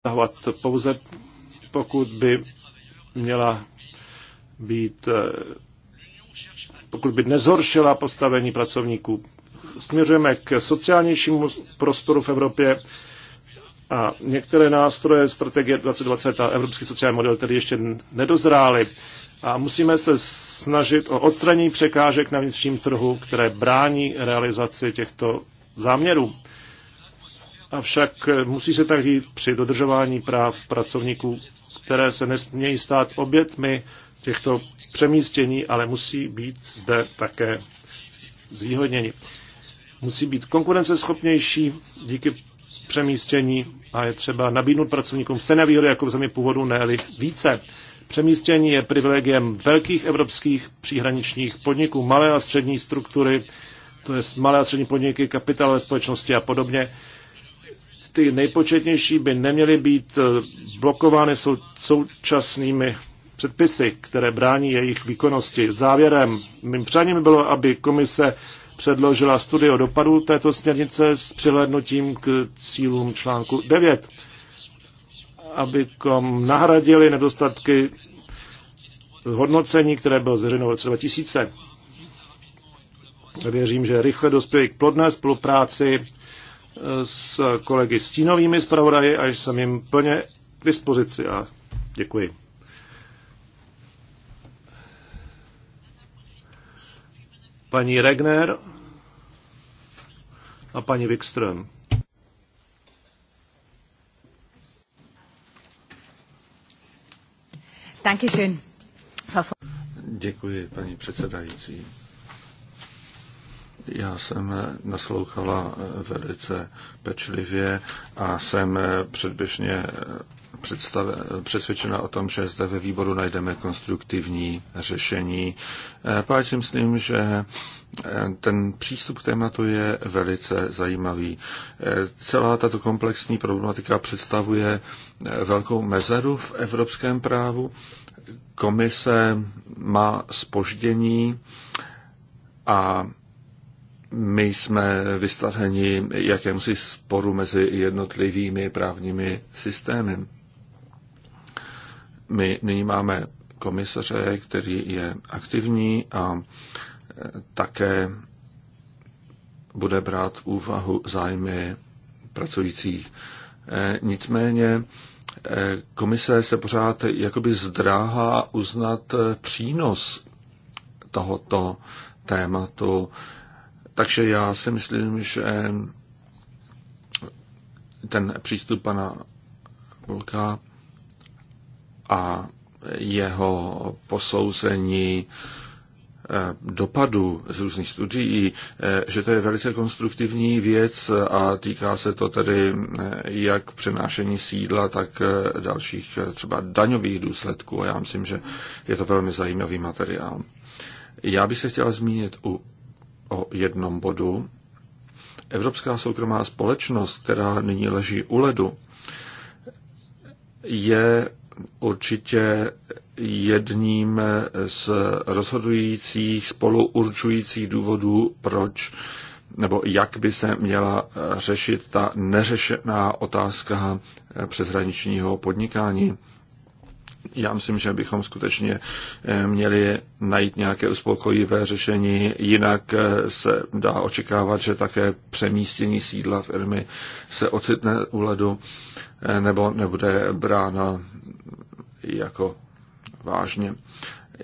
stahovat pouze pokud by měla být, eh, pokud by nezhoršila postavení pracovníků. Směřujeme k sociálnějšímu prostoru v Evropě a některé nástroje strategie 2020 a evropský sociální model tedy ještě nedozrály. A musíme se snažit o odstranění překážek na vnitřním trhu, které brání realizaci těchto záměrů. Avšak eh, musí se tak dít při dodržování práv pracovníků, které se nesmějí stát obětmi těchto přemístění, ale musí být zde také zvýhodněni. Musí být konkurenceschopnější díky přemístění a je třeba nabídnout pracovníkům stejné výhody jako v zemi původu, ne více. Přemístění je privilegiem velkých evropských příhraničních podniků, malé a střední struktury, to je malé a střední podniky, kapitálové společnosti a podobně, ty nejpočetnější by neměly být eh, blokovány sou, současnými předpisy, které brání jejich výkonnosti. Závěrem, mým přáním bylo, aby komise předložila studii o dopadu této směrnice s přihlednutím k cílům článku 9, abychom nahradili nedostatky hodnocení, které bylo zveřejněno v roce 2000. Věřím, že rychle dospěje k plodné spolupráci s kolegy stínovými zpravodaji a jsem jim plně k dispozici a děkuji. Paní Regner a paní Wikström. Děkuji, paní předsedající. Já jsem naslouchala velice pečlivě a jsem předběžně přesvědčena o tom, že zde ve výboru najdeme konstruktivní řešení. Páč si myslím, že ten přístup k tématu je velice zajímavý. Celá tato komplexní problematika představuje velkou mezeru v evropském právu. Komise má spoždění a my jsme vystaveni jakémusi sporu mezi jednotlivými právními systémy. My nyní máme komisaře, který je aktivní a e, také bude brát v úvahu zájmy pracujících. E, nicméně e, komise se pořád jakoby zdráhá uznat přínos tohoto tématu takže já si myslím, že ten přístup pana Volka a jeho posouzení eh, dopadu z různých studií, eh, že to je velice konstruktivní věc a týká se to tedy eh, jak přenášení sídla, tak dalších třeba daňových důsledků. A já myslím, že je to velmi zajímavý materiál. Já bych se chtěla zmínit u o jednom bodu. Evropská soukromá společnost, která nyní leží u ledu, je určitě jedním z rozhodujících, spoluurčujících důvodů, proč nebo jak by se měla řešit ta neřešená otázka přeshraničního podnikání já myslím, že bychom skutečně eh, měli najít nějaké uspokojivé řešení, jinak eh, se dá očekávat, že také přemístění sídla firmy se ocitne u ledu eh, nebo nebude brána jako vážně.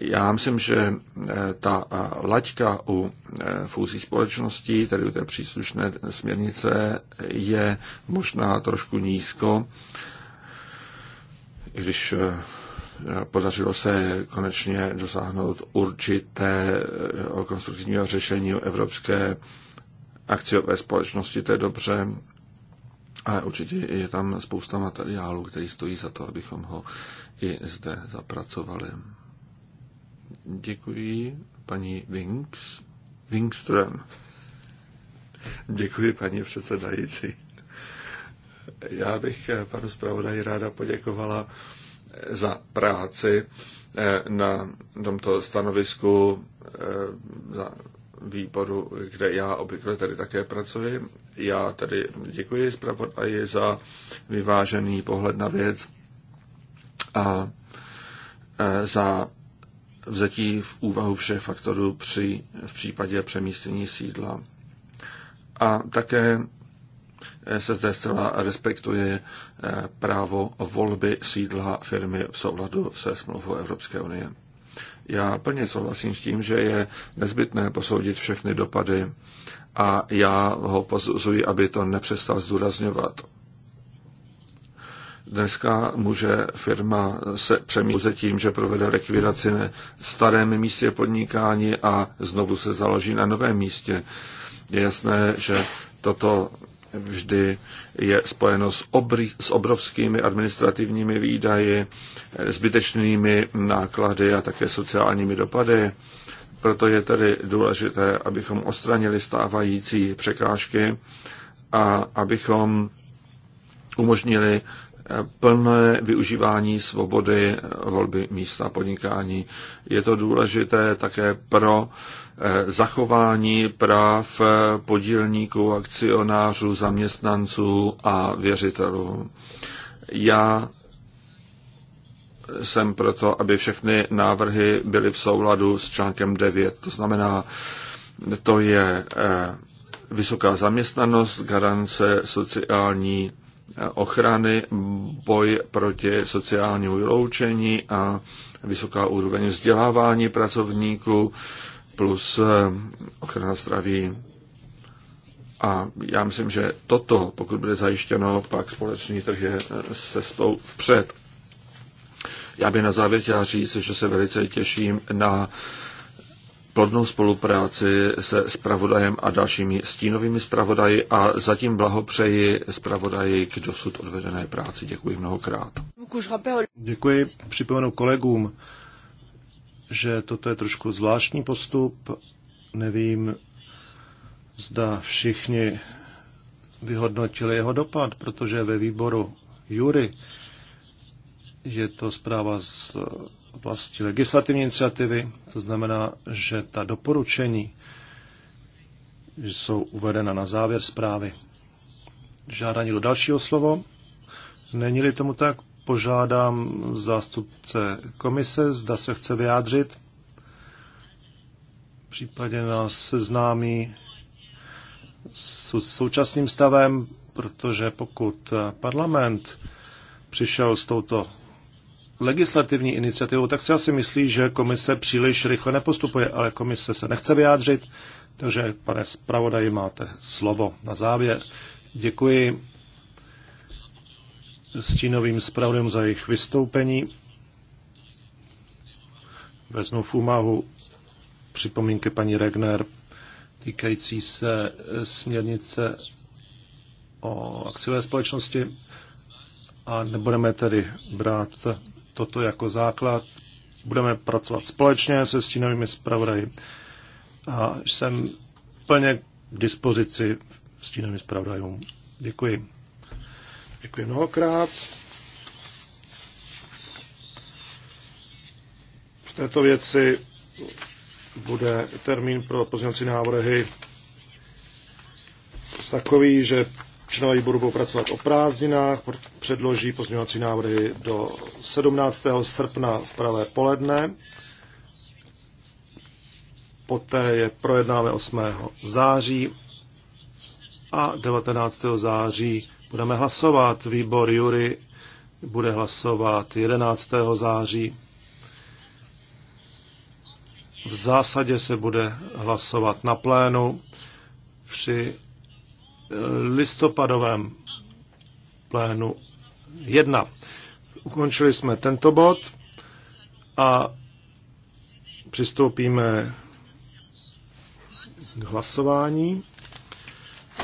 Já myslím, že ta laťka u fúzí společností, tedy u té příslušné směrnice, je možná trošku nízko, i když Eh, podařilo se konečně dosáhnout určité eh, konstruktivního řešení evropské akciové společnosti, to je dobře, ale určitě je tam spousta materiálu, který stojí za to, abychom ho i zde zapracovali. Děkuji paní Winks. Wingström. Děkuji paní předsedající. Já bych eh, panu zpravodaji ráda poděkovala za práci eh, na tomto stanovisku eh, za výboru, kde já obvykle tady také pracuji. Já tady děkuji zpravodaji za vyvážený pohled na věc a eh, za vzetí v úvahu všech faktorů při, v případě přemístění sídla. A také se zde strana respektuje eh, právo volby sídla firmy v souladu se smlouvou Evropské unie. Já plně souhlasím s tím, že je nezbytné posoudit všechny dopady a já ho posuzuji, aby to nepřestal zdůrazňovat. Dneska může firma se přemýšlet tím, že provede likvidaci na starém místě podnikání a znovu se založí na novém místě. Je jasné, že toto vždy je spojeno s, obry, s obrovskými administrativními výdaji, zbytečnými náklady a také sociálními dopady. Proto je tedy důležité, abychom odstranili stávající překážky a abychom umožnili plné využívání svobody volby místa podnikání. Je to důležité také pro eh, zachování práv eh, podílníků, akcionářů, zaměstnanců a věřitelů. Já jsem proto, aby všechny návrhy byly v souladu s článkem 9. To znamená, to je eh, vysoká zaměstnanost, garance sociální ochrany, boj proti sociálnímu vyloučení a vysoká úroveň vzdělávání pracovníků plus eh, ochrana zdraví. A já myslím, že toto, pokud bude zajištěno, pak společný trh je eh, cestou vpřed. Já bych na závěr chtěl říct, že se velice těším na uh, plodnou spolupráci se spravodajem a dalšími stínovými spravodaji a zatím blahopřeji spravodaji k dosud odvedené práci. Děkuji mnohokrát. Děkuji. Připomenu kolegům, že toto je trošku zvláštní postup. Nevím, zda všichni vyhodnotili jeho dopad, protože ve výboru Jury je to zpráva z oblasti legislativní iniciativy. To znamená, že ta doporučení jsou uvedena na závěr zprávy. Žádání do dalšího slovo. Není-li tomu tak, požádám zástupce komise, zda se chce vyjádřit. Případně nás seznámí s současným stavem, protože pokud parlament přišel s touto legislativní iniciativu, tak si asi myslí, že komise příliš rychle nepostupuje, ale komise se nechce vyjádřit, takže pane zpravodaji, máte slovo na závěr. Děkuji stínovým zpravodajům za jejich vystoupení. Vezmu v úmahu připomínky paní Regner týkající se směrnice o akciové společnosti a nebudeme tedy brát toto jako základ. Budeme pracovat společně se stínovými zpravodaji a jsem plně k dispozici stínovým zpravodajům. Děkuji. Děkuji mnohokrát. V této věci bude termín pro pozměňovací návrhy takový, že členové výboru budou pracovat o prázdninách, předloží pozměňovací návrhy do 17. srpna v pravé poledne. Poté je projednáme 8. září a 19. září budeme hlasovat. Výbor Jury bude hlasovat 11. září. V zásadě se bude hlasovat na plénu při listopadovém plénu 1. Ukončili jsme tento bod a přistoupíme k hlasování.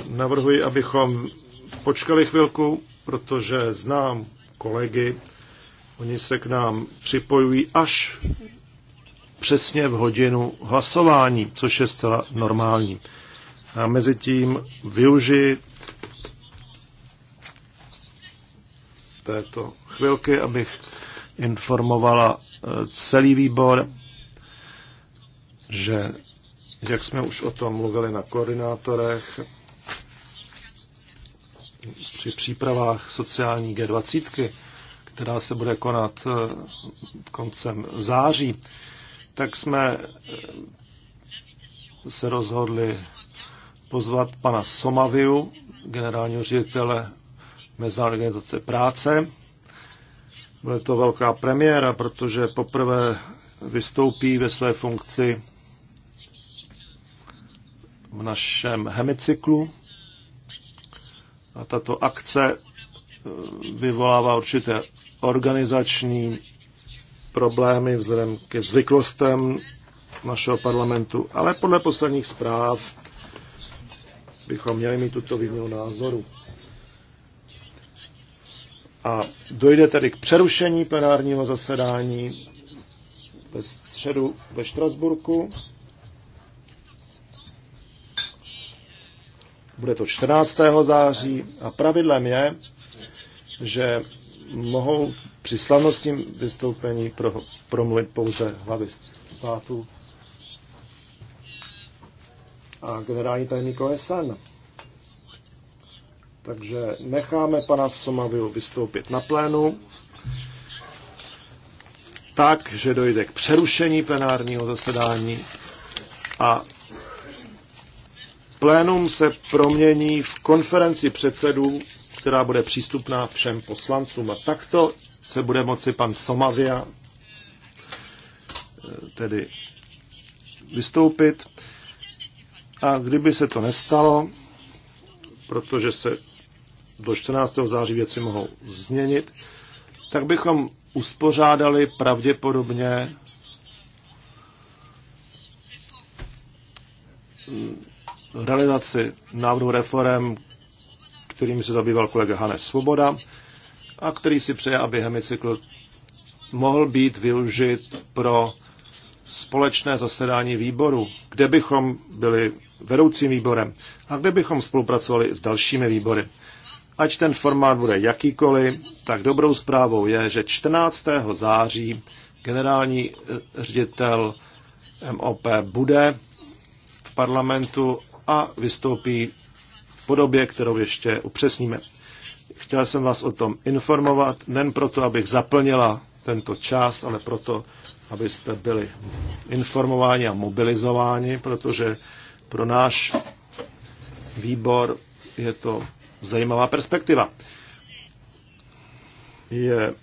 Navrhuji, abychom počkali chvilku, protože znám kolegy, oni se k nám připojují až přesně v hodinu hlasování, což je zcela normální a mezi tím využiji této chvilky, abych informovala eh, celý výbor, že, jak jsme už o tom mluvili na koordinátorech, při přípravách sociální G20, která se bude konat eh, koncem září, tak jsme eh, se rozhodli pozvat pana Somaviu, generálního ředitele Mezinárodní organizace práce. Bude to velká premiéra, protože poprvé vystoupí ve své funkci v našem hemicyklu. A tato akce eh, vyvolává určité organizační problémy vzhledem ke zvyklostem našeho parlamentu, ale podle posledních zpráv bychom měli mít tuto výměnu názoru. A dojde tedy k přerušení plenárního zasedání ve středu ve Štrasburku. Bude to 14. září a pravidlem je, že mohou při slavnostním vystoupení pro, promluvit pouze hlavy států a generální tajemník OSN. Takže necháme pana Somaviu vystoupit na plénu tak, že dojde k přerušení plenárního zasedání a plénum se promění v konferenci předsedů, která bude přístupná všem poslancům. A takto se bude moci pan Somavia eh, tedy vystoupit. A kdyby se to nestalo, protože se do 14. září věci mohou změnit, tak bychom uspořádali pravděpodobně mm, realizaci návrhu reform, kterým se zabýval kolega Hanes Svoboda a který si přeje, aby hemicykl mohl být využit pro společné zasedání výboru, kde bychom byli vedoucím výborem a kde bychom spolupracovali s dalšími výbory. Ať ten formát bude jakýkoliv, tak dobrou zprávou je, že 14. září generální eh, ředitel MOP bude v parlamentu a vystoupí v podobě, kterou ještě upřesníme. Chtěl jsem vás o tom informovat, nen proto, abych zaplnila tento čas, ale proto, abyste byli informováni a mobilizováni, protože pro náš výbor je to zajímavá perspektiva. Je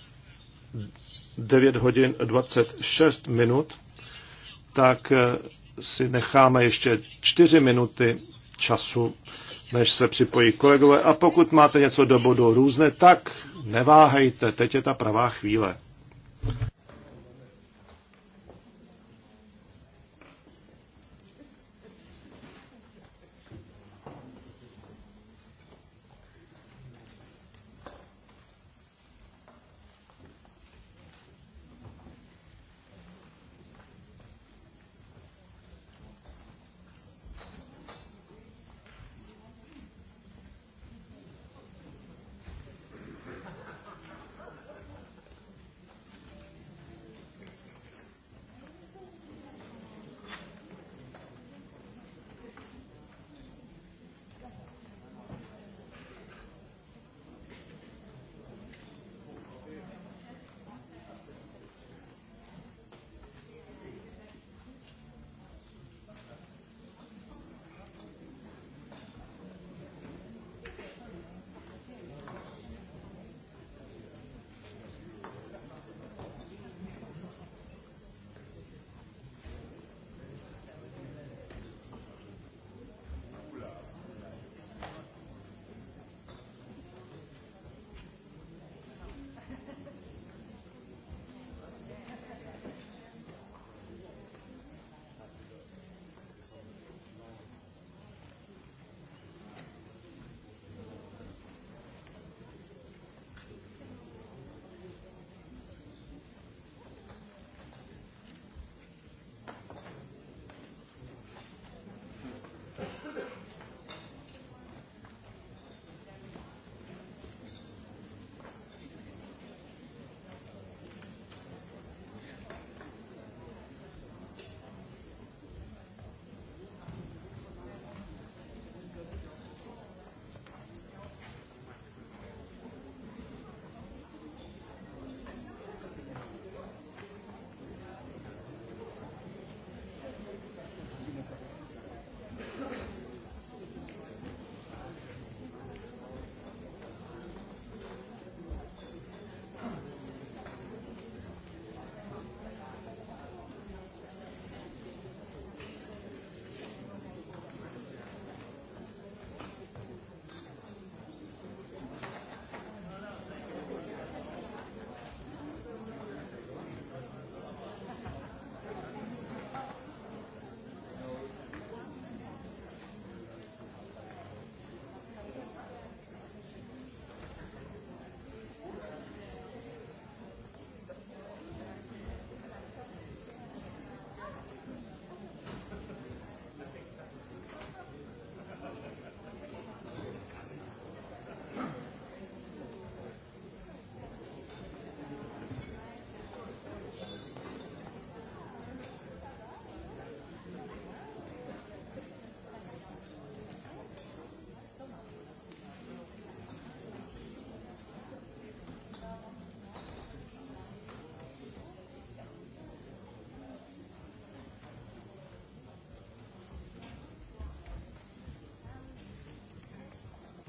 9 hodin 26 minut, tak eh, si necháme ještě 4 minuty času, než se připojí kolegové. A pokud máte něco do bodu různé, tak neváhejte, teď je ta pravá chvíle.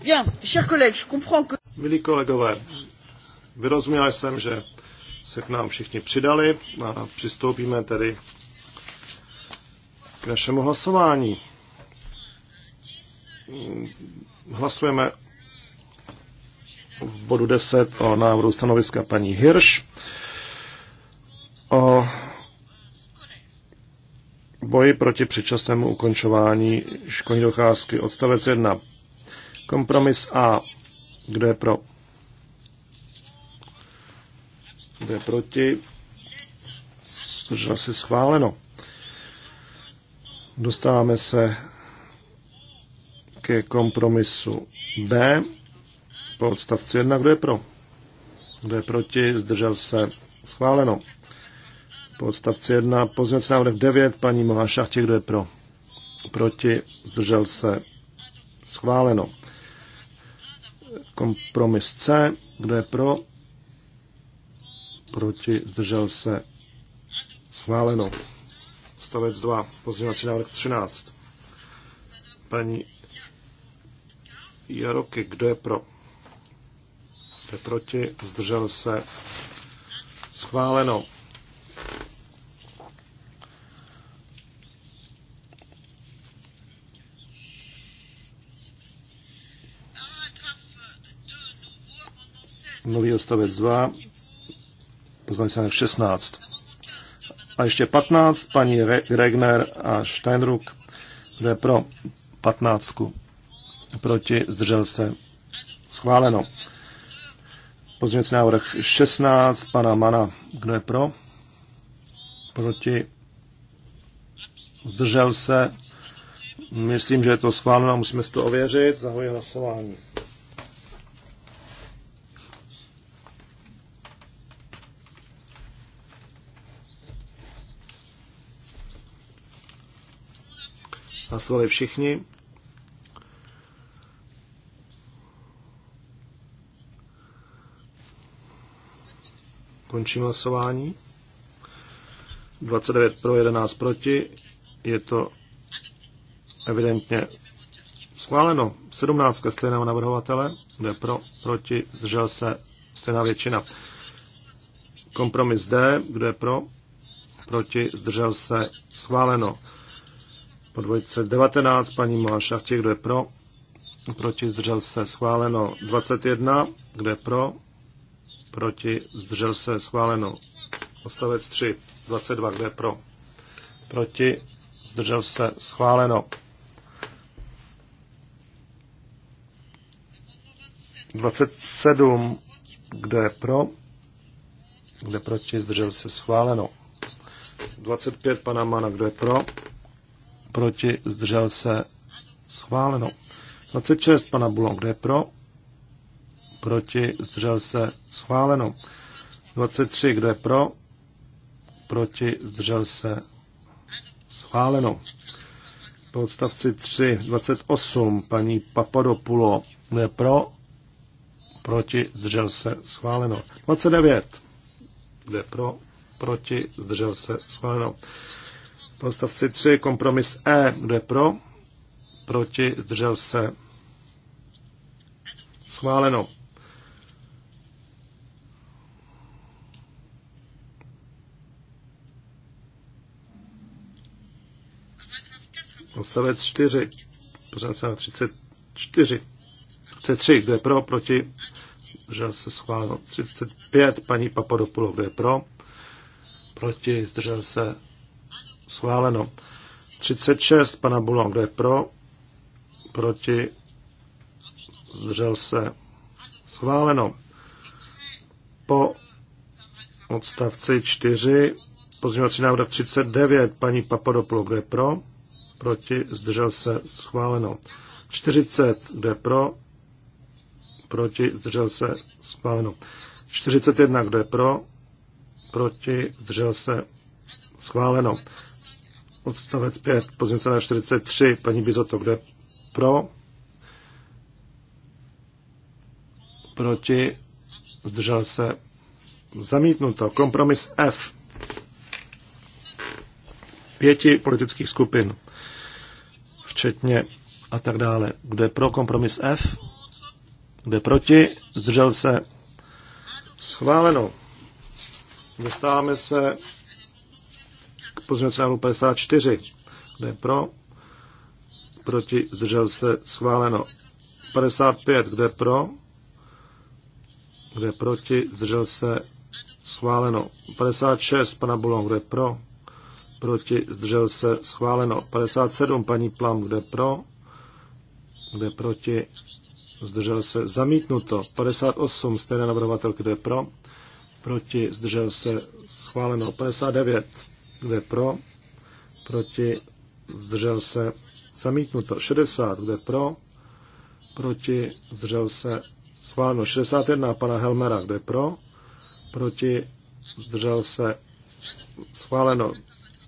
Bien, chers collègues, je comprends que... Milí kolegové, vyrozuměl jsem, že se k nám všichni přidali a přistoupíme tedy k našemu hlasování. Hlasujeme v bodu 10 o návrhu stanoviska paní Hirš o boji proti předčasnému ukončování školní docházky odstavec 1 Kompromis A. Kdo je pro? Kdo je proti? Zdržel se schváleno. Dostáváme se ke kompromisu B po odstavci 1. Kdo je pro? Kdo je proti? Zdržel se schváleno. Po odstavci 1 pozměnce návrh 9, paní Moha Šachtě, kdo je pro? Proti? Zdržel se schváleno. Kompromis C. Kdo je pro? Proti? Zdržel se? Schváleno. Stavec 2. Pozměňovací návrh 13. Paní Jaroky, kdo je pro? Kdo je proti? Zdržel se? Schváleno. nový odstavec 2, poznali se 16. A ještě 15, paní Regner a Steinruck, kdo je pro 15, proti, zdržel se, schváleno. Pozměňovací návrh 16, pana Mana, kdo je pro, proti, zdržel se, myslím, že je to schváleno, musíme si to ověřit, zahoji hlasování. Hlasovali všichni. Končím hlasování. 29 pro, 11 proti. Je to evidentně schváleno. 17 stejného navrhovatele, kde pro, proti, zdržel se stejná většina. Kompromis D, kde pro, proti, zdržel se schváleno po dvojce 19, paní Moha Šachtě, kdo je pro, proti, zdržel se, schváleno 21, kdo je pro, proti, zdržel se, schváleno odstavec 3, 22, kdo je pro, proti, zdržel se, schváleno 27, kdo je pro, kdo je proti, zdržel se, schváleno 25, pana Mana, kdo je pro, proti, zdržel se, schváleno. 26 pana Bulong kde pro, proti, zdržel se, schváleno. 23, je pro, proti, zdržel se, schváleno. Po odstavci 3, 28, paní Papadopulo, kde pro, proti, zdržel se, schváleno. 29, kde pro, proti, zdržel se, schváleno. V 3 kompromis E, kdo je pro, proti, zdržel se. Schváleno. Odstavec 4, pořád se na 34. 33, kdo je pro, proti, zdržel se schváleno. 35, paní Papadopulo, kdo je pro, proti, zdržel se Schváleno. 36 pana Bulon, kdo je pro, proti, zdržel se. Schváleno. Po odstavci 4 pozměňovací návrh 39 paní Papadopoulou, kdo je pro, proti, zdržel se. Schváleno. 40, kdo je pro, proti, zdržel se. Schváleno. 41, kdo je pro, proti, zdržel se. Schváleno. Odstavec 5, pozice na 43, paní Bizoto, kde pro, proti, zdržel se, zamítnuto. Kompromis F, pěti politických skupin, včetně a tak dále. Kde pro kompromis F, kde proti, zdržel se, schváleno. Dostáváme se Pozměňovací 54. Kdo je pro? Proti? Zdržel se? Schváleno. 55. Kdo je pro? Kdo je proti? Zdržel se? Schváleno. 56. Pana Bulon. Kdo je pro? Proti? Zdržel se? Schváleno. 57. Paní Plam. Kdo je pro? Kdo je proti? Zdržel se? Zamítnuto. 58. Stejné navrhovatel. Kdo je pro? Proti? Zdržel se? Schváleno. 59 kdo je pro? Proti? Zdržel se? Zamítnuto. 60. Kdo je pro? Proti? Zdržel se? Schváleno. 61. Pana Helmera. Kdo je pro? Proti? Zdržel se? Schváleno.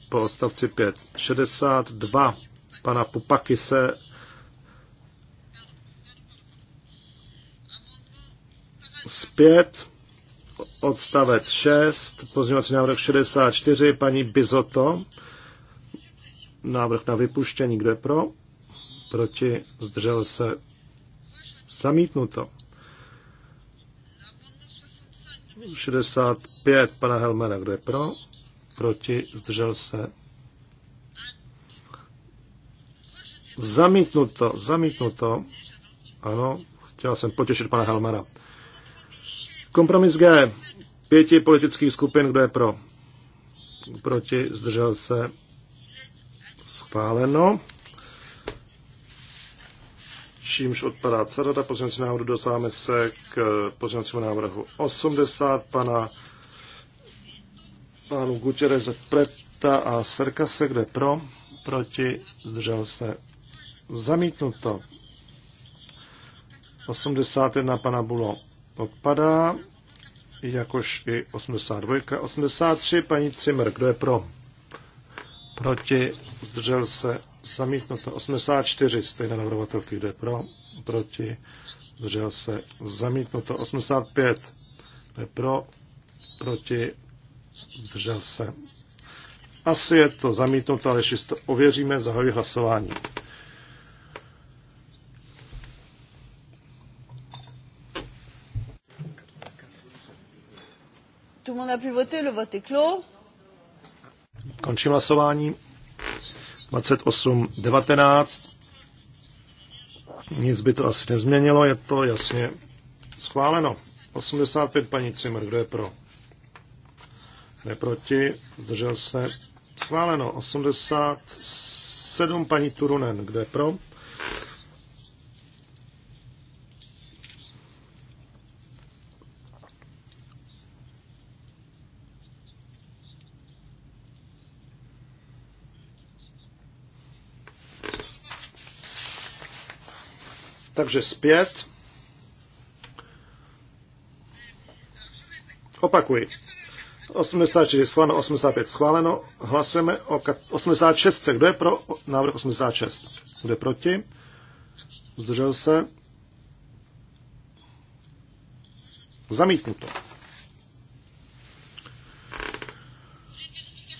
Po odstavci 5. 62. Pana Pupaky se zpět odstavec 6, pozměňovací návrh 64, paní Bizoto, návrh na vypuštění, kdo je pro, proti, zdržel se, zamítnuto. 65, pana Helmena, kdo je pro, proti, zdržel se, zamítnuto, zamítnuto, ano, chtěl jsem potěšit pana Helmera. Kompromis G pěti politických skupin, kdo je pro? Proti, zdržel se, schváleno. Čímž odpadá celá pozměňovací návrhu, dostáváme se k pozměňovacímu návrhu 80 pana pánu Gutierreze Preta a Serkase, kde pro, proti, zdržel se, zamítnuto. 81 pana Bulo odpadá, jakož i 82. 83, paní Cimr, kdo je pro? Proti, zdržel se, zamítnuto. 84, stejné navrhovatelky, kdo je pro? Proti, zdržel se, zamítnuto. 85, kdo je pro? Proti, zdržel se. Asi je to zamítnuto, ale ještě to ověříme, zahajuji hlasování. monde a pu voter, le vote est clos. Končím hlasování. 28, 19. Nic by to asi nezměnilo, je to jasně schváleno. 85 paní Cimr, kdo je pro? Neproti, zdržel se. Schváleno. 87 paní Turunen, kdo je pro? Takže zpět. Opakuji. 84 schváleno, 85 schváleno. Hlasujeme o 86. Kdo je pro návrh 86? Kdo je proti? Zdržel se? Zamítnuto.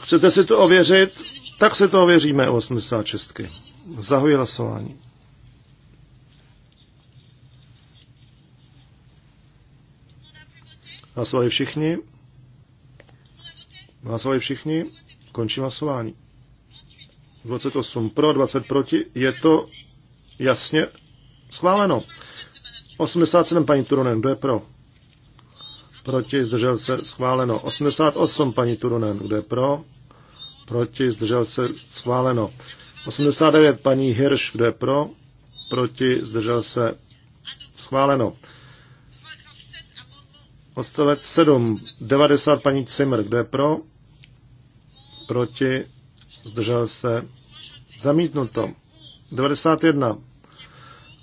Chcete si to ověřit? Tak si to ověříme o 86. Zahuji hlasování. Hlasovali všichni. Hlasovali všichni. Končím hlasování. 28 pro, 20 proti. Je to jasně schváleno. 87 paní Turunen, kdo je pro? Proti, zdržel se, schváleno. 88 paní Turunen, kdo je pro? Proti, zdržel se, schváleno. 89 paní Hirsch, kdo je pro? Proti, zdržel se, schváleno. Odstavec 7. 90 paní Cimr. Kdo je pro? Proti? Zdržel se? Zamítnuto. 91.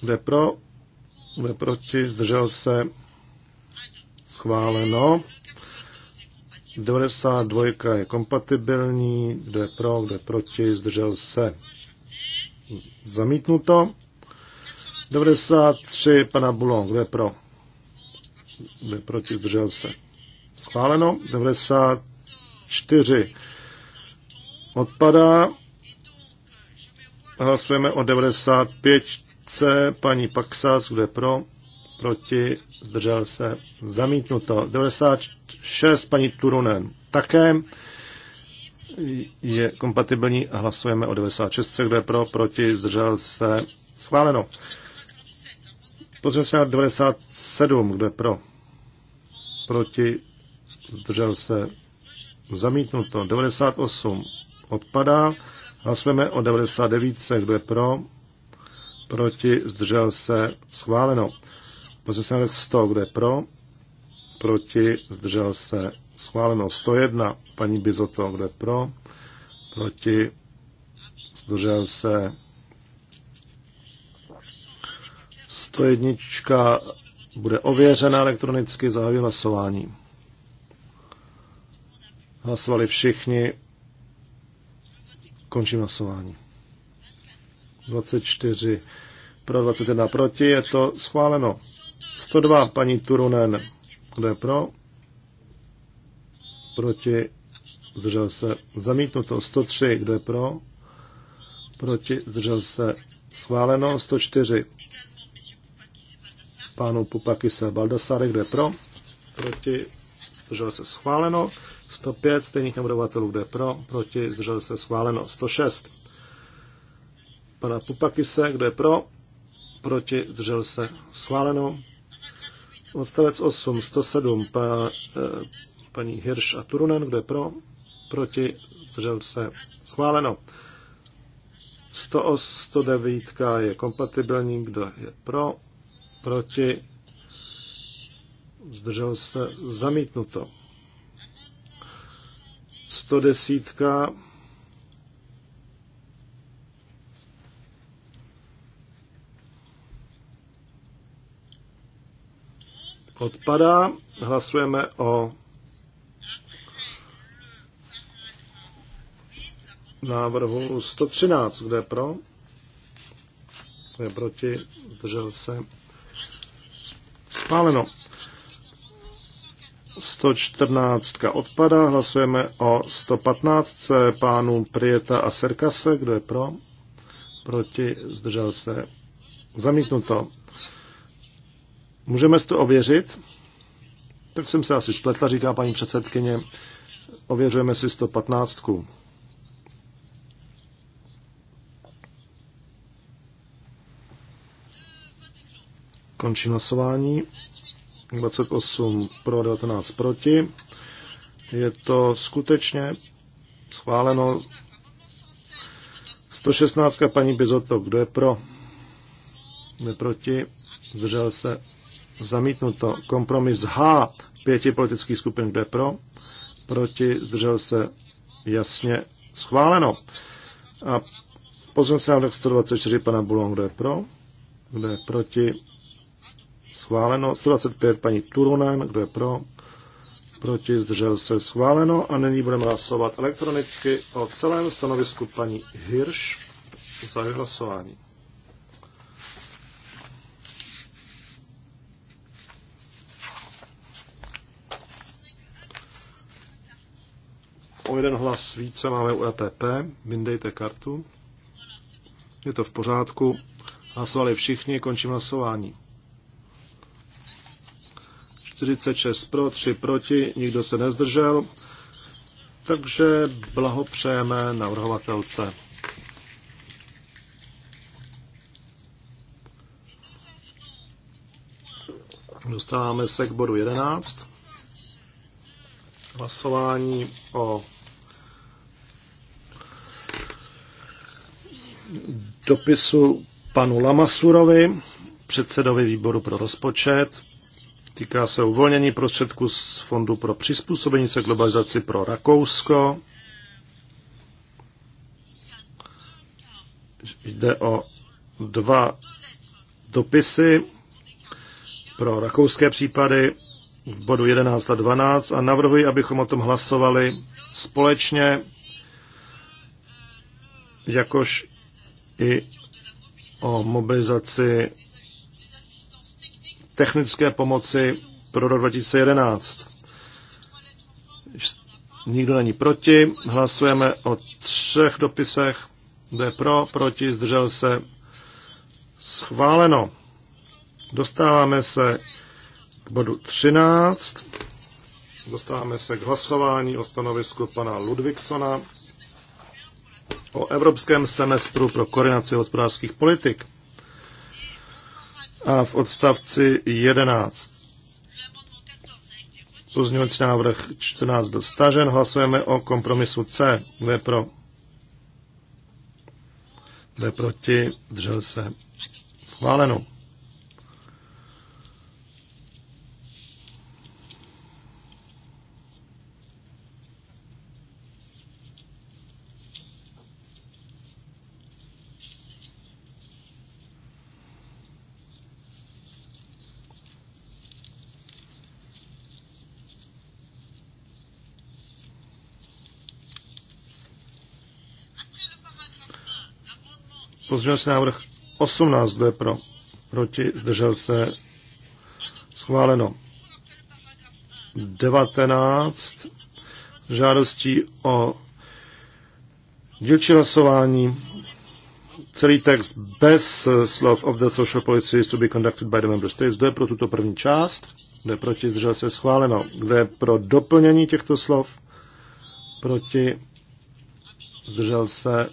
Kdo je pro? Kdo je proti? Zdržel se? Schváleno. 92 je kompatibilní. Kdo je pro? Kdo je proti? Zdržel se? Zamítnuto. 93 pana Bulon. Kdo je pro? proti, zdržel se. Schváleno 94. Odpadá. Hlasujeme o 95C. Paní Paxas, kde pro, proti, zdržel se. Zamítnuto. 96. Paní Turunen. Také je kompatibilní a hlasujeme o 96. kde je pro, proti, zdržel se. Schváleno. Pozřejmě se na 97. kde je pro, proti, zdržel se, zamítnuto. 98 odpadá. Hlasujeme o 99, kdo je pro, proti, zdržel se, schváleno. pozice návrh 100, kdo je pro, proti, zdržel se, schváleno. 101, paní Bizoto, kdo je pro, proti, zdržel se, 101 bude ověřena elektronicky za hlasování. Hlasovali všichni. Končím hlasování. 24 pro 21 proti, je to schváleno. 102 paní Turunen, je pro, proti, zdržel se, zamítnuto. 103, je pro, proti, zdržel se, schváleno. 104 pánu Pupakise Baldasare, kdo je pro, proti, zdržel se schváleno, 105 stejných navrhovatelů, kdo je pro, proti, zdržel se schváleno, 106 pana Pupakise, kdo je pro, proti, zdržel se schváleno, odstavec 8, 107 pa, eh, paní Hirš a Turunen, kdo je pro, proti, zdržel se schváleno. 109 je kompatibilní, kdo je pro, proti, zdrželo se, zamítnuto. 110. Odpadá. Hlasujeme o návrhu 113. Kde pro? Kde proti? Zdržel se Schváleno. 114 odpadá, hlasujeme o 115 pánů Prieta a Serkase, kdo je pro, proti, zdržel se, zamítnuto. Můžeme si to ověřit? Tak jsem se asi spletla, říká paní předsedkyně. Ověřujeme si 115. Končím hlasování. 28 pro, 19 proti. Je to skutečně schváleno. 116. paní Bizoto, kdo je pro? Neproti. Zdržel se. Zamítnuto. Kompromis H pěti politických skupin, kdo je pro? Proti. Zdržel se. Jasně schváleno. A pozvím se návrh 124 pana Bulon, kdo je pro? Kdo je proti? schváleno. 125 paní Turunen, kdo je pro, proti, zdržel se, schváleno. A nyní budeme hlasovat elektronicky o celém stanovisku paní Hirsch za hlasování. O jeden hlas více máme u EPP. Vyndejte kartu. Je to v pořádku. Hlasovali všichni, končím hlasování. 46 pro, 3 proti, nikdo se nezdržel. Takže blahopřejeme navrhovatelce. Dostáváme se k bodu 11. Hlasování o dopisu panu Lamasurovi, předsedovi výboru pro rozpočet, Týká se uvolnění prostředků z Fondu pro přizpůsobení se globalizaci pro Rakousko. Jde o dva dopisy pro rakouské případy v bodu 11 a 12 a navrhuji, abychom o tom hlasovali společně, jakož i o mobilizaci technické pomoci pro rok 2011. Nikdo není proti. Hlasujeme o třech dopisech. Jde pro, proti, zdržel se. Schváleno. Dostáváme se k bodu 13. Dostáváme se k hlasování o stanovisku pana Ludvigsona o evropském semestru pro koordinaci hospodářských politik a v odstavci 11. Pozměňovací návrh 14 byl stažen. Hlasujeme o kompromisu C. Kdo je pro? Kdo je proti? Držel se. Schváleno. se návrh 18, kdo je pro, proti, zdržel se, schváleno. 19, žádostí o dílčí hlasování, celý text bez slov of the social policy is to be conducted by the member states. Kdo je pro tuto první část? Kdo je proti, zdržel se, schváleno. Kdo je pro doplnění těchto slov? Proti, zdržel se,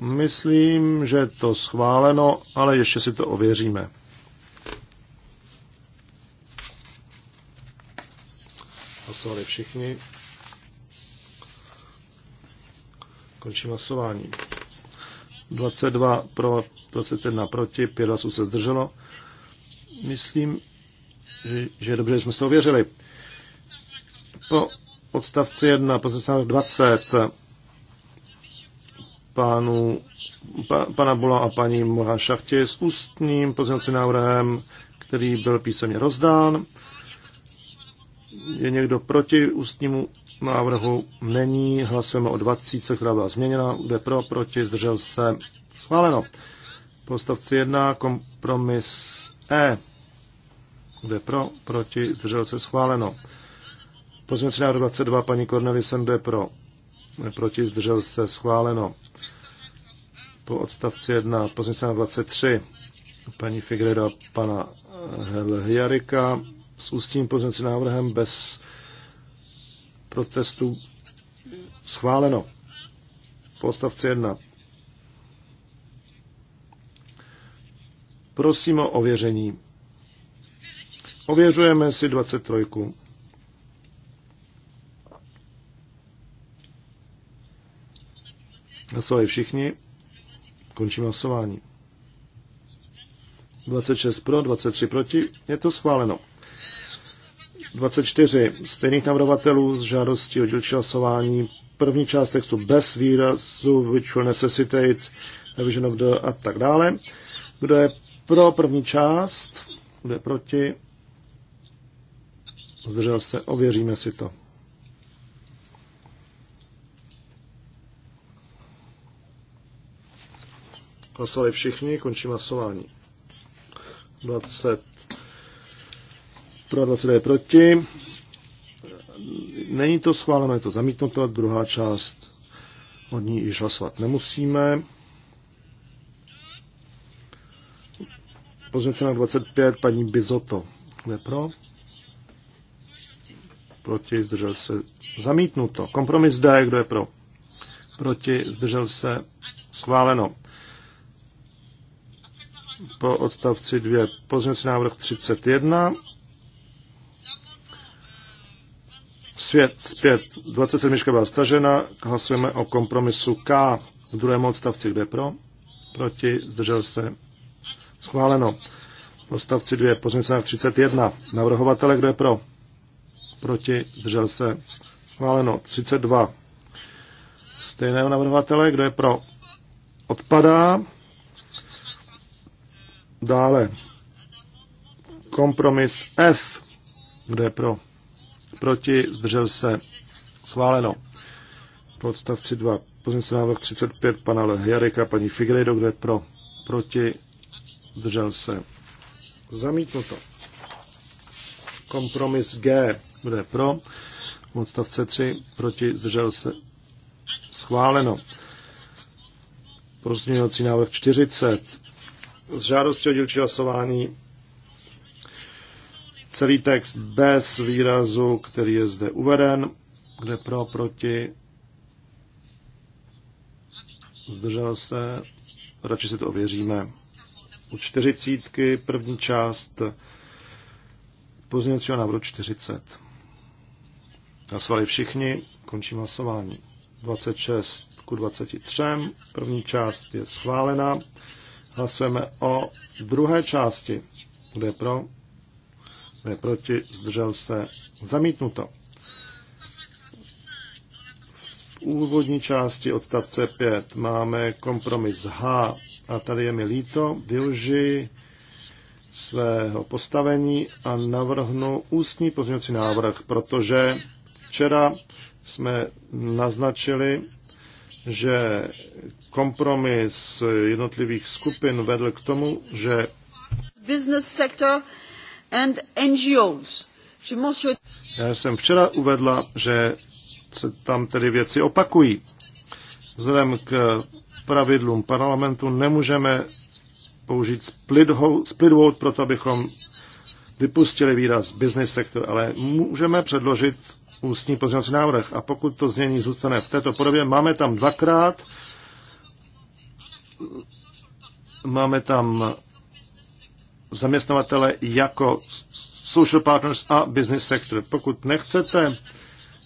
Myslím, že je to schváleno, ale ještě si to ověříme. Hlasovali všichni. Končím hlasování. 22 pro, 21 proti, 5 hlasů se zdrželo. Myslím, že, že je dobře, že jsme se to ověřili. Po odstavci 1, po 20 pánu, pa, pana Bola a paní Moha Šachtě s ústním pozměňovacím návrhem, který byl písemně rozdán. Je někdo proti ústnímu návrhu? Není. Hlasujeme o 20, která byla změněna. Kde pro, proti, zdržel se. Schváleno. Postavci 1, kompromis E. Kde pro, proti, zdržel se. Schváleno. Pozměňovací návrh 22, paní Kornelisem, kde pro, proti, zdržel se, schváleno. Po odstavci 1, pozice 23, paní Figreda, pana eh, Heljarika s ústním pozměňovacím návrhem bez protestu schváleno. Po odstavci 1. Prosím o ověření. Ověřujeme si 23. Hlasovali všichni. Končím hlasování. 26 pro, 23 proti. Je to schváleno. 24 stejných navrhovatelů z žádostí o dílčí hlasování. První část textu bez výrazu, which will necessitate revision of the a tak dále. Kdo je pro první část? Kdo je proti? Zdržel se, ověříme si to. Hlasovali všichni, končím hlasování. 20 pro, 20 je proti. Není to schváleno, je to zamítnuto. Druhá část, od ní již hlasovat nemusíme. Pozměnce na 25, paní Bizoto. Kde pro? Proti, zdržel se. Zamítnuto. Kompromis D, kdo je pro? Proti, zdržel se. Schváleno po odstavci 2. Pozměňovací návrh 31. Svět zpět. 27 byla stažena. Hlasujeme o kompromisu K v druhém odstavci. Kde pro? Proti. Zdržel se. Schváleno. Odstavci 2. Pozměňovací návrh 31. Navrhovatele. Kde pro? Proti. Zdržel se. Schváleno. 32. Stejného navrhovatele. Kdo je pro? Odpadá. Dále kompromis F, kde je pro, proti, zdržel se, schváleno. Po odstavci 2, pozměnce návrh 35, pana Jarika, paní Figredo, kde je pro, proti, zdržel se, zamítnuto. Kompromis G, kde je pro, odstavce 3, proti, zdržel se, schváleno. Pozměňovací návrh 40, s žádostí o dílčí hlasování celý text bez výrazu, který je zde uveden, kde pro, proti, zdržel se, radši si to ověříme. U čtyřicítky první část pozměňovacího návrhu 40. Hlasovali všichni, končím hlasování. 26 ku 23, první část je schválena, Hlasujeme o druhé části. Kdo je pro? Kdo je proti? Zdržel se? Zamítnuto. V úvodní části odstavce 5 máme kompromis H a tady je mi líto, využij svého postavení a navrhnu ústní pozměňovací návrh, protože včera jsme naznačili, že kompromis jednotlivých skupin vedl k tomu, že business sector and NGOs. Já jsem včera uvedla, že se tam tedy věci opakují. Vzhledem k pravidlům parlamentu nemůžeme použít split, ho, split vote proto, abychom vypustili výraz business sector, ale můžeme předložit ústní pozměňovací návrh a pokud to znění zůstane v této podobě, máme tam dvakrát Máme tam zaměstnavatele jako social partners a business sector. Pokud nechcete,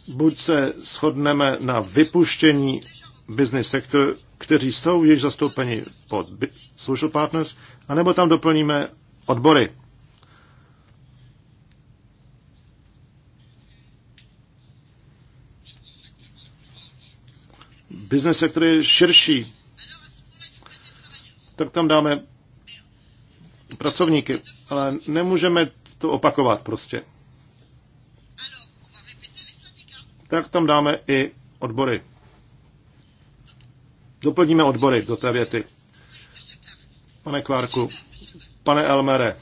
buď se shodneme na vypuštění business sector, kteří jsou již zastoupeni pod social partners, anebo tam doplníme odbory. Business sector je širší tak tam dáme pracovníky, ale nemůžeme to opakovat prostě. Tak tam dáme i odbory. Doplníme odbory do té věty. Pane Kvárku, pane Elmere,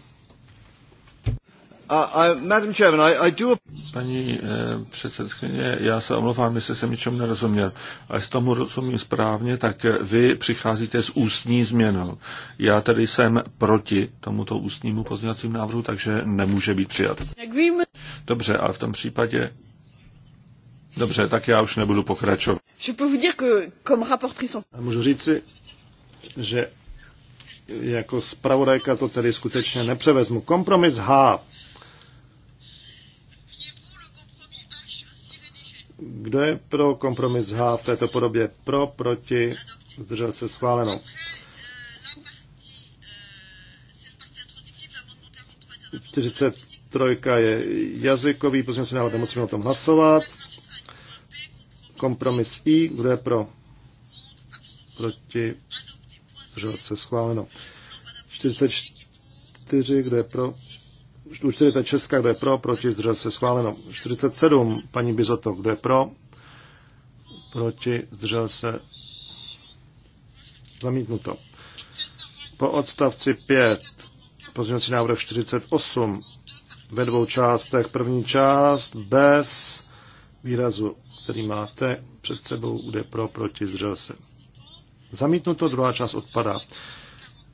Paní eh, předsedkyně, já se omlouvám, jestli jsem ničemu nerozuměl. Ale jestli tomu rozumím správně, tak eh, vy přicházíte s ústní změnou. Já tedy jsem proti tomuto ústnímu pozměňovacímu návrhu, takže nemůže být přijat. Dobře, ale v tom případě... Dobře, tak já už nebudu pokračovat. Můžu říci, že jako zpravodajka to tedy skutečně nepřevezmu. Kompromis H. Kdo je pro kompromis H v této podobě? Pro, proti, zdržel se schváleno. Trojka je jazykový, se návrh, nemusíme o tom hlasovat. Kompromis I, kdo je pro? Proti, zdržel se schváleno. 44, kdo je pro? 46, kdo je pro, proti, zdržel se schváleno. 47, paní Bizoto, kdo je pro, proti, zdržel se zamítnuto. Po odstavci 5, pozměňovací návrh 48, ve dvou částech. První část bez výrazu, který máte před sebou, kde pro, proti, zdržel se. Zamítnuto, druhá část odpadá.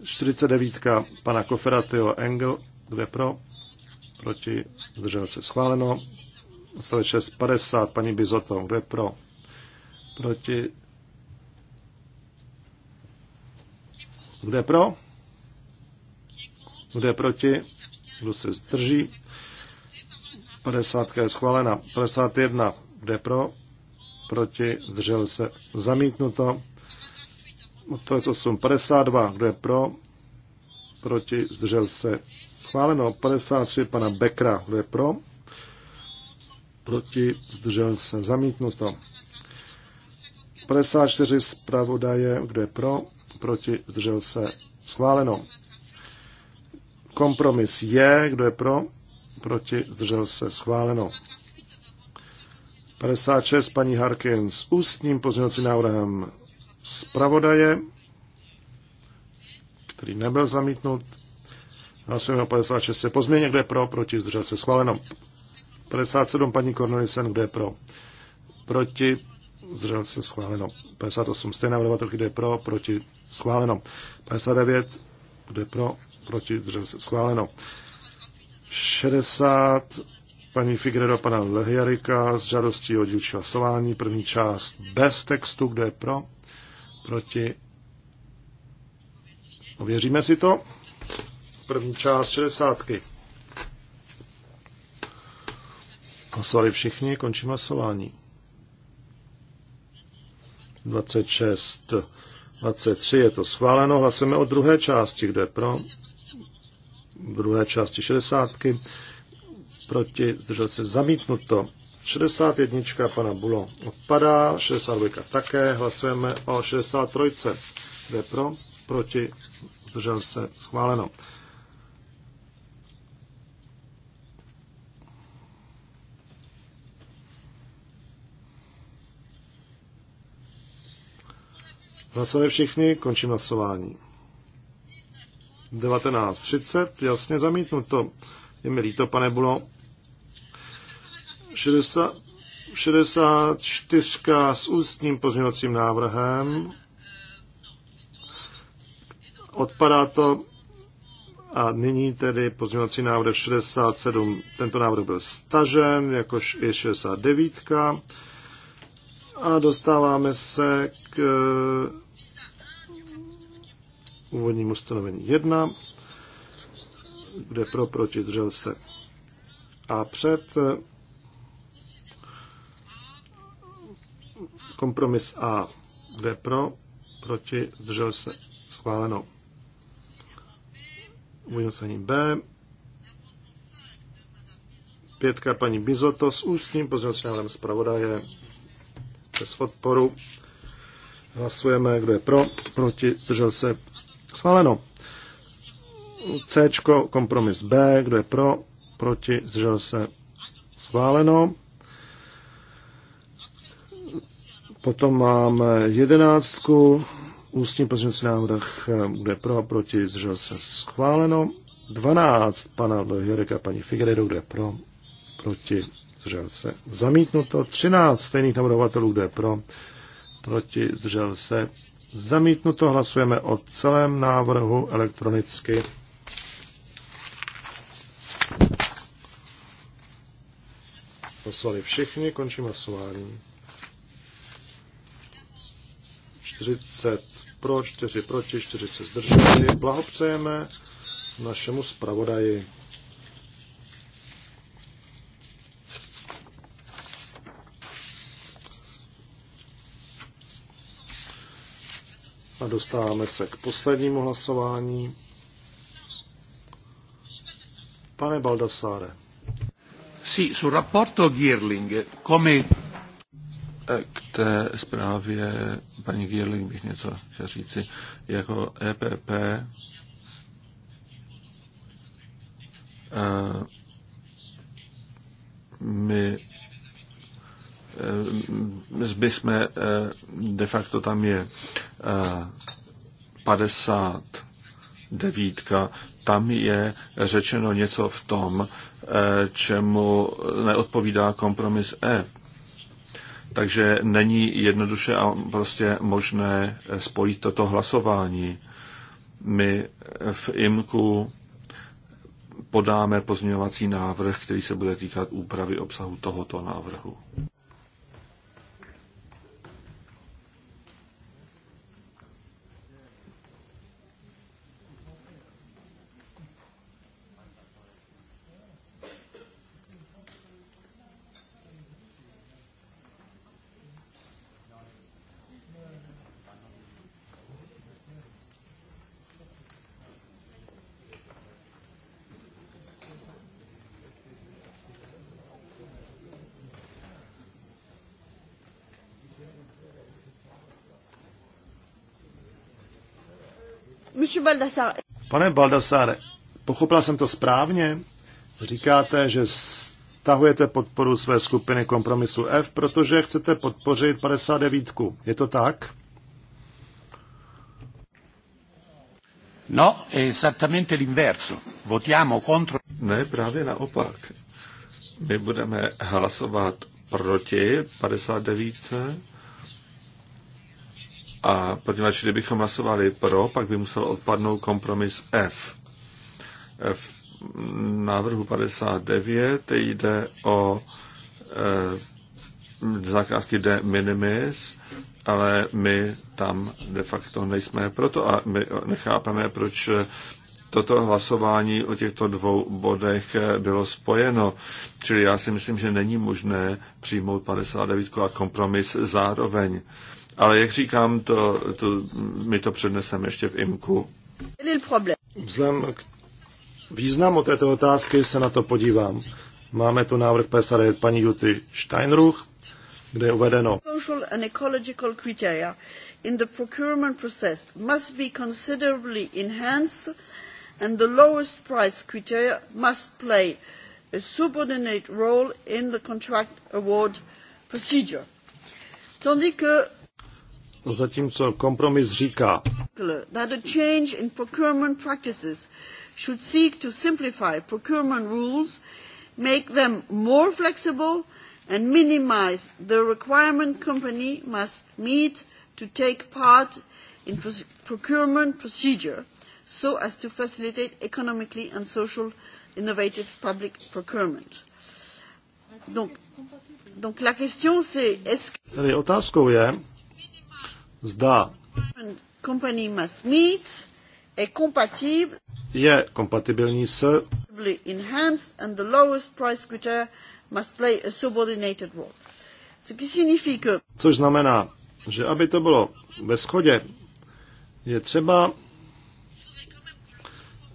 49. pana Koferatio Engel, kde pro, proti, zdržel se schváleno. Odstavec 6, 50, paní Bizoto, kdo je pro, proti, kdo je pro, kdo je proti, kdo se zdrží. 50 je schválena. 51, kdo je pro, proti, zdržel se zamítnuto. Odstavec 8, 52, kdo je pro, proti, zdržel se. Schváleno 53 pana Bekra, kdo je pro, proti, zdržel se. Zamítnuto. 54 zpravodaje, kdo je pro, proti, zdržel se. Schváleno. Kompromis je, kdo je pro, proti, zdržel se. Schváleno. 56 paní Harkins s ústním pozměňovacím návrhem zpravodaje který nebyl zamítnut. Hlasujeme o 56. Po změně, je pro, proti, zdržel se schváleno. 57. Paní Cornelisen, kdo je pro, proti, zdržel se schváleno. 58. Stejná vydavatelky, kdo je pro, proti, schváleno. 59. Kdo je pro, proti, zdržel se schváleno. 60. Paní Figredo, pana Lehiarika s žádostí o dílčí hlasování. První část bez textu, kdo je pro, proti, Ověříme si to. První část 60. Hlasovali všichni, končím hlasování. 26, 23 je to schváleno. Hlasujeme o druhé části, kde pro druhé části 60. Proti zdržel se zamítnuto. 61. pana Bulo odpadá, 62. také. Hlasujeme o 63. Kde pro? Proti zdržel se, schváleno. Hlasovali všichni, končím hlasování. 19.30, jasně zamítnuto. Je mi líto, pane Bulo. 60, 64 s ústním pozměňovacím návrhem. Odpadá to a nyní tedy pozměňovací návrh 67. Tento návrh byl stažen, jakož i 69. A dostáváme se k eh, úvodnímu stanovení 1, kde pro proti držel se. A před eh, kompromis A, kde pro proti držel se schváleno. Usnesení B. Pětka paní Bizoto s ústním pozměňovacím návrhem zpravodaje bez odporu. Hlasujeme, kdo je pro, proti, držel se. Schváleno. C, kompromis B, kdo je pro, proti, zdržel se. Schváleno. Potom máme jedenáctku ústní pozměnce návrh eh, bude pro, proti, zdržel se schváleno. 12 pana Lohirek a paní Figueredo, kde pro, proti, zdržel se zamítnuto. 13 stejných navrhovatelů, kde pro, proti, zdržel se zamítnuto. Hlasujeme o celém návrhu elektronicky. Hlasovali všichni, končím hlasování. 40 pro, čtyři proti, čtyři se zdrželi. Blahopřejeme našemu zpravodaji. A dostáváme se k poslednímu hlasování. Pane Baldassare. Sì, sul rapporto Girling, come E, k té zprávě paní Gierling bych něco chtěl říci. Jako EPP e, my e, zby jsme, de facto tam je 59, tam je řečeno něco v tom, čemu neodpovídá kompromis F. Takže není jednoduše a prostě možné spojit toto hlasování. My v IMKU podáme pozměňovací návrh, který se bude týkat úpravy obsahu tohoto návrhu. Pane Baldassare, pochopila jsem to správně? Říkáte, že stahujete podporu své skupiny kompromisu F, protože chcete podpořit 59. Je to tak? No, exactamente esattamente l'inverso. Votiamo contro... Ne, právě naopak. My budeme hlasovat proti 59. A poněvadž kdybychom hlasovali pro, pak by musel odpadnout kompromis F. F návrhu 59 jde o e, eh, zakázky de minimis, ale my tam de facto nejsme proto a my nechápeme, proč toto hlasování o těchto dvou bodech bylo spojeno. Čili já si myslím, že není možné přijmout 59 a kompromis zároveň. E, ale jak říkám, to, to, my to předneseme ještě v IMKU. Vzhledem k významu této otázky se na to podívám. Máme tu návrh 59 paní Juty Steinruch, kde je uvedeno. Social and ecological criteria in the procurement process must be considerably enhanced and the lowest price criteria must play a subordinate role in the contract award procedure. Tandis que zatímco kompromis říká, that a change in procurement practices should seek to simplify procurement rules, make them more flexible and minimize the requirement company must meet to take part in procurement procedure so as to facilitate economically and social innovative public procurement. Donc, donc la question c'est est-ce Tedy otázkou je, zda je kompatibilní s enhanced and the lowest price must play a subordinated role. Což znamená, že aby to bylo ve schodě, je třeba,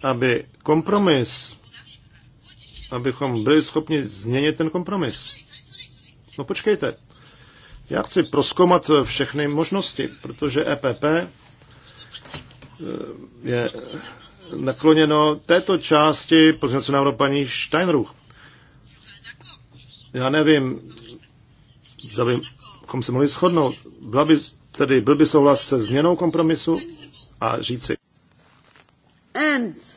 aby kompromis, abychom byli schopni změnit ten kompromis. No počkejte, já chci proskoumat všechny možnosti, protože EPP eh, je nakloněno této části pozměnce návrhu paní Steinruch. Já nevím, zda bychom se mohli shodnout. Byla by, tedy, byl by souhlas se změnou kompromisu a říci. And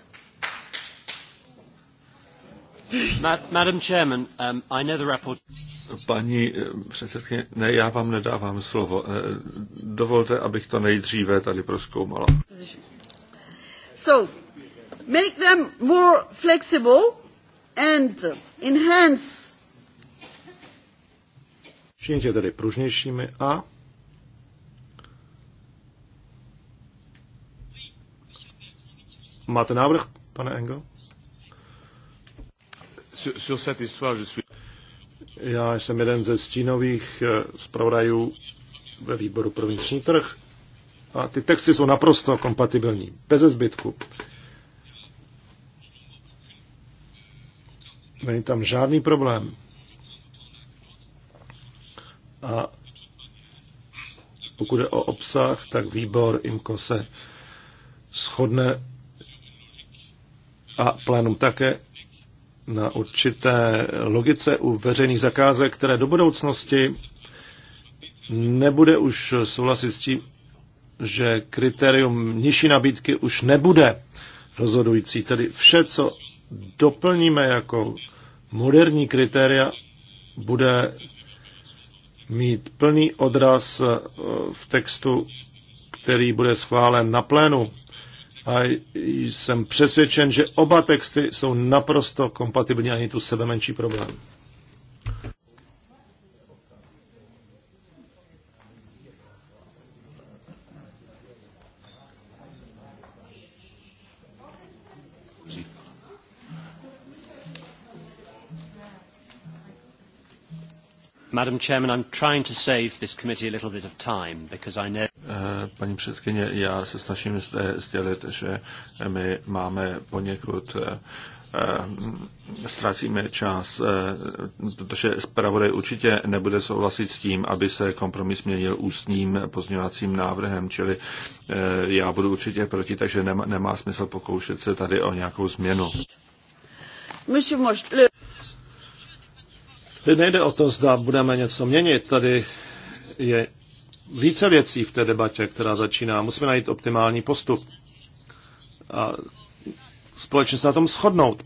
Um, Paní eh, předsedkyně, ne, já vám nedávám slovo. Eh, dovolte, abych to nejdříve tady proskoumala. So, make them more flexible and enhance Všichni tě tedy pružnějšími a Máte návrh, pane Engel? sur cette histoire, je suis... Já jsem jeden ze stínových eh, zpravodajů ve výboru pro vnitřní trh a ty texty jsou naprosto kompatibilní, bez zbytku. Není tam žádný problém. A pokud jde o obsah, tak výbor IMKO se shodne a plénum také na určité logice u veřejných zakázek, které do budoucnosti nebude už souhlasit s tím, že kritérium nižší nabídky už nebude rozhodující. Tedy vše, co doplníme jako moderní kritéria, bude mít plný odraz v textu, který bude schválen na plénu a jsem přesvědčen, že oba texty jsou naprosto kompatibilní a není tu sebe menší problém. Madam Chairman, I'm trying to save this committee a little bit of time because I know... Eh, paní předsedkyně, já se snažím zde sdělit, že my máme poněkud eh, eh, ztrácíme čas, protože zpravodaj určitě nebude souhlasit s tím, aby se kompromis měnil ústním pozměňovacím návrhem, čili já budu určitě proti, takže nemá, nemá smysl pokoušet se tady o nějakou změnu. Tady nejde o to, zda budeme něco měnit. Tady je více věcí v té debatě, která začíná. Musíme najít optimální postup a společně se na tom shodnout.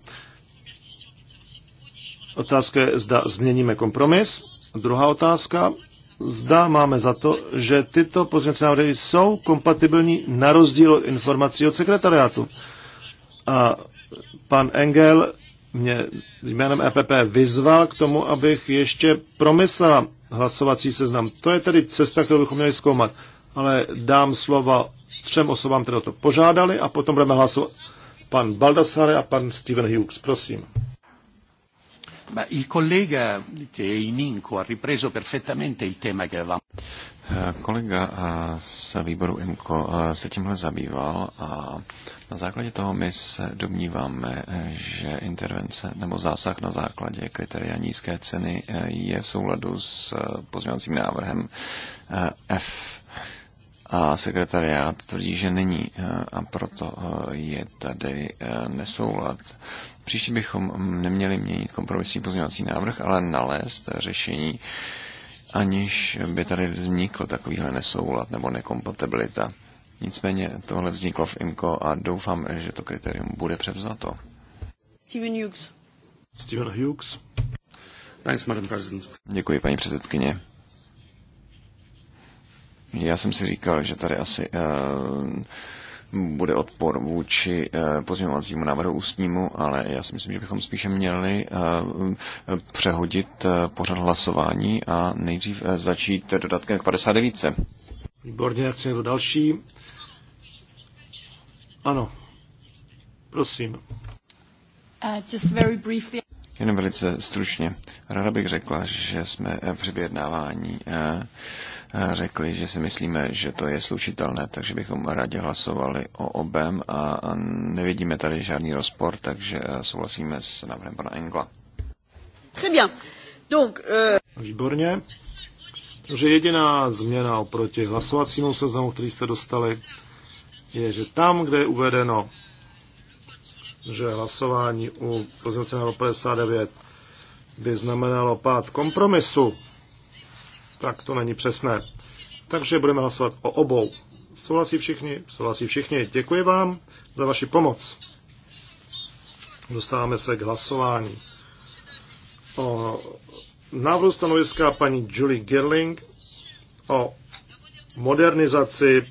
Otázka je, zda změníme kompromis. Druhá otázka, zda máme za to, že tyto pozměnce návrhy jsou kompatibilní na rozdíl od informací od sekretariátu. A pan Engel mě jménem EPP vyzval k tomu, abych ještě promyslela hlasovací seznam. To je tedy cesta, kterou bychom měli zkoumat. Ale dám slova třem osobám, které o to požádali a potom budeme hlasovat pan Baldassare a pan Steven Hughes. Prosím. Il collega ha ripreso perfettamente il tema che Kolega eh, eh, z výboru IMCO eh, se tímhle zabýval a na základě toho my se domníváme, že intervence nebo zásah na základě kritéria nízké ceny eh, je v souladu s eh, pozměňovacím návrhem eh, F. A sekretariát tvrdí, že není a proto je tady nesoulad. Příště bychom neměli měnit kompromisní pozměňovací návrh, ale nalézt řešení, aniž by tady vznikl takovýhle nesoulad nebo nekompatibilita. Nicméně tohle vzniklo v IMCO a doufám, že to kritérium bude převzato. Steven Hughes. Steven Hughes. Thanks, Madam President. Děkuji, paní předsedkyně. Já jsem si říkal, že tady asi uh, bude odpor vůči uh, pozměňovacímu návrhu ústnímu, ale já si myslím, že bychom spíše měli uh, přehodit uh, pořad hlasování a nejdřív uh, začít dodatkem k 59. Výborně, jak se někdo další? Ano, prosím. Uh, Jen velice stručně. Ráda bych řekla, že jsme eh, při vyjednávání eh, eh, řekli, že si myslíme, že to je slučitelné, takže bychom rádi hlasovali o obem a nevidíme tady žádný rozpor, takže souhlasíme s návrhem pana Engla. Euh, Výborně. Takže jediná změna oproti hlasovacímu seznamu, který jste dostali, je, že tam, kde je uvedeno, že hlasování u pozice 59 by znamenalo pád kompromisu, tak to není přesné. Takže budeme hlasovat o obou. Souhlasí všichni? Souhlasí všichni. Děkuji vám za vaši pomoc. Dostáváme se k hlasování. O návrhu stanoviska paní Julie Gerling o modernizaci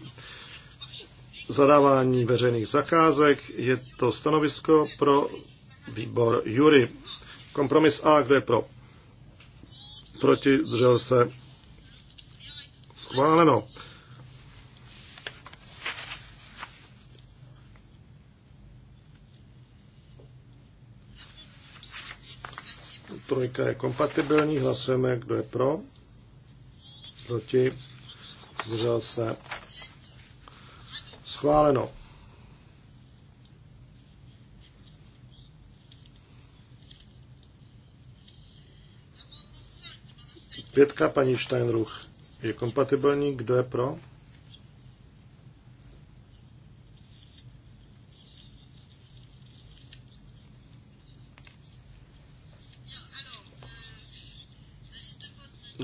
zadávání veřejných zakázek. Je to stanovisko pro výbor Jury. Kompromis A, kdo je pro? Proti, držel se. Schváleno. Trojka je kompatibilní, hlasujeme, kdo je pro, proti, zdržel se Schváleno. Pětka paní Steinruch je kompatibilní. Kdo je pro?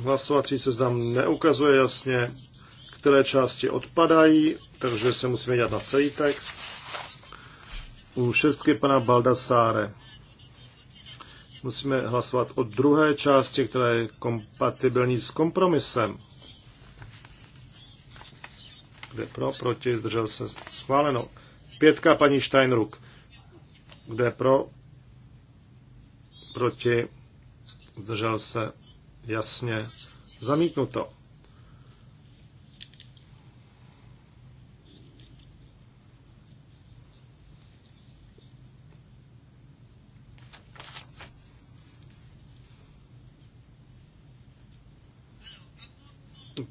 Hlasovací seznam neukazuje jasně, které části odpadají, takže se musíme dělat na celý text. U šestky pana Baldasáre musíme hlasovat o druhé části, která je kompatibilní s kompromisem. Kde pro, proti, zdržel se schváleno. Pětka paní Steinruck. Kde pro, proti, zdržel se jasně zamítnuto.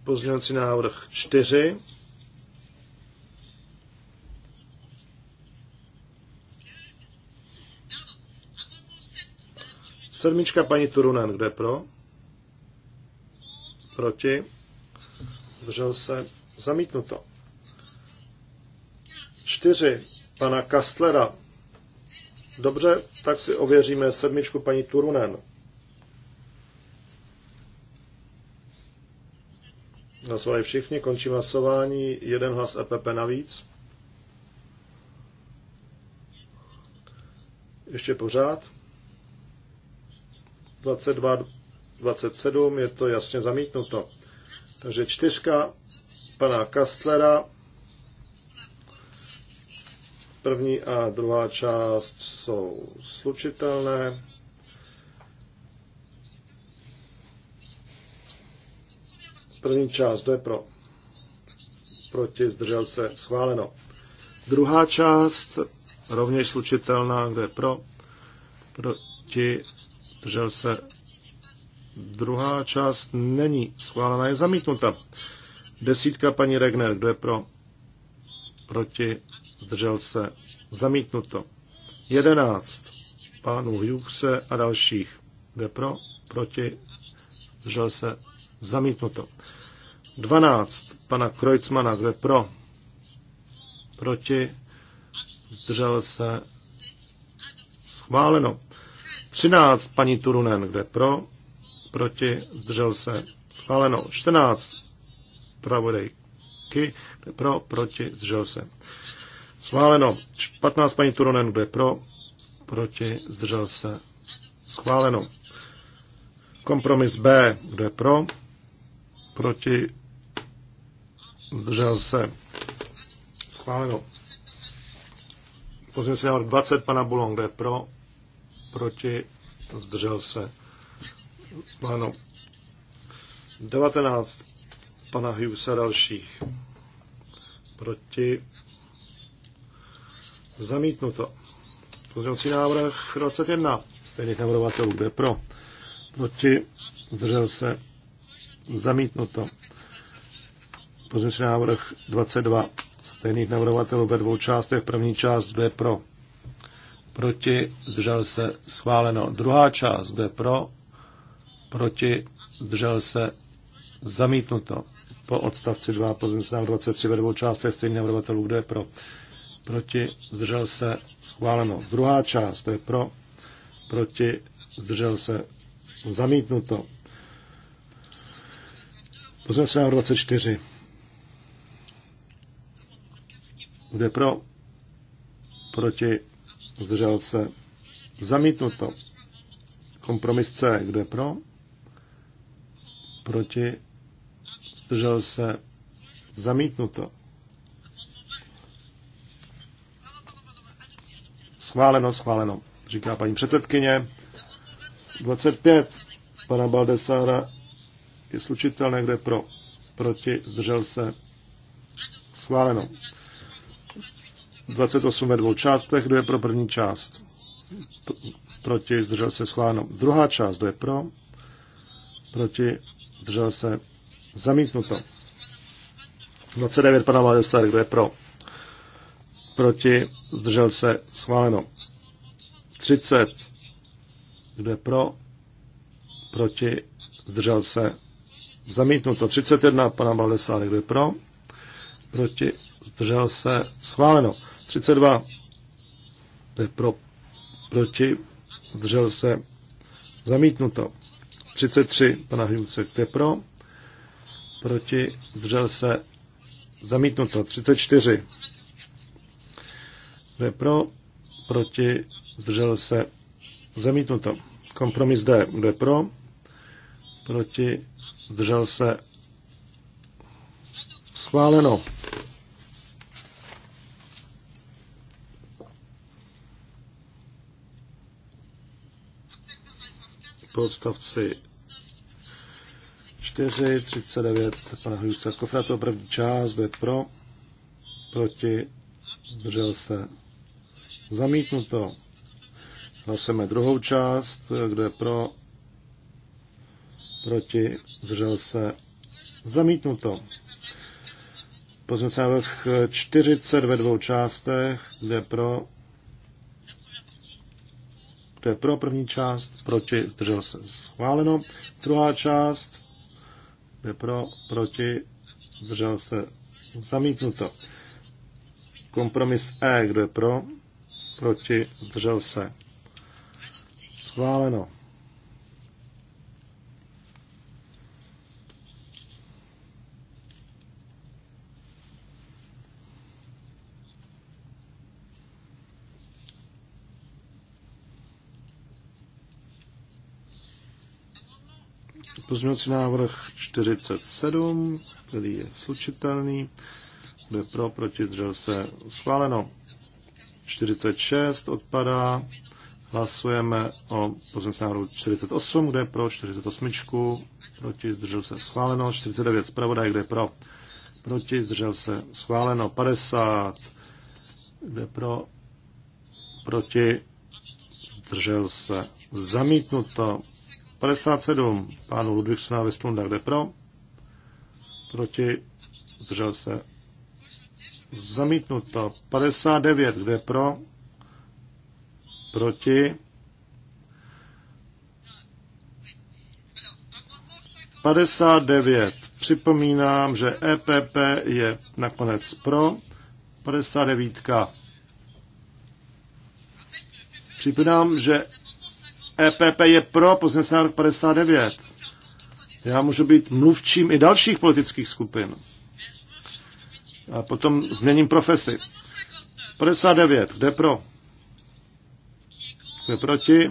Pozměňovací návrh 4. Sedmička paní Turunen, kde pro? Proti? Držel se. Zamítnuto. Čtyři pana Kastlera. Dobře, tak si ověříme sedmičku paní Turunen. Hlasovali všichni, končím hlasování, jeden hlas EPP navíc. Ještě pořád. 22, 27, je to jasně zamítnuto. Takže čtyřka pana Kastlera. První a druhá část jsou slučitelné. První část, to je pro. Proti, zdržel se, schváleno. Druhá část, rovněž slučitelná, kde je pro. Proti, zdržel se. Druhá část není schválená, je zamítnuta. Desítka paní Regner, kdo je pro? Proti, zdržel se, zamítnuto. Jedenáct pánů Hughese a dalších, kdo je pro? Proti, zdržel se, zamítnuto. 12 pana Krojcmana, kdo je pro, proti, zdržel se, schváleno. 13 paní Turunen, kdo je pro, proti, zdržel se, schváleno. 14 pravodejky, kdo je pro, proti, zdržel se. Schváleno. 15 paní Turunen, kdo je pro, proti, zdržel se. Schváleno. Kompromis B, kdo je pro, proti, Zdržel se. Schváleno. Pozměňovací návrh 20 pana Bulon, kde pro, proti, zdržel se. Schváleno. 19 pana Hughesa dalších. Proti. Zamítnuto. si návrh 21 stejných navrhovatelů, kde pro, proti, zdržel se. Zamítnuto. Pozměňovací návrh 22 stejných navrhovatelů ve dvou částech. První část, B pro, proti, zdržel se, schváleno. Druhá část, B pro, proti, zdržel se, zamítnuto. Po odstavci 2, pozměňovací návrh 23 ve dvou částech stejných navrhovatelů, kdo je pro, proti, zdržel se, schváleno. Druhá část, kdo je pro, proti, zdržel se, zamítnuto. Pozměňovací návrh 24 Kde pro? Proti? Zdržel se? Zamítnuto. Kompromis C. Kde pro? Proti? Zdržel se? Zamítnuto. Schváleno, schváleno, říká paní předsedkyně. 25 pana Baldesára je slučitelné, kde pro, proti, zdržel se, schváleno. 28 ve dvou částech, kdo je pro první část? Proti, zdržel se schváleno. Druhá část, kdo je pro? Proti, zdržel se zamítnuto. 29 pana Valdesar, kdo je pro? Proti, zdržel se schváleno. 30, kdo je pro? Proti, zdržel se zamítnuto. 31 pana Valdesar, kdo je pro? Proti, zdržel se schváleno. 32. To je pro, proti, držel se, zamítnuto. 33. Pana Hňůce, to je pro, proti, držel se, zamítnuto. 34. To je pro, proti, držel se, zamítnuto. Kompromis D, kde pro, proti, držel se, schváleno. po odstavci 4, 39 pana Hlusa Kofra, to první část, kdo je pro, proti, držel se, zamítnuto. Hlasujeme druhou část, kdo je pro, proti, držel se, zamítnuto. Pozměnce návrh 40 ve dvou částech, kde pro, je pro první část? Proti? Zdržel se? Schváleno. Druhá část. je pro? Proti? Zdržel se? Zamítnuto. Kompromis E. Kdo je pro? Proti? Zdržel se? Schváleno. Pozměňovací návrh 47, který je slučitelný. Kdo je pro, proti, držel se. Schváleno. 46 odpadá. Hlasujeme o pozměňovacím návrhu 48, kde je pro, 48, proti, zdržel se. Schváleno. 49 zpravodaj, kde je pro, proti, zdržel se. Schváleno. 50, kde je pro, proti, zdržel se. Zamítnuto 57 pánu ve Vestlunda, de pro, proti, držel se, zamítnuto. 59, kde pro, proti, 59. Připomínám, že EPP je nakonec pro. 59. Připomínám, že EPP je pro pozměňovací 59. Já můžu být mluvčím i dalších politických skupin. A potom změním profesi. 59. Kde pro? Kde proti?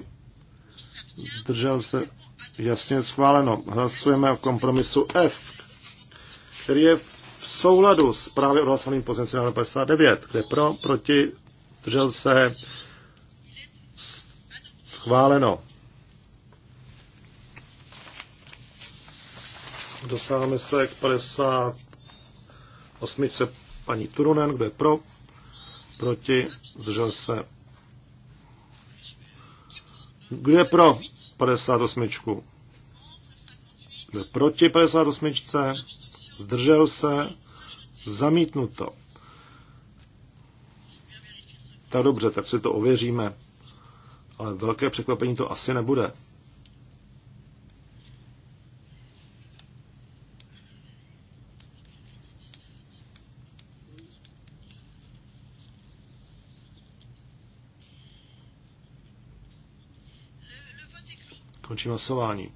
Držel se. Jasně schváleno. Hlasujeme o kompromisu F, který je v souladu s právě odhlasovaným pozměňovacím 59. Kde pro? Proti? Držel se Schváleno. Dosáváme se k 58. paní Turunen, kdo je pro, proti, zdržel se. Kdo je pro 58? Kdo je proti 58? Zdržel se, zamítnuto. Tak dobře, tak si to ověříme ale velké překvapení to asi nebude. Končím hlasování.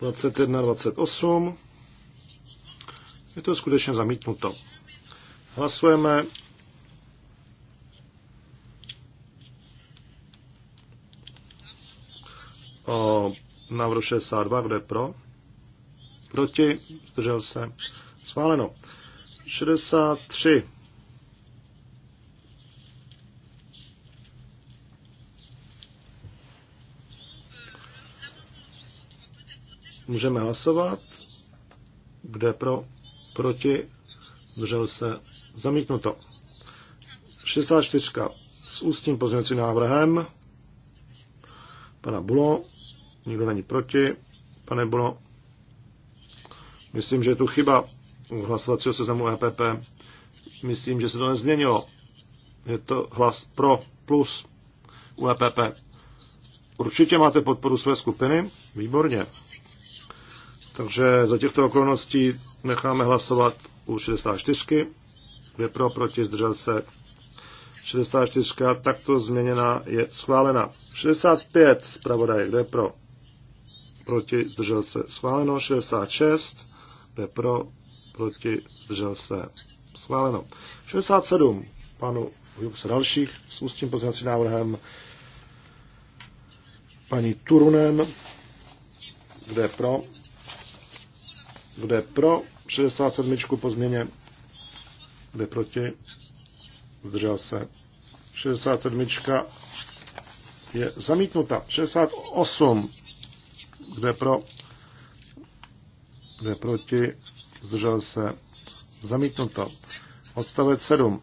21.28. 28. Je to skutečně zamítnuto. Hlasujeme o návrhu 62, kdo je pro? Proti? Zdržel se? Schváleno. 63. Můžeme hlasovat. Kde pro? Proti? Zdržel se? Zamítnuto. 64. S ústním pozměňovacím návrhem pana Bulo. Nikdo není proti. Pane Bono, myslím, že je tu chyba u hlasovacího seznamu EPP. Myslím, že se to nezměnilo. Je to hlas pro plus u EPP. Určitě máte podporu své skupiny. Výborně. Takže za těchto okolností necháme hlasovat u 64. Kde pro, proti, zdržel se. 64. takto změněna je schválena. 65. Zpravodaj. Kde pro? proti, zdržel se schváleno, 66, kdo je pro, proti, zdržel se schváleno. 67, panu Hughes dalších s ústním pozměňovacím návrhem paní Turunen, kde pro, kde pro 67 po změně, kde proti, zdržel se. 67 je zamítnuta. 68 kdo je pro? Kdo je proti? Zdržel se. Zamítnuto. Odstavec 7.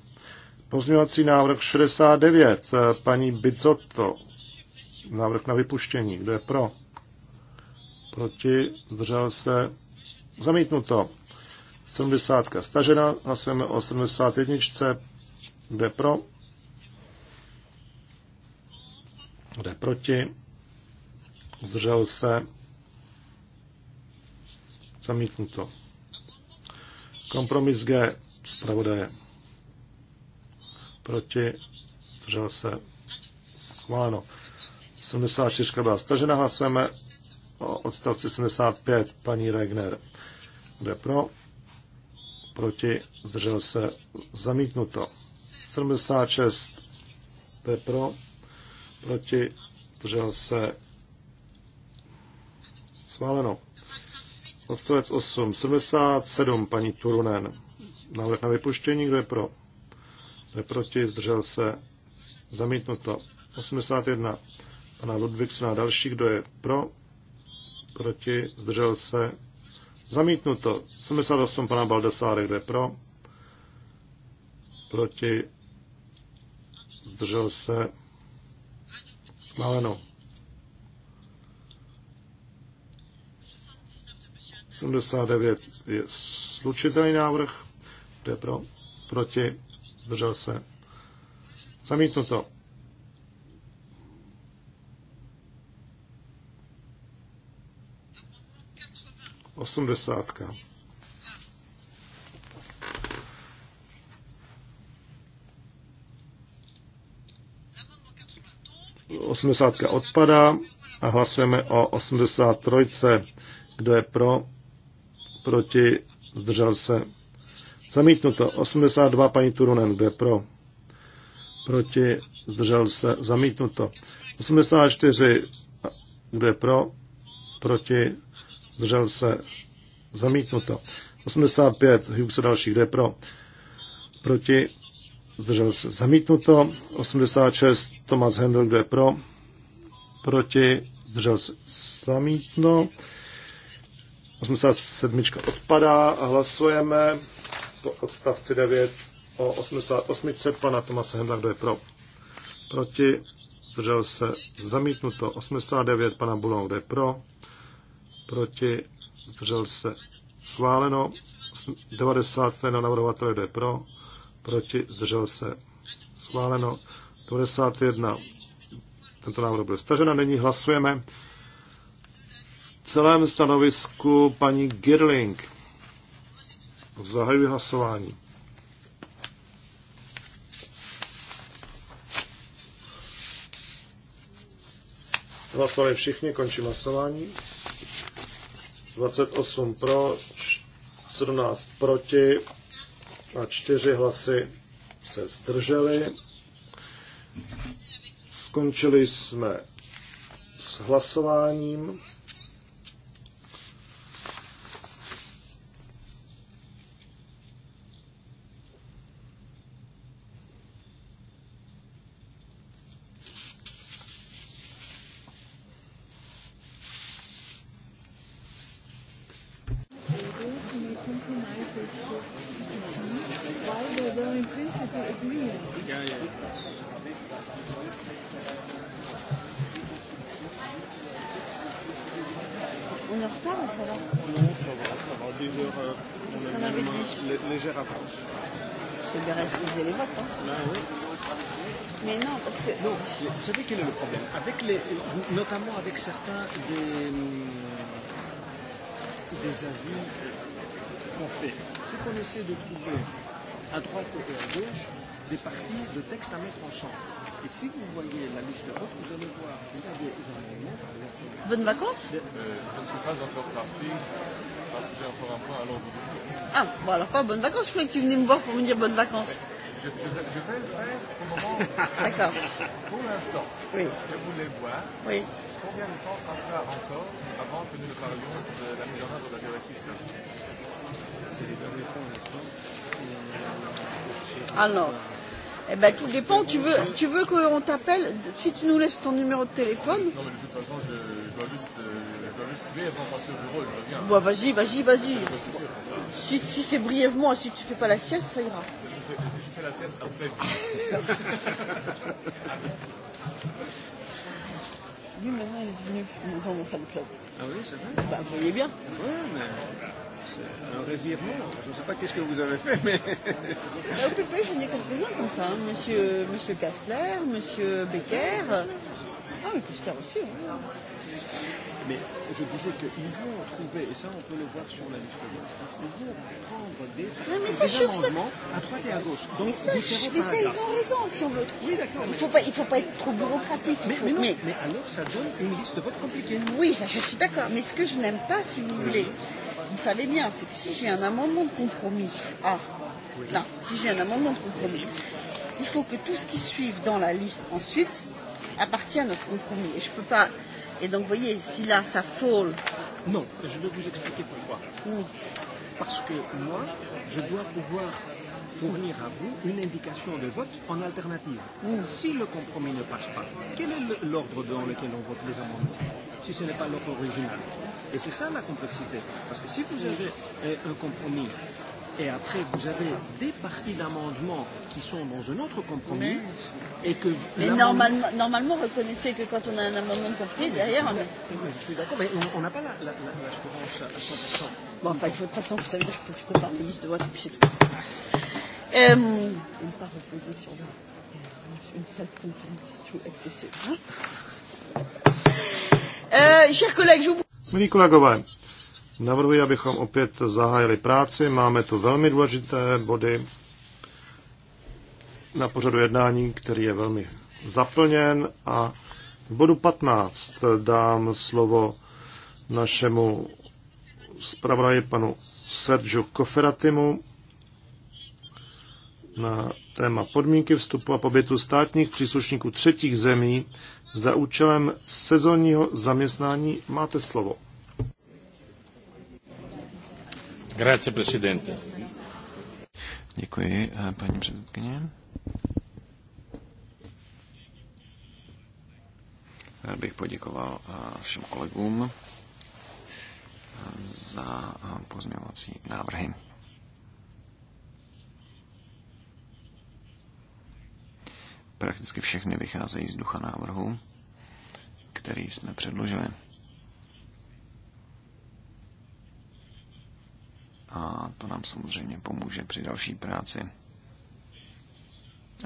Pozměňovací návrh 69. Eh, paní Bizotto. Návrh na vypuštění. Kdo je pro? Proti? Zdržel se. Zamítnuto. 70. Stažena. Hlasujeme o 71. Kdo je pro? Kdo je proti? Zdržel se. Zamítnuto. Kompromis G. Zpravodaje. Proti. Držel se. Smáno. 74 byla stažena. Hlasujeme o odstavci 75. Paní Regner. Kde pro? Proti. Držel se. Zamítnuto. 76. Kde pro? Proti. Držel se. Schváleno. Odstavec 8, 77, paní Turunen. Návrh na vypuštění, kdo je pro? Kdo je proti? Zdržel se? Zamítnuto. 81, pana Ludvíksona. Další, kdo je pro? Proti? Zdržel se? Zamítnuto. 78, pana Baldesáre, kdo je pro? Proti? Zdržel se? Smáleno. 79 je slučitelný návrh. Kdo je pro? Proti? Držel se? Zamítnuto. Osmdesátka. Osmdesátka odpadá a hlasujeme o 83. Kdo je pro? proti, zdržel se. Zamítnuto 82, paní Turunen, kde pro, proti, zdržel se, zamítnuto. 84, kde pro, proti, zdržel se, zamítnuto. 85, Hughes se další, kde pro, proti, zdržel se, zamítnuto. 86, Thomas Hendel, kde pro, proti, zdržel se, zamítnuto. 87 odpadá a hlasujeme po odstavci 9 o 88 pana Tomase Hendla, kdo je pro. Proti, zdržel se zamítnuto 89 pana Bulon, kdo je pro. Proti, zdržel se schváleno 90 stejného navrhovatele, kdo je pro. Proti, zdržel se schváleno 91. Tento návrh byl stažen a nyní hlasujeme celém stanovisku paní Girling. Zahajuji hlasování. Hlasovali všichni, končím hlasování. 28 pro, 17 proti a 4 hlasy se zdrželi. Skončili jsme s hlasováním. certains des, des avis qu'on fait, c'est qu'on essaie de trouver à droite et à gauche des parties de textes à mettre ensemble. Et si vous voyez la liste haute, vous allez voir qu'il y a des amendements. Bonnes vacances euh, Je ne suis pas encore parti parce que j'ai encore un point à l'ordre du jour. Ah, bon alors pas bonnes vacances, je croyais que tu venais me voir pour me dire bonnes vacances. Je, je, je vais le faire au moment. D'accord. Pour l'instant, oui. je voulais voir. Oui combien de temps passera encore avant que nous parlions de la mise en œuvre de la directive service C'est les derniers points, n'est-ce pas Alors. Eh ben, tout dépend. Tu veux, tu veux qu'on t'appelle Si tu nous laisses ton numéro de téléphone. Non, mais de toute façon, je, je dois juste, euh, je dois brièvement passer au bureau. Je reviens. Bon, vas-y, vas-y, vas-y. Si, si c'est brièvement, si tu ne fais pas la sieste, ça ira. Je fais, je fais la sieste après. Oui, maintenant, il est devenu dans mon fan club. Ah oui, c'est vrai Bah, vous voyez bien. Oui, mais c'est un revirement. Je ne sais pas qu'est-ce que vous avez fait, mais... Au PP, j'en ai quelques-uns comme ça. Hein. Monsieur, monsieur Kastler, monsieur Becker. Ah, oui, Kastler aussi, oui. Mais je disais qu'ils vont trouver, et ça on peut le voir sur la liste ils vont prendre des, non, mais des amendements je... à droite et à gauche. Donc mais ça, mais ça ils ont raison si on veut. Oui, d'accord. Il ne mais... faut, faut pas être trop bureaucratique. Mais, faut... mais, non, mais... mais alors ça donne une liste de votes compliquée. Oui, ça, je suis d'accord. Mais ce que je n'aime pas, si vous voulez, vous savez bien, c'est que si j'ai un amendement de compromis, ah, oui. non, si j'ai un amendement de compromis, il faut que tout ce qui suive dans la liste ensuite appartienne à ce compromis. Et je ne peux pas Et donc, vous voyez, si là, ça foule. Non, je vais vous expliquer pourquoi. Mm. Parce que moi, je dois pouvoir fournir à vous une indication de vote en alternative. Mm. Si le compromis ne passe pas, quel est l'ordre dans lequel on vote les amendements si ce n'est pas l'ordre original Et c'est ça la complexité. Parce que si vous hmm. avez euh, un compromis et après vous avez des parties d'amendements qui sont dans un autre compromis, hmm. Et que mais normalement, normalement, reconnaissez que quand on a un amendement de oui, derrière, on a... Je suis d'accord, mais on n'a pas l'assurance la, la, la, à 100%. Bon, enfin, il faut, de toute façon, vous savez, il faut que je prépare les listes de vote, puis c'est tout. Euh, on ne pas reposer sur une salle de conférence tout accessible. Hein? Euh, chers collègues, je vous... Milí kolegové, navrhuji, abychom opět zahájili práci. Máme tu velmi důležité body na pořadu jednání, který je velmi zaplněn a v bodu 15 dám slovo našemu zpravodaji panu Sergio Koferatimu na téma podmínky vstupu a pobytu státních příslušníků třetích zemí za účelem sezónního zaměstnání. Máte slovo. Grazie, presidente. Děkuji, eh, paní předsedkyně. Rád bych poděkoval eh, všem kolegům eh, za eh, pozměňovací návrhy. Prakticky všechny vycházejí z ducha návrhu, který jsme předložili. A to nám samozřejmě pomůže při další práci.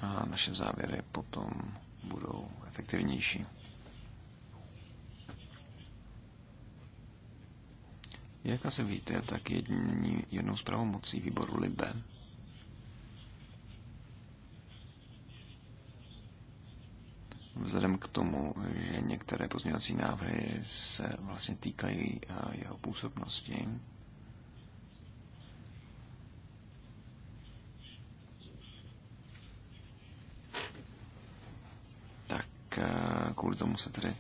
A naše závěry potom budou efektivnější. Jak asi víte, tak jední, jednou z pravomocí výboru Libe vzhledem k tomu, že některé pozměňovací návrhy se vlastně týkají eh, jeho působnosti, tak eh, kvůli tomu se tedy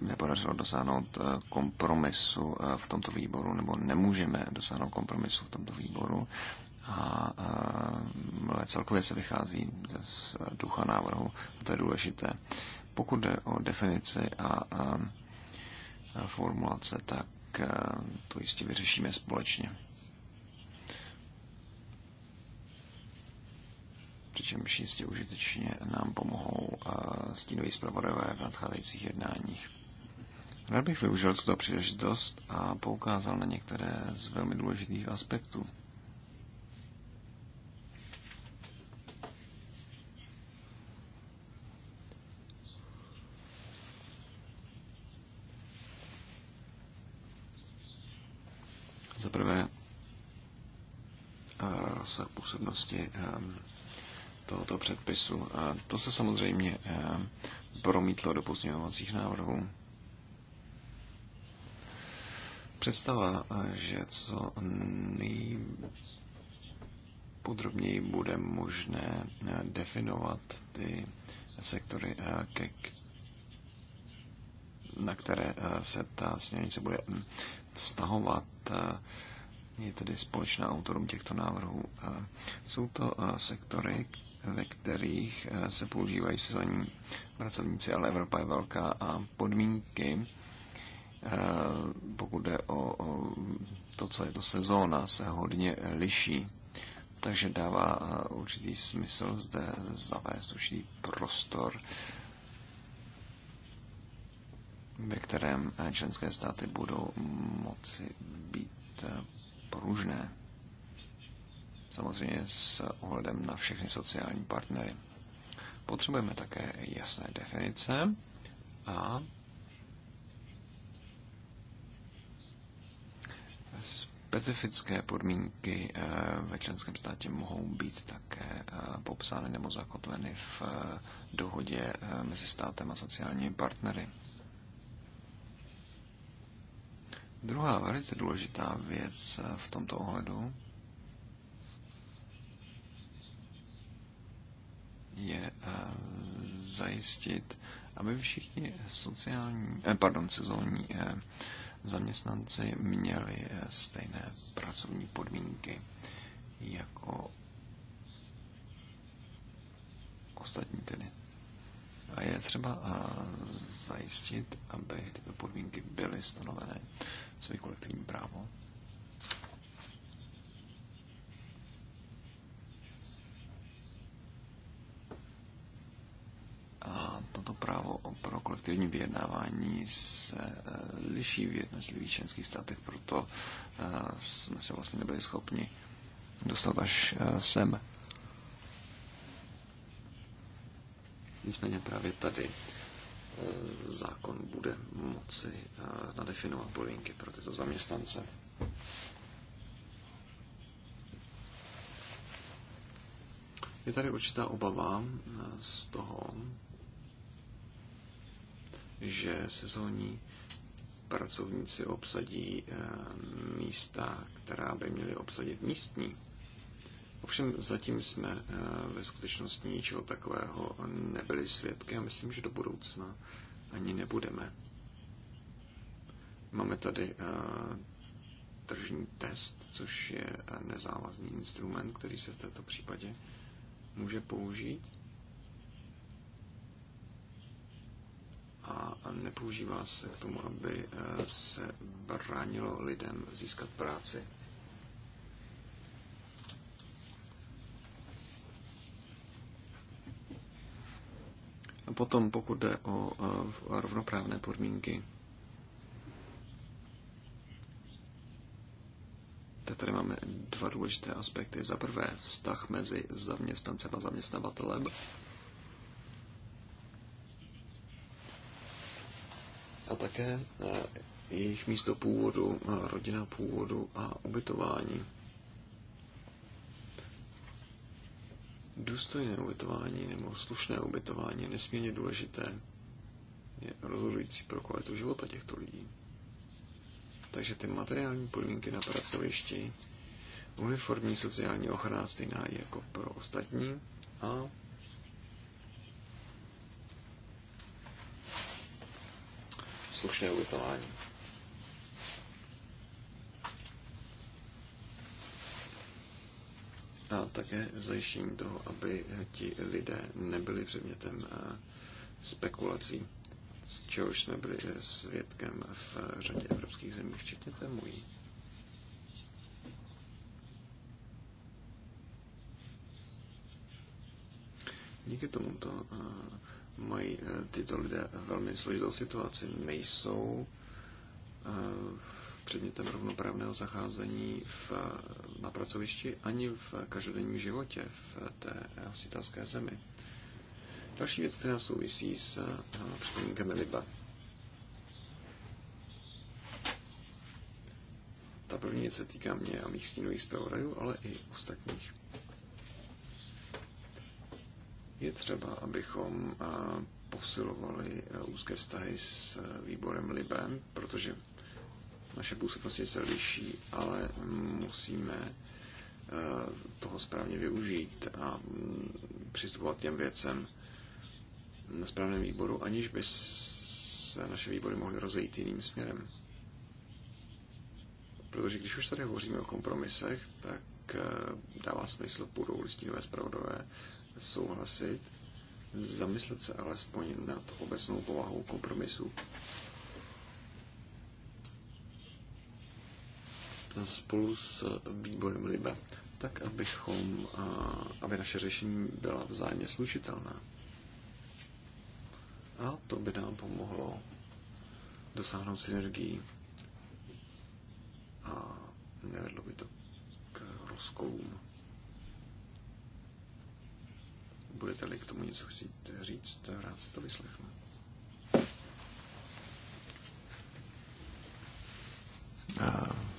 nepodařilo dosáhnout eh, kompromisu eh, v tomto výboru, nebo nemůžeme dosáhnout kompromisu v tomto výboru. A, eh, ale celkově se vychází z ducha návrhu, a to je důležité. Pokud jde o definici a, a formulace, tak to jistě vyřešíme společně. přičemž jistě užitečně nám pomohou eh, stínoví zpravodajové v nadcházejících jednáních. Rád bych využil tuto příležitost a poukázal na některé z velmi důležitých aspektů. Za prvé eh, rozsah působnosti eh, tohoto předpisu. A to se samozřejmě eh, promítlo do pozměňovacích návrhů. Představa, eh, že co nejpodrobněji bude možné eh, definovat ty sektory, ke, na které se ta směrnice bude hm, vztahovat, je tedy společná autorům těchto návrhů. Jsou to sektory, ve kterých eh, se používají sezónní pracovníci, ale Evropa je velká a podmínky, eh, pokud jde o to, co je to sezóna, se hodně liší. Takže dává eh, určitý smysl zde zavést určitý prostor, ve kterém členské státy budou moci být pružné samozřejmě s ohledem na všechny sociální partnery. Potřebujeme také jasné definice a specifické podmínky eh, ve členském státě mohou být také eh, popsány nebo zakotveny v eh, dohodě mezi státem a sociálními partnery. Druhá velice důležitá věc v tomto ohledu je eh, zajistit, aby všichni sociální, eh, pardon, sezónní eh, zaměstnanci měli stejné pracovní podmínky jako ostatní tedy. A je třeba zajistit, aby tyto podmínky byly stanovené, svým kolektivním kolektivní právo. A toto právo pro kolektivní vyjednávání se eh, liší v jednotlivých členských státech, proto eh, jsme se vlastně nebyli schopni dostat až eh, sem. Nicméně právě tady zákon bude moci nadefinovat podmínky pro tyto zaměstnance. Je tady určitá obava z toho, že sezónní pracovníci obsadí eh, místa, která by měly obsadit místní. Ovšem zatím jsme eh, ve skutečnosti ničeho takového nebyli svědky a myslím, že do budoucna ani nebudeme. Máme tady eh, tržní test, což je nezávazný instrument, který se v této případě může použít a nepoužívá se k tomu, aby eh, se bránilo lidem získat práci. A potom, pokud jde o eh, rovnoprávné podmínky, tady máme dva důležité aspekty. Za prvé vztah mezi zaměstnancem a zaměstnavatelem. a také eh, jejich místo původu, eh, rodina původu a ubytování. Důstojné ubytování nebo slušné ubytování je nesmírně důležité, je rozhodující pro kvalitu života těchto lidí. Takže ty materiální podmínky na pracovišti, uniformní sociální ochrana stejná jako pro ostatní a slušné ubytování. A také zajištění toho, aby ti lidé nebyli předmětem eh, spekulací, z čehož jsme byli eh, svědkem v řadě evropských zemí, včetně té mojí. Díky tomuto eh, mají eh, tyto lidé velmi složitou situaci, nejsou eh, předmětem rovnoprávného zacházení v, eh, na pracovišti ani v každodenním životě v té asitalské zemi. Další věc, která souvisí s připomínkami Liba. Ta první věc se týká mě a mých stínových zpravodajů, ale i ostatních. Je třeba, abychom eh, posilovali eh, úzké vztahy s eh, výborem Libem, protože naše působnosti se liší, ale musíme toho správně využít a mm, přistupovat k těm věcem na správném výboru, aniž by se naše výbory mohly rozejít jiným směrem. Protože když už tady hovoříme o kompromisech, tak dává smysl, půdou listinové zpravodové souhlasit, zamyslet se alespoň nad obecnou povahou kompromisu. Spolu s výborem Libe, tak abychom, aby naše řešení byla vzájemně slušitelná. A to by nám pomohlo dosáhnout synergii a nevedlo by to k rozkolům. Budete-li k tomu něco chtít říct, rád si to vyslechnu.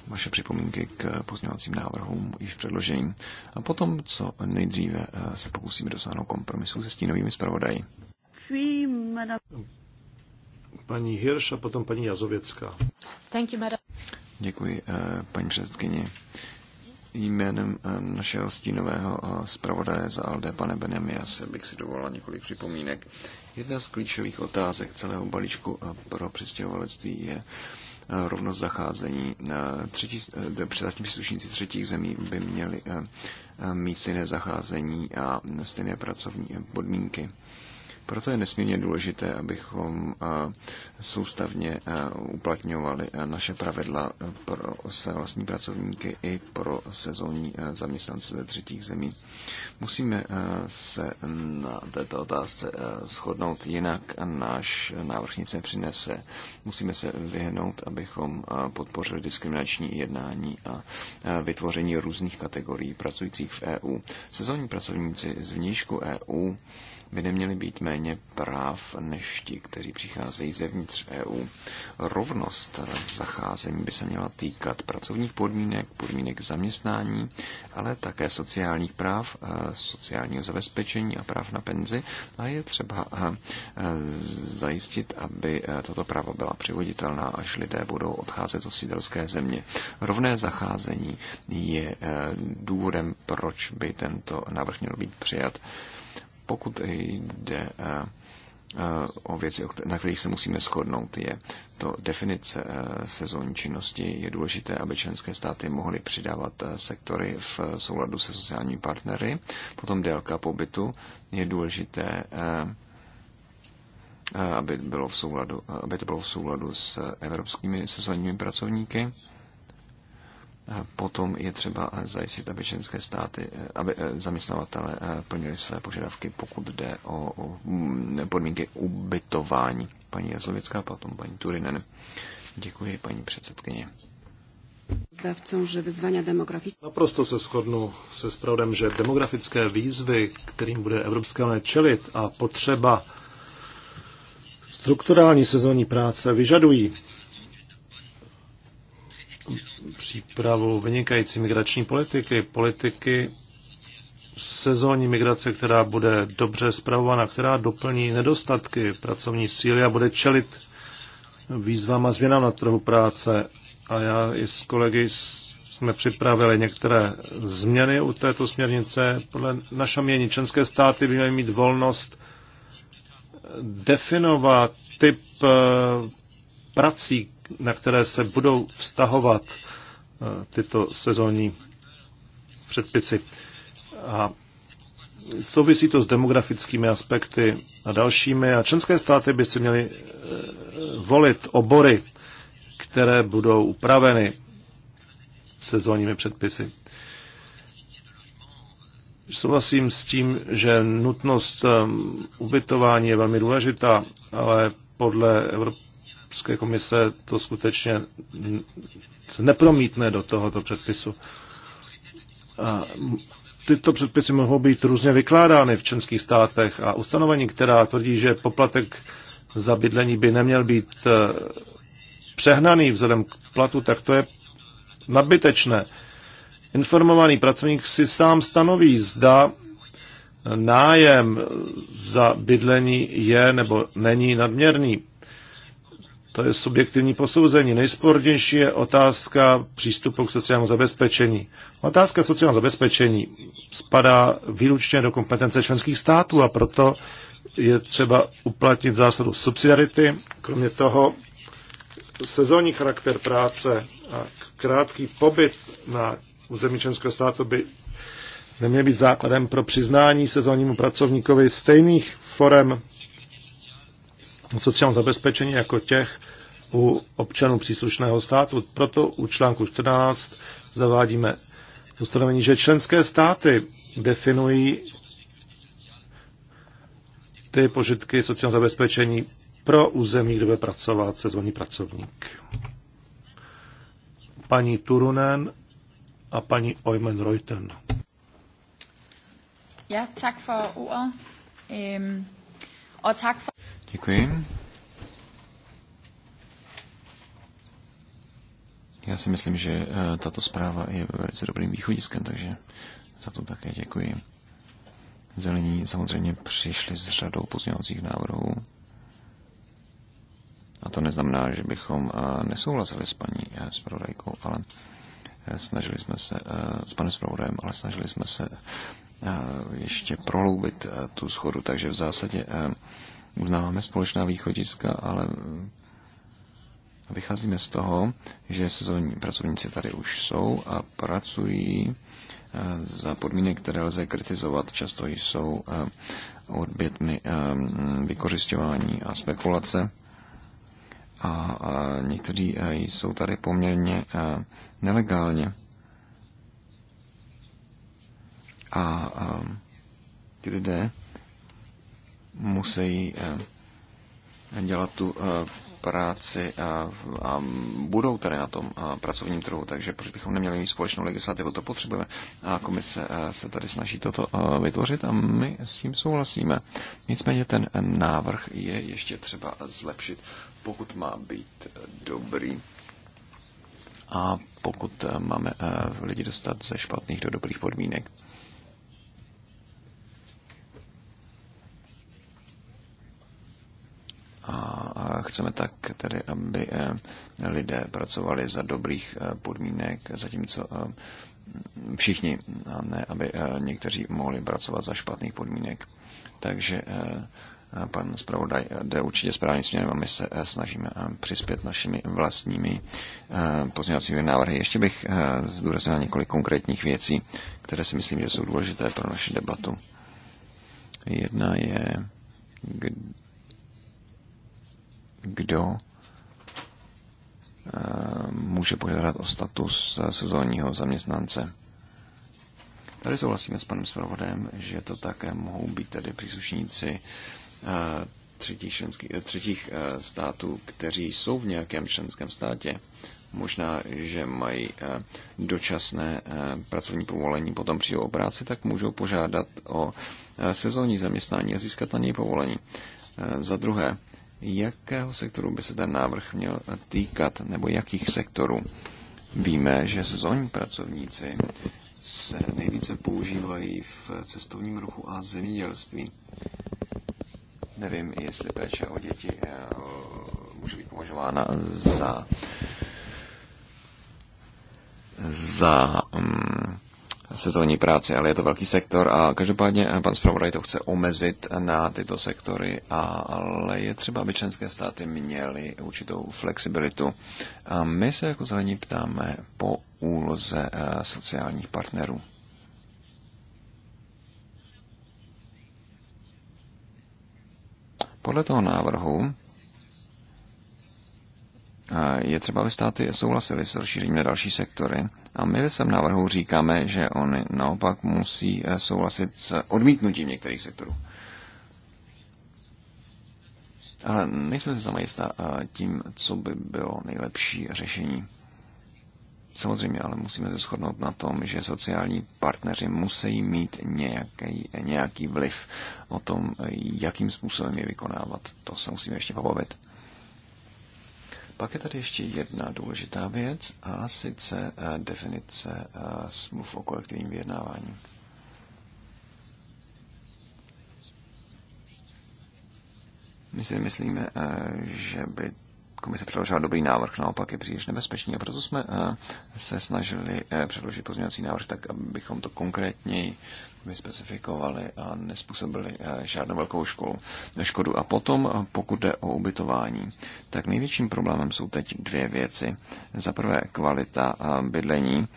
vaše připomínky k pozměňovacím návrhům již předložení. a potom, co nejdříve eh, se pokusíme dosáhnout kompromisu se stínovými zpravodaji. Paní Hirš a potom paní Jazověcká. Thank you, madam. Děkuji, eh, paní předsedkyně jménem eh, našeho stínového eh, zpravodaje za ALD, pane Benemiase, bych si dovolila několik připomínek. Jedna z klíčových otázek celého balíčku eh, pro přistěhovalectví je rovnost zacházení. Třetí, příslušníci třetích zemí by měli mít stejné zacházení a stejné pracovní podmínky. Proto je nesmírně důležité, abychom eh, soustavně eh, uplatňovali eh, naše pravidla pro své vlastní pracovníky i pro sezónní zaměstnance ze třetích zemí. Musíme se na této otázce shodnout, jinak náš návrh nic nepřinese. Musíme se vyhnout, abychom podpořili diskriminační jednání a vytvoření různých kategorií pracujících v EU. Sezónní pracovníci z vnějšku EU by neměli být méně práv než ti, kteří přicházejí zevnitř EU. Rovnost zacházení by se měla týkat pracovních podmínek, podmínek zaměstnání, ale také sociálních práv, eh, sociálního zabezpečení a práv na penzi. A je třeba eh, zajistit, aby eh, tato práva byla přivoditelná, až lidé budou odcházet z osídelské země. Rovné zacházení je důvodem, proč by tento návrh měl být přijat pokud jde eh, eh, o věci, na kterých se musíme shodnout, je to definice eh, sezónní činnosti. Je důležité, aby členské státy mohly přidávat sektory v souladu se sociálními partnery. Potom délka pobytu je důležité, aby, bylo v souladu, aby to bylo v souladu s evropskými sezónními pracovníky. Potom je třeba zajistit, aby členské státy, eh, aby eh, zaměstnavatele eh, plnili své požadavky, pokud jde o mm, podmínky ubytování. Paní Jazlovická, potom paní Turinen. Děkuji, paní předsedkyně. Zdavcem, že vyzvania demografické... Naprosto se shodnu se spravodem, že demografické výzvy, kterým bude Evropská unie čelit a potřeba strukturální sezónní práce vyžadují přípravu vynikající migrační politiky, politiky sezónní migrace, která bude dobře zpravovaná, která doplní nedostatky pracovní síly a bude čelit výzvám a změnám na trhu práce. A já i s kolegy jsme připravili některé změny u této směrnice. Podle našeho mění členské státy by měly mít volnost definovat typ eh, prací, na které se budou vztahovat tyto sezónní předpisy. A souvisí to s demografickými aspekty a dalšími. A členské státy by si měly eh, volit obory, které budou upraveny sezónními předpisy. Souhlasím s tím, že nutnost ehm, ubytování je velmi důležitá, ale podle Evropské komise to skutečně nepromítne do tohoto předpisu. A tyto předpisy mohou být různě vykládány v členských státech a ustanovení, která tvrdí, že poplatek za bydlení by neměl být eh, přehnaný vzhledem k platu, tak to je nadbytečné. Informovaný pracovník si sám stanoví, zda eh, nájem za bydlení je nebo není nadměrný. To je subjektivní posouzení. Nejspornější je otázka přístupu k sociálnímu zabezpečení. Otázka sociálního zabezpečení spadá výlučně do kompetence členských států a proto je třeba uplatnit zásadu subsidiarity. Kromě toho sezónní charakter práce a krátký pobyt na území členského státu by neměl být základem pro přiznání sezónnímu pracovníkovi stejných forem sociálního zabezpečení jako těch, u občanů příslušného státu. Proto u článku 14 zavádíme ustanovení, že členské státy definují ty požitky sociálního zabezpečení pro území, kde bude pracovat sezónní pracovník. Paní Turunen a paní Oymen Reuten. Ja, tak for ordet. Øhm, og tak for... Děkuji. Já si myslím, že eh, tato zpráva je velice dobrým východiskem, takže za to také děkuji. Zelení samozřejmě přišli s řadou pozměňovacích návrhů. A to neznamená, že bychom eh, nesouhlasili s paní eh, zpravodajkou, ale snažili jsme se, s panem zpravodajem, ale snažili jsme se ještě proloubit tu schodu, takže v zásadě uznáváme společná východiska, ale vycházíme z toho, že sezónní pracovníci tady už jsou a pracují eh, za podmínek, které lze kritizovat. Často jsou eh, odbětmi eh, mm, vykořišťování a spekulace. A někteří jsou tady poměrně nelegálně. A ty lidé musí dělat tu práci a, a budou tady na tom pracovním trhu, takže proč bychom neměli mít společnou legislativu, to potřebujeme. A komise se tady snaží toto vytvořit a my s tím souhlasíme. Nicméně ten návrh je ještě třeba zlepšit, pokud má být dobrý. A pokud e, máme e, lidi dostat ze špatných do dobrých podmínek. chceme tak tedy, aby eh, lidé pracovali za dobrých eh, podmínek, zatímco eh, všichni, a ne aby někteří mohli pracovat za špatných podmínek. Takže pan zpravodaj jde určitě správným směrem a my se snažíme přispět našimi vlastními pozměňovacími návrhy. Ještě bych zdůraznil několik konkrétních věcí, které si myslím, že jsou důležité pro naši debatu. Jedna je, kdo eh, může požádat o status sezónního zaměstnance. Tady souhlasíme s panem Svrovodem, že to také mohou být tedy příslušníci eh, třetích, členský, eh, třetích států, kteří jsou v nějakém členském státě. Možná, že mají dočasné pracovní povolení, potom přijdou o práci, tak můžou požádat o sezónní zaměstnání a získat na něj povolení. Za druhé, jakého sektoru by se ten návrh měl týkat, nebo jakých sektorů. Víme, že sezónní pracovníci se nejvíce používají v cestovním ruchu a zemědělství. Nevím, jestli péče o děti eh, může být považována za za um, sezónní práci, ale je to velký sektor a každopádně eh, pan zpravodaj to chce omezit na tyto sektory, ale je třeba, aby členské státy měly určitou flexibilitu. A my se jako zelení ptáme po úloze eh, sociálních partnerů. Podle toho návrhu je třeba, aby státy souhlasily s rozšířením na další sektory. A my ve svém návrhu říkáme, že oni naopak musí eh, souhlasit s odmítnutím některých sektorů. Ale nejsem si sama jistá eh, tím, co by bylo nejlepší řešení. Samozřejmě ale musíme se shodnout na tom, že sociální partneři musí mít nějaký, nějaký vliv o tom, eh, jakým způsobem je vykonávat. To se musíme ještě pobavit. Pak je tady ještě jedna důležitá věc a sice eh, definice eh, smluv o kolektivním vyjednávání. My si myslíme, eh, že by komise předložila dobrý návrh, naopak je příliš nebezpečný a proto jsme se snažili předložit pozměňovací návrh tak, abychom to konkrétněji vyspecifikovali a nespůsobili eh, žádnou velkou školu, škodu. A potom, eh, pokud jde o ubytování, tak největším problémem jsou teď dvě věci. Za prvé kvalita eh, bydlení.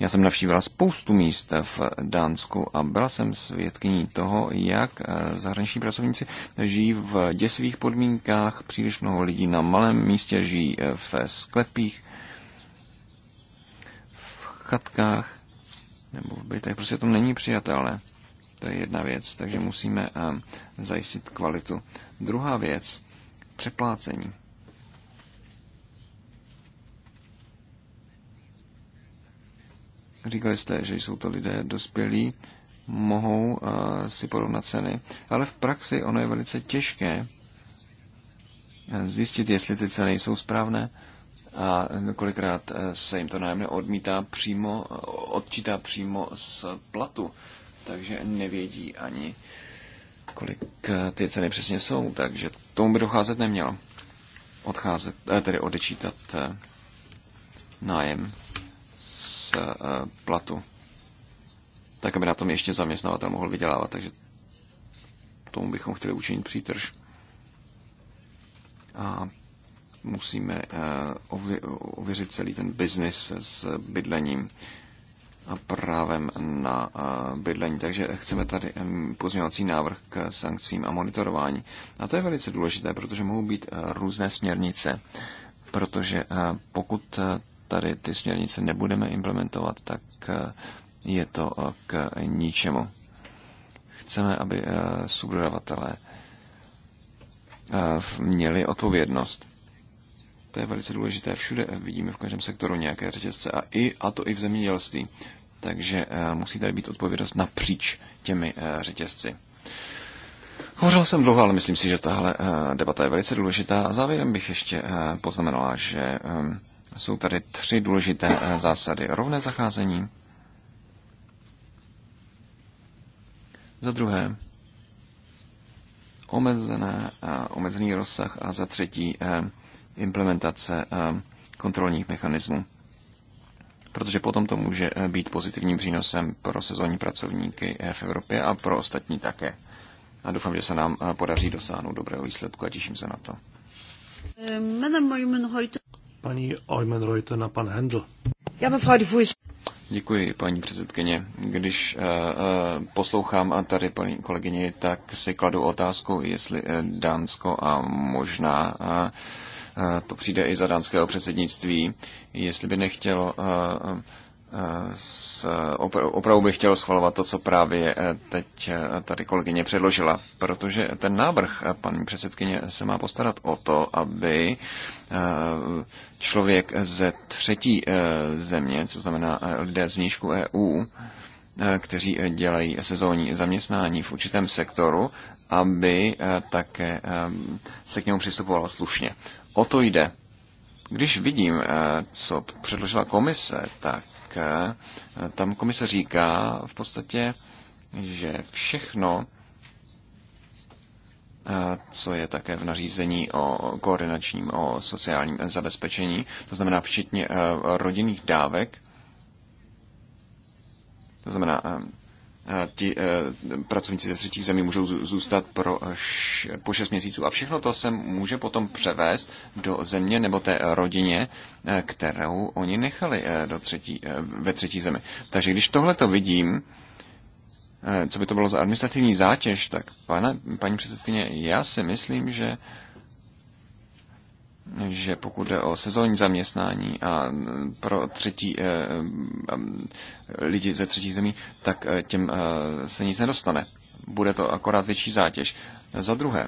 Já jsem navštívila spoustu míst v Dánsku a byla jsem svědkyní toho, jak zahraniční pracovníci žijí v děsivých podmínkách. Příliš mnoho lidí na malém místě žijí v sklepích, v chatkách nebo v bytech. Prostě to není přijatelné. To je jedna věc, takže musíme zajistit kvalitu. Druhá věc, přeplácení. Říkali jste, že jsou to lidé dospělí, mohou si porovnat ceny, ale v praxi ono je velice těžké zjistit, jestli ty ceny jsou správné a kolikrát eh, se jim to nájemné odmítá přímo, eh, odčítá přímo z platu, takže nevědí ani, kolik eh, ty ceny přesně jsou, takže tomu by docházet nemělo. Odcházet, tedy odečítat nájem z platu, tak aby na tom ještě zaměstnavatel mohl vydělávat, takže tomu bychom chtěli učinit přítrž. A musíme eh, ověřit celý ten biznis s bydlením a právem na eh, bydlení. Takže chceme tady pozměňovací návrh k sankcím a monitorování. A to je velice důležité, protože mohou být eh, různé směrnice, protože pokud tady ty směrnice nebudeme implementovat, tak je to k ničemu. Chceme, aby subdodavatelé měli odpovědnost. To je velice důležité. Všude vidíme v každém sektoru nějaké řetězce a, i, a to i v zemědělství. Takže eh, musí tady být odpovědnost napříč těmi eh, řetězci. Hovořil jsem dlouho, ale myslím si, že tahle eh, debata je velice důležitá. A závěrem bych ještě poznamenala, že jsou tady tři důležité zásady. Rovné zacházení. Za druhé, omezené, omezený rozsah a za třetí implementace eh, kontrolních mechanismů. Protože potom to může eh, být pozitivním přínosem pro sezónní pracovníky eh, v Evropě a pro ostatní také. A doufám, že se nám podaří dosáhnout dobrého výsledku a těším se na to. Paní Oymenreuter na pan Hendl. Já Děkuji, paní předsedkyně. Když uh, poslouchám a tady paní kolegyně, tak si kladu otázku, jestli Dánsko a možná uh, to přijde i za dánského předsednictví, jestli by nechtělo opravdu by chtěl schvalovat to, co právě e, teď e, tady kolegyně předložila, protože ten návrh e, paní předsedkyně se má postarat o to, aby člověk ze třetí země, co znamená lidé z vnějšku EU, kteří dělají sezónní zaměstnání v určitém sektoru, aby také se k němu přistupovalo slušně o to jde. Když vidím, eh, co předložila komise, tak eh, tam komise říká v podstatě, že všechno, eh, co je také v nařízení o koordinačním, o sociálním zabezpečení, to znamená včetně rodinných dávek, to znamená ti e, pracovníci ze třetích zemí můžou zůstat pro š, po šest měsíců. A všechno to se může potom převést do země nebo té rodině, e, kterou oni nechali e, do třetí, ve třetí zemi. Takže když tohle to vidím, co by to bylo za administrativní zátěž, tak pane, paní předsedkyně, já si myslím, že že pokud jde o sezónní zaměstnání a pro třetí eh, lidi ze třetích zemí, tak eh, těm eh, se nic nedostane. Bude to akorát větší zátěž. Za druhé,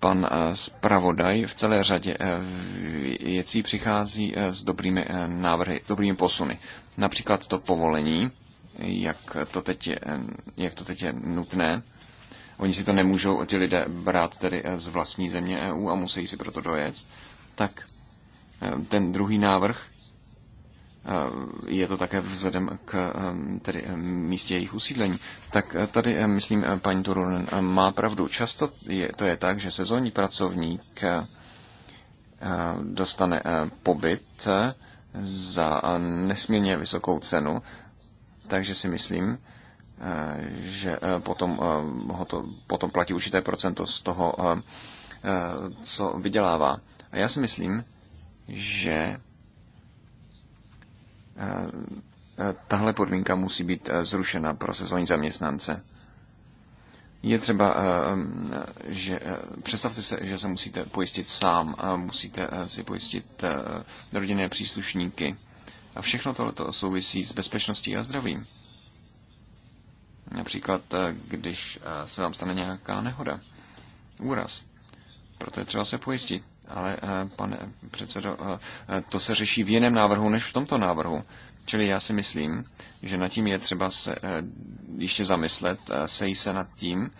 pan zpravodaj v celé řadě věcí přichází s dobrými návrhy, dobrými posuny. Například to povolení, jak to teď je, jak to teď je nutné, Oni si to nemůžou ti lidé brát tedy eh, z vlastní země EU a musí si proto dojet. Tak eh, ten druhý návrh eh, je to také vzhledem k tedy místě jejich usídlení. Tak tady, myslím, paní Turunen má pravdu. Často je, to je tak, že sezónní pracovník dostane pobyt za nesmírně vysokou cenu, takže si myslím, Eh, že eh, potom, eh, ho to, potom platí určité procento z toho, co vydělává. A já si myslím, že tahle podmínka musí být zrušena pro sezónní zaměstnance. Je třeba, že představte se, že se musíte pojistit sám, musíte si pojistit rodinné příslušníky. A všechno tohle souvisí s bezpečností a zdravím. Například, eh, když eh, se vám stane nějaká nehoda, úraz. Proto je třeba se pojistit. Ale, eh, pane předsedo, to se řeší v jiném návrhu než v tomto návrhu. Čili já si myslím, že nad tím je třeba se ještě zamyslet, sejí se nad tím,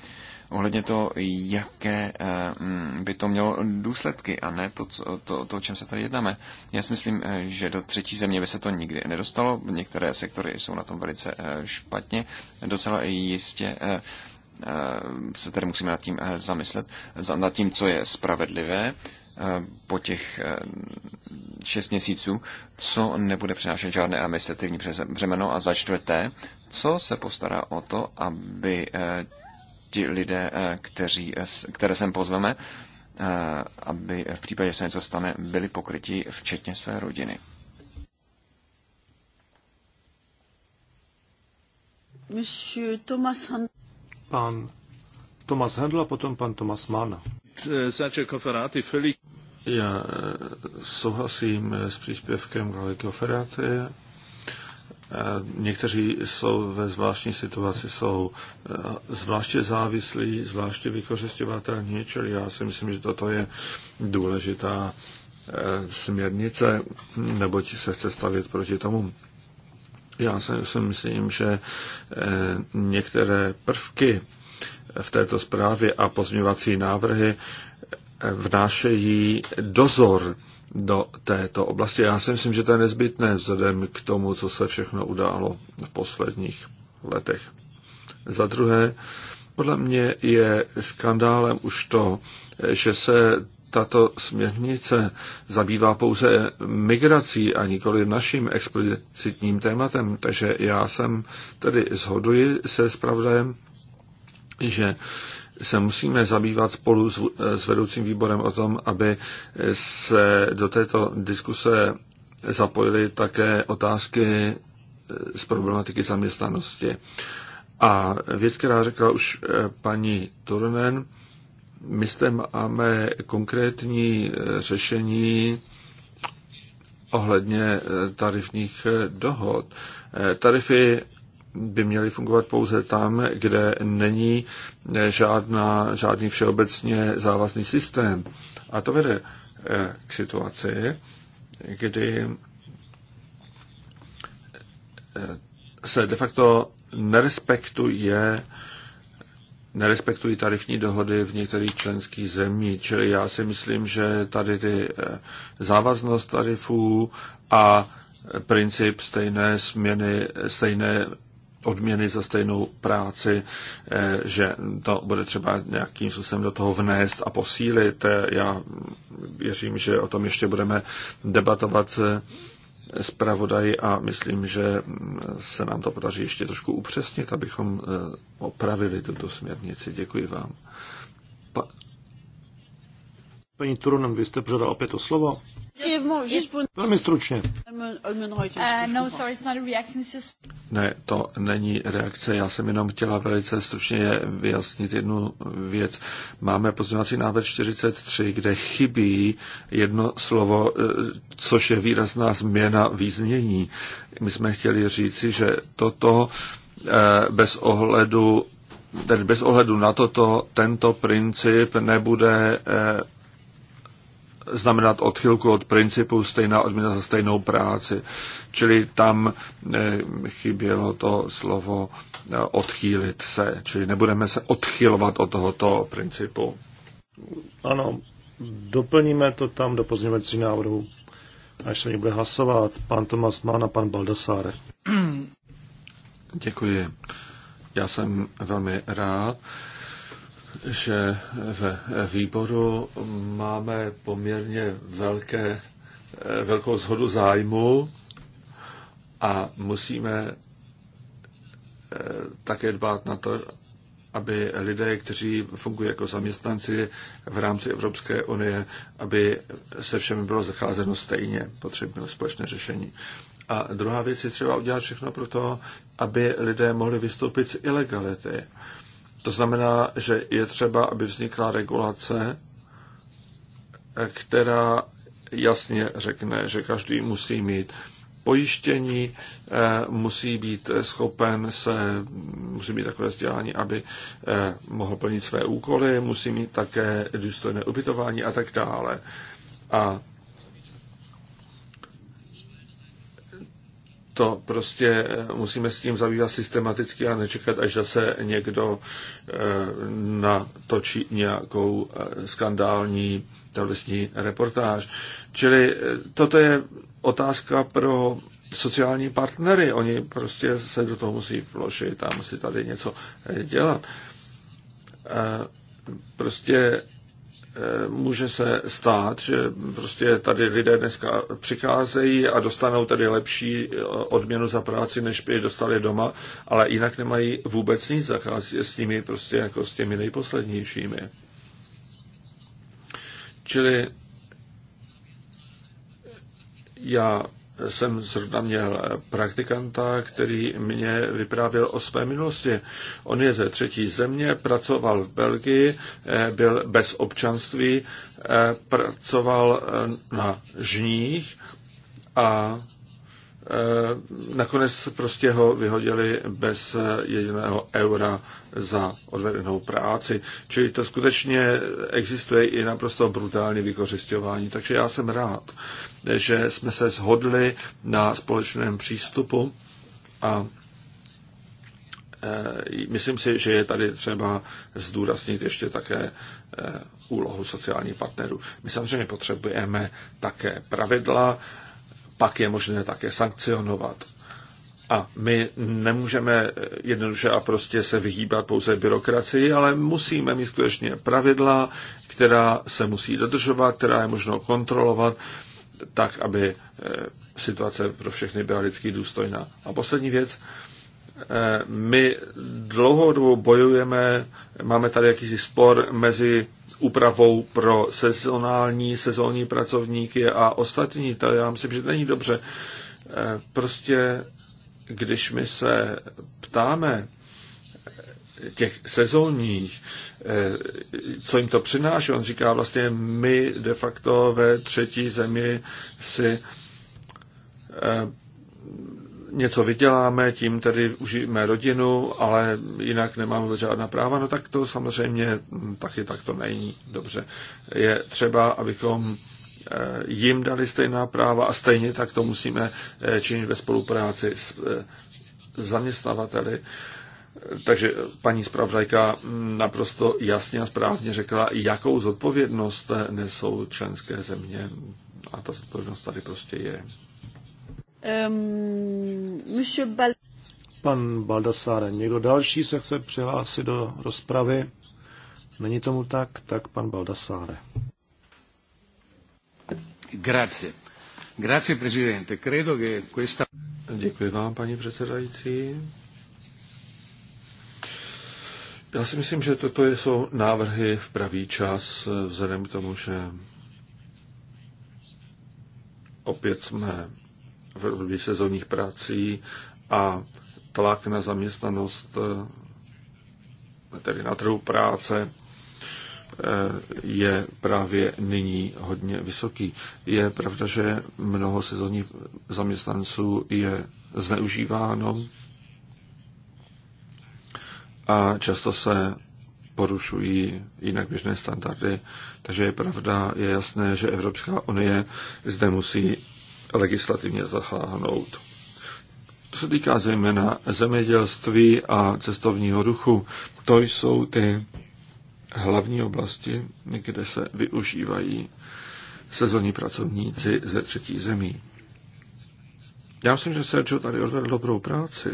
ohledně toho, jaké eh, mm, by to mělo důsledky a ne to, co, to, to, o čem se tady jednáme. Já si myslím, eh, že do třetí země by se to nikdy nedostalo. Některé sektory jsou na tom velice eh, špatně. Docela jistě se tady musíme nad tím zamyslet, nad tím, co je spravedlivé po těch šest měsíců, co nebude přinášet žádné administrativní břemeno a za čtvrté, co se postará o to, aby ti lidé, eh, kteří, eh, které sem pozveme, eh, aby v případě, že se něco stane, byli pokryti včetně své rodiny. Pan Tomas Handl a potom pan Tomas Mann. Já souhlasím s příspěvkem kolegy koferáty. Eh, někteří jsou ve zvláštní situaci, jsou eh, zvláště závislí, zvláště vykořišťovatelní, čili já si myslím, že toto je důležitá eh, směrnice, neboť se chce stavět proti tomu. Já si myslím, že některé prvky v této zprávě a pozměňovací návrhy vnášejí dozor do této oblasti. Já si myslím, že to je nezbytné vzhledem k tomu, co se všechno událo v posledních letech. Za druhé, podle mě je skandálem už to, že se tato směrnice zabývá pouze migrací a nikoli naším explicitním tématem. Takže já jsem tedy zhoduji se zpravodajem, že se musíme zabývat spolu s, s vedoucím výborem o tom, aby se do této diskuse zapojily také otázky eh, z problematiky zaměstnanosti. A věc, která řekla už eh, paní Turnen, my zde máme konkrétní eh, řešení ohledně tarifních dohod. Tarify by měly fungovat pouze tam, kde není žádná, žádný všeobecně závazný systém. A to vede eh, k situaci, kdy eh, se de facto nerespektuje nerespektují tarifní dohody v některých členských zemí. Čili já si myslím, že tady ty eh, závaznost tarifů a princip stejné směny, stejné odměny za stejnou práci, eh, že to bude třeba nějakým způsobem do toho vnést a posílit. Eh, já věřím, že o tom ještě budeme debatovat zpravodaj a myslím, že se nám to podaří ještě trošku upřesnit, abychom eh, opravili tuto směrnici. Děkuji vám. Pa... Paní Turunen, vy jste opět o slovo. Velmi stručně. Uh, no, sorry, Ne, to není reakce. Já jsem jenom chtěla velice stručně vyjasnit jednu věc. Máme pozměňovací návrh 43, kde chybí jedno slovo, eh, což je výrazná změna význění. My jsme chtěli říci, že toto eh, bez ohledu tedy bez ohledu na toto, tento princip nebude eh, znamenat odchylku od principu stejná odměna za stejnou práci. Čili tam eh, chybělo to slovo eh, odchýlit se, čili nebudeme se odchylovat od tohoto principu. Ano, doplníme to tam do pozměňovacích návrhu, až se mě bude hlasovat pan Tomas Mann a pan Baldassare. Děkuji. Já jsem velmi rád, že ve výboru máme poměrně velké, eh, velkou zhodu zájmu a musíme eh, také dbát na to, aby lidé, kteří fungují jako zaměstnanci v rámci Evropské unie, aby se všemi bylo zacházeno stejně, potřebné společné řešení. A druhá věc je třeba udělat všechno pro to, aby lidé mohli vystoupit z ilegality. To znamená, že je třeba, aby vznikla regulace, která jasně řekne, že každý musí mít pojištění, eh, musí být schopen se, musí mít takové vzdělání, aby eh, mohl plnit své úkoly, musí mít také důstojné ubytování a tak dále. A to prostě eh, musíme s tím zabývat systematicky a nečekat, až zase někdo eh, natočí nějakou eh, skandální televizní reportáž. Čili toto je otázka pro sociální partnery. Oni prostě se do toho musí vložit a musí tady něco dělat. Prostě Eh, může se stát, že prostě tady lidé dneska přicházejí a dostanou tady lepší eh, odměnu za práci, než by dostali doma, ale jinak nemají vůbec nic, zacházet s nimi prostě jako s těmi nejposlednějšími. Čili já jsem zrovna měl praktikanta, který mě vyprávěl o své minulosti. On je ze třetí země, pracoval v Belgii, eh, byl bez občanství, eh, pracoval eh, na žních a nakonec prostě ho vyhodili bez jediného eura za odvedenou práci. Čili to skutečně existuje i naprosto brutální vykořišťování. Takže já jsem rád, že jsme se shodli na společném přístupu a e, myslím si, že je tady třeba zdůraznit ještě také e, úlohu sociálních partnerů. My samozřejmě potřebujeme také pravidla, pak je možné také sankcionovat. A my nemůžeme jednoduše a prostě se vyhýbat pouze byrokracii, ale musíme mít skutečně pravidla, která se musí dodržovat, která je možno kontrolovat tak, aby eh, situace pro všechny byla lidsky důstojná. A poslední věc, eh, my dlouhou dobu bojujeme, máme tady jakýsi spor mezi úpravou pro sezonální, sezónní pracovníky a ostatní. To já myslím, že není dobře. Eh, prostě když my se ptáme, těch sezónních, eh, co jim to přináší. On říká vlastně, my de facto ve třetí zemi si eh, něco vyděláme, tím tedy užijeme rodinu, ale jinak nemáme žádná práva, no tak to samozřejmě taky tak to není dobře. Je třeba, abychom eh, jim dali stejná práva a stejně tak to musíme činit ve spolupráci s zaměstnavateli. Takže paní zpravodajka naprosto jasně a správně řekla, jakou zodpovědnost nesou členské země. A ta zodpovědnost tady prostě je. Um, Bal- Pan Baldassare, někdo další se chce přihlásit do rozpravy? Není tomu tak, tak pan Baldassare. Grazie. Grazie, presidente. Credo che questa... Děkuji vám, paní předsedající já si myslím, že toto jsou návrhy v pravý čas, vzhledem k tomu, že opět jsme v období sezónních prací a tlak na zaměstnanost, eh, tedy na trhu práce, eh, je právě nyní hodně vysoký. Je pravda, že mnoho sezónních zaměstnanců je zneužíváno a často se porušují jinak běžné standardy. Takže je pravda, je jasné, že Evropská unie zde musí legislativně zasáhnout. To se týká zejména zemědělství a cestovního ruchu. To jsou ty hlavní oblasti, kde se využívají sezónní pracovníci ze třetí zemí. Já myslím, že Sergio tady odvedl dobrou práci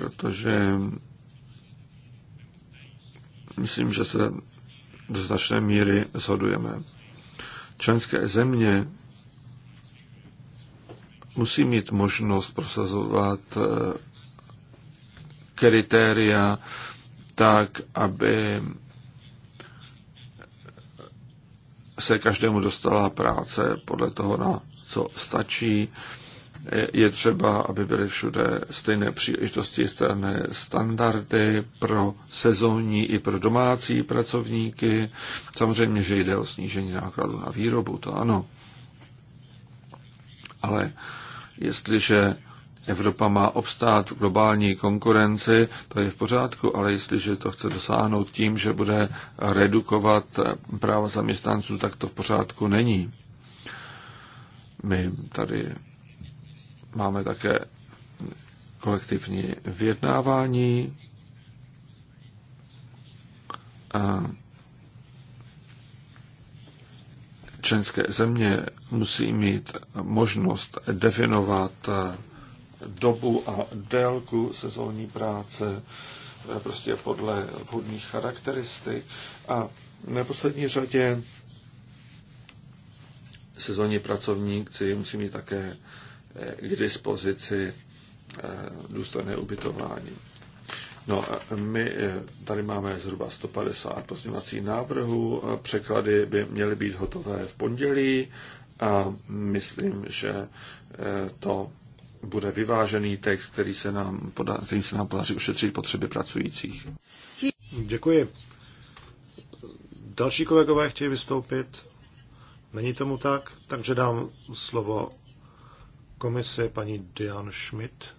protože myslím, že se do značné míry shodujeme. Členské země musí mít možnost prosazovat eh, kritéria tak, aby se každému dostala práce podle toho, na co stačí je třeba, aby byly všude stejné příležitosti, stejné standardy pro sezónní i pro domácí pracovníky. Samozřejmě, že jde o snížení nákladů na výrobu, to ano. Ale jestliže Evropa má obstát v globální konkurenci, to je v pořádku, ale jestliže to chce dosáhnout tím, že bude redukovat práva zaměstnanců, tak to v pořádku není. My tady Máme také kolektivní vyjednávání. A členské země musí mít možnost definovat dobu a délku sezónní práce prostě podle vhodných charakteristik a v neposlední řadě sezónní pracovníci musí mít také Eh, k dispozici eh, důstojné ubytování. No, eh, my tady máme zhruba 150 pozměňovacích návrhů, překlady by měly být hotové v pondělí a myslím, že to bude vyvážený text, který se nám, poda, který se nám podaří ušetřit potřeby pracujících. Děkuji. Další kolegové chtějí vystoupit. Není tomu tak, takže dám slovo komise paní Diane Schmidt.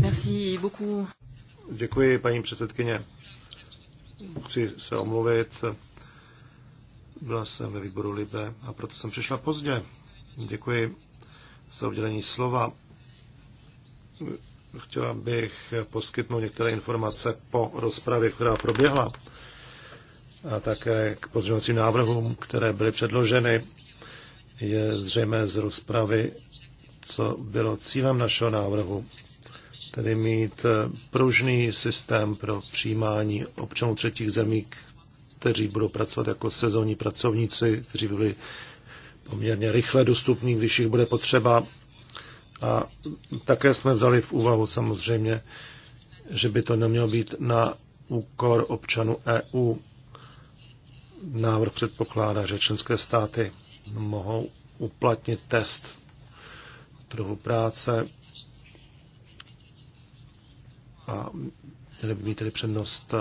Merci beaucoup. Děkuji, paní předsedkyně. Chci se omluvit. Byla jsem ve výboru Libe a proto jsem přišla pozdě. Děkuji za udělení slova. Chtěla bych poskytnout některé informace po rozpravě, která proběhla a také k pozměňovacím návrhům, které byly předloženy. Je zřejmé z rozpravy, co bylo cílem našeho návrhu, tedy mít eh, pružný systém pro přijímání občanů třetích zemí, kteří budou pracovat jako sezónní pracovníci, kteří byli poměrně rychle dostupní, když jich bude potřeba. A také jsme vzali v úvahu samozřejmě, že by to nemělo být na úkor občanů EU, Návrh předpokládá, že členské státy mohou uplatnit test trhu práce a měli by mít tedy přednost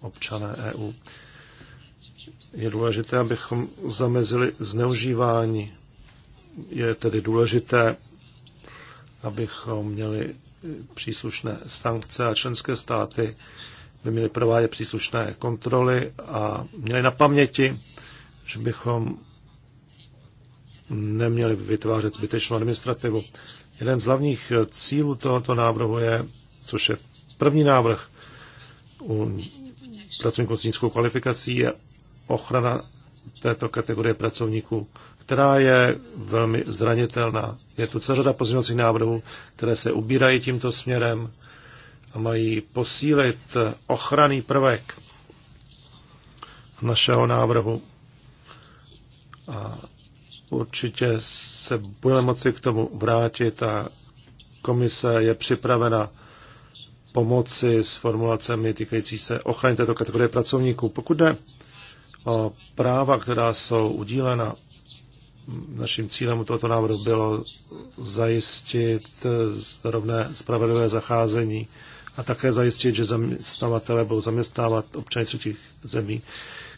občané EU. Je důležité, abychom zamezili zneužívání. Je tedy důležité, abychom měli příslušné sankce a členské státy by měli provádět příslušné kontroly a měli na paměti, že bychom neměli vytvářet zbytečnou administrativu. Jeden z hlavních cílů tohoto návrhu je, což je první návrh u pracovníků s nízkou kvalifikací, je ochrana této kategorie pracovníků, která je velmi zranitelná. Je tu celá řada pozměňovacích návrhů, které se ubírají tímto směrem a mají posílit ochranný prvek našeho návrhu. A určitě se budeme moci k tomu vrátit a komise je připravena pomoci s formulacemi týkající se ochrany této kategorie pracovníků. Pokud jde o práva, která jsou udílena, naším cílem u tohoto návrhu bylo zajistit rovné spravedlivé zacházení a také zajistit, že zaměstnavatele budou zaměstnávat občany třetích zemí,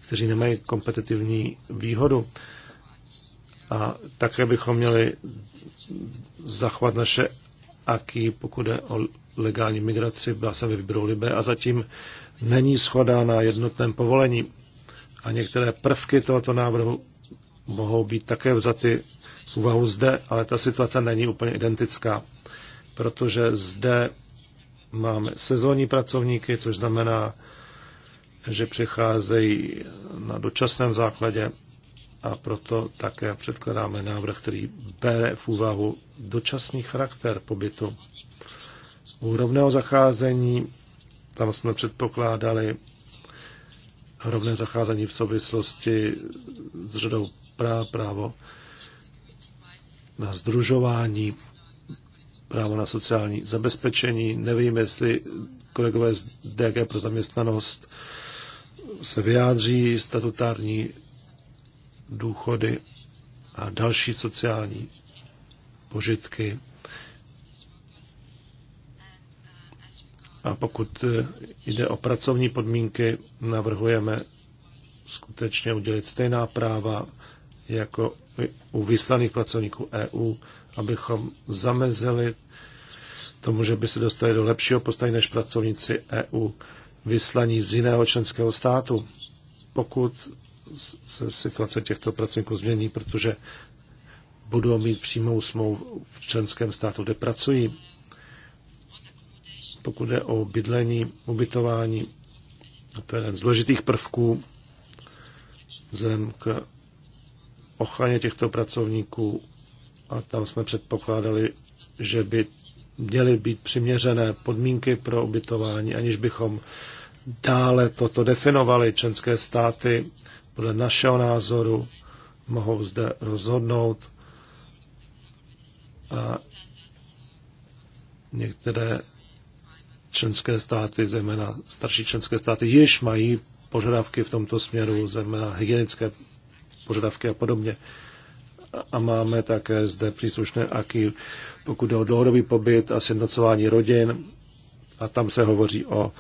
kteří nemají kompetitivní výhodu. A také bychom měli zachovat naše aký, pokud je o legální migraci, byla se vybrou Libe a zatím není schoda na jednotném povolení. A některé prvky tohoto návrhu mohou být také vzaty v úvahu zde, ale ta situace není úplně identická, protože zde Máme sezónní pracovníky, což znamená, že přicházejí na dočasném základě a proto také předkládáme návrh, který bere v úvahu dočasný charakter pobytu. U rovného zacházení tam jsme předpokládali rovné zacházení v souvislosti s řadou práv, právo na združování, právo na sociální zabezpečení. Nevím, jestli kolegové z DG pro zaměstnanost se vyjádří statutární důchody a další sociální požitky. A pokud eh, jde o pracovní podmínky, navrhujeme skutečně udělit stejná práva jako u vyslaných pracovníků EU, abychom zamezili tomu, že by se dostali do lepšího postavení než pracovníci EU vyslaní z jiného členského státu, pokud se situace těchto pracovníků změní, protože budou mít přímou smlouvu v členském státu, kde pracují. Pokud jde o bydlení, ubytování, to je jeden z důležitých prvků vzhledem k ochraně těchto pracovníků a tam jsme předpokládali, že by měly být přiměřené podmínky pro ubytování, aniž bychom dále toto definovali. Členské státy podle našeho názoru mohou zde rozhodnout a některé členské státy, zejména starší členské státy, již mají požadavky v tomto směru, zejména hygienické požadavky a podobně. A máme také zde příslušné aky, pokud jde o dlouhodobý pobyt a sjednocování rodin. A tam se hovoří o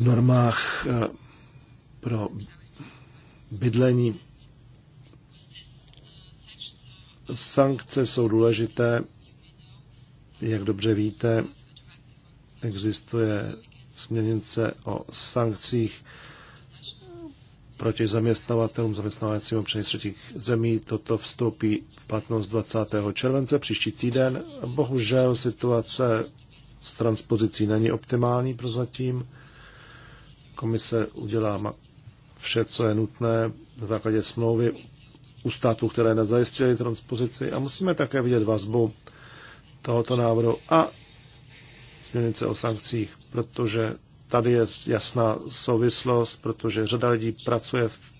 normách eh, pro bydlení. Sankce jsou důležité. Jak dobře víte, existuje směrnice o sankcích proti zaměstnavatelům, zaměstnavacím občany třetích zemí. Toto vstoupí v platnost 20. července příští týden. Bohužel situace s transpozicí není optimální prozatím. Komise udělá vše, co je nutné na základě smlouvy u států, které nezajistily transpozici. A musíme také vidět vazbu tohoto návrhu a směrnice o sankcích, protože tady je jasná souvislost, protože řada lidí pracuje v,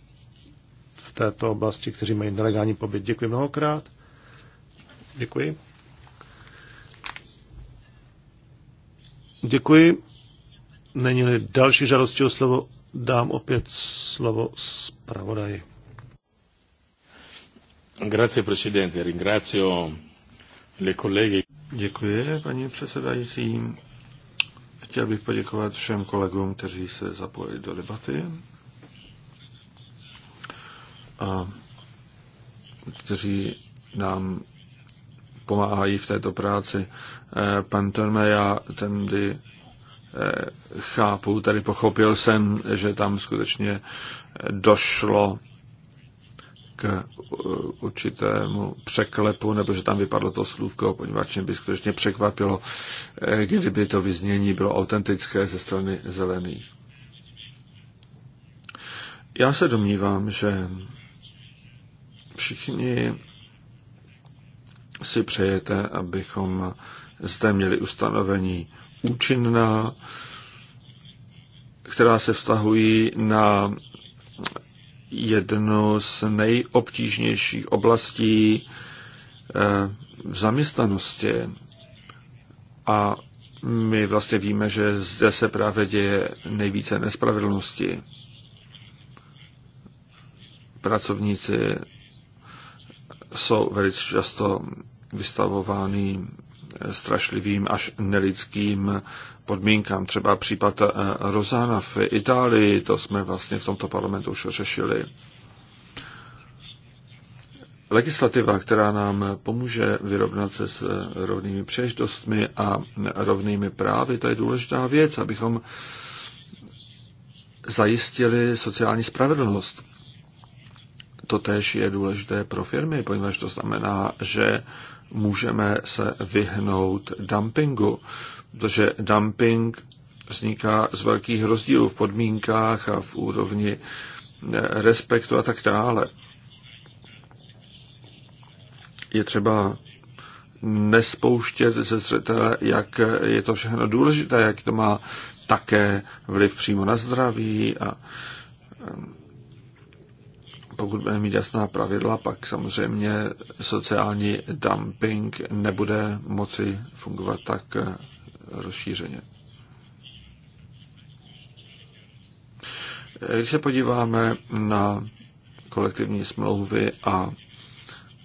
v této oblasti, kteří mají nelegální pobyt. Děkuji mnohokrát. Děkuji. Děkuji. Není-li další žádosti o slovo, dám opět slovo zpravodaji. Grazie, presidente. Ringrazio le colleghi. Děkuji, paní předsedající. Chtěl bych poděkovat všem kolegům, kteří se zapojili do debaty a kteří nám pomáhají v této práci. Eh, pan Torme, já tendy eh, chápu, tady pochopil jsem, že tam skutečně došlo k eh, určitému překlepu, nebo že tam vypadlo to slůvko, poněvadž mě by skutečně překvapilo, eh, kdyby to vyznění bylo autentické ze strany zelených. Já se domnívám, že všichni si přejete, abychom zde měli ustanovení účinná, která se vztahují na jednu z nejobtížnějších oblastí v eh, zaměstnanosti. A my vlastně víme, že zde se právě děje nejvíce nespravedlnosti. Pracovníci jsou velice často vystavovány strašlivým až nelidským podmínkám. Třeba případ eh, Rozána v Itálii, to jsme vlastně v tomto parlamentu už řešili. Legislativa, která nám pomůže vyrovnat se s rovnými přeždostmi a rovnými právy, to je důležitá věc, abychom zajistili sociální spravedlnost. To tež je důležité pro firmy, poněvadž to znamená, že můžeme se vyhnout dumpingu protože dumping vzniká z velkých rozdílů v podmínkách a v úrovni eh, respektu a tak dále. Je třeba nespouštět ze zřetele, jak je to všechno důležité, jak to má také vliv přímo na zdraví a eh, pokud budeme mít jasná pravidla, pak samozřejmě sociální dumping nebude moci fungovat tak eh, rozšířeně. Když se podíváme na kolektivní smlouvy a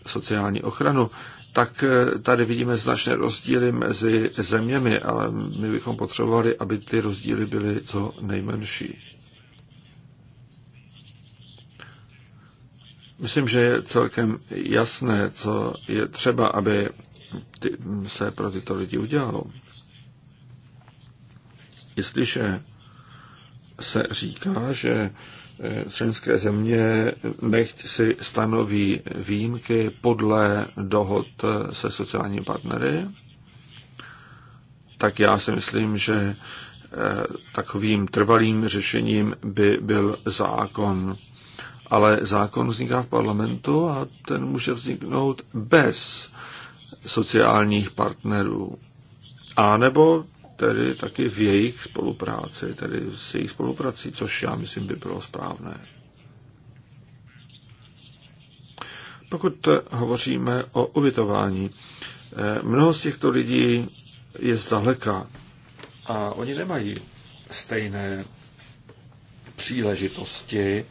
sociální ochranu, tak eh, tady vidíme značné rozdíly mezi zeměmi, ale my bychom potřebovali, aby ty rozdíly byly co nejmenší. Myslím, že je celkem jasné, co je třeba, aby se pro tyto lidi udělalo. Jestliže se říká, že eh, členské země nechť si stanoví výjimky podle dohod eh, se sociálními partnery, tak já si myslím, že eh, takovým trvalým řešením by byl zákon. Ale zákon vzniká v parlamentu a ten může vzniknout bez sociálních partnerů. A nebo tedy taky v jejich spolupráci, tedy s jejich spoluprací, což já myslím by bylo správné. Pokud hovoříme o ubytování, eh, mnoho z těchto lidí je zdaleka a oni nemají stejné příležitosti,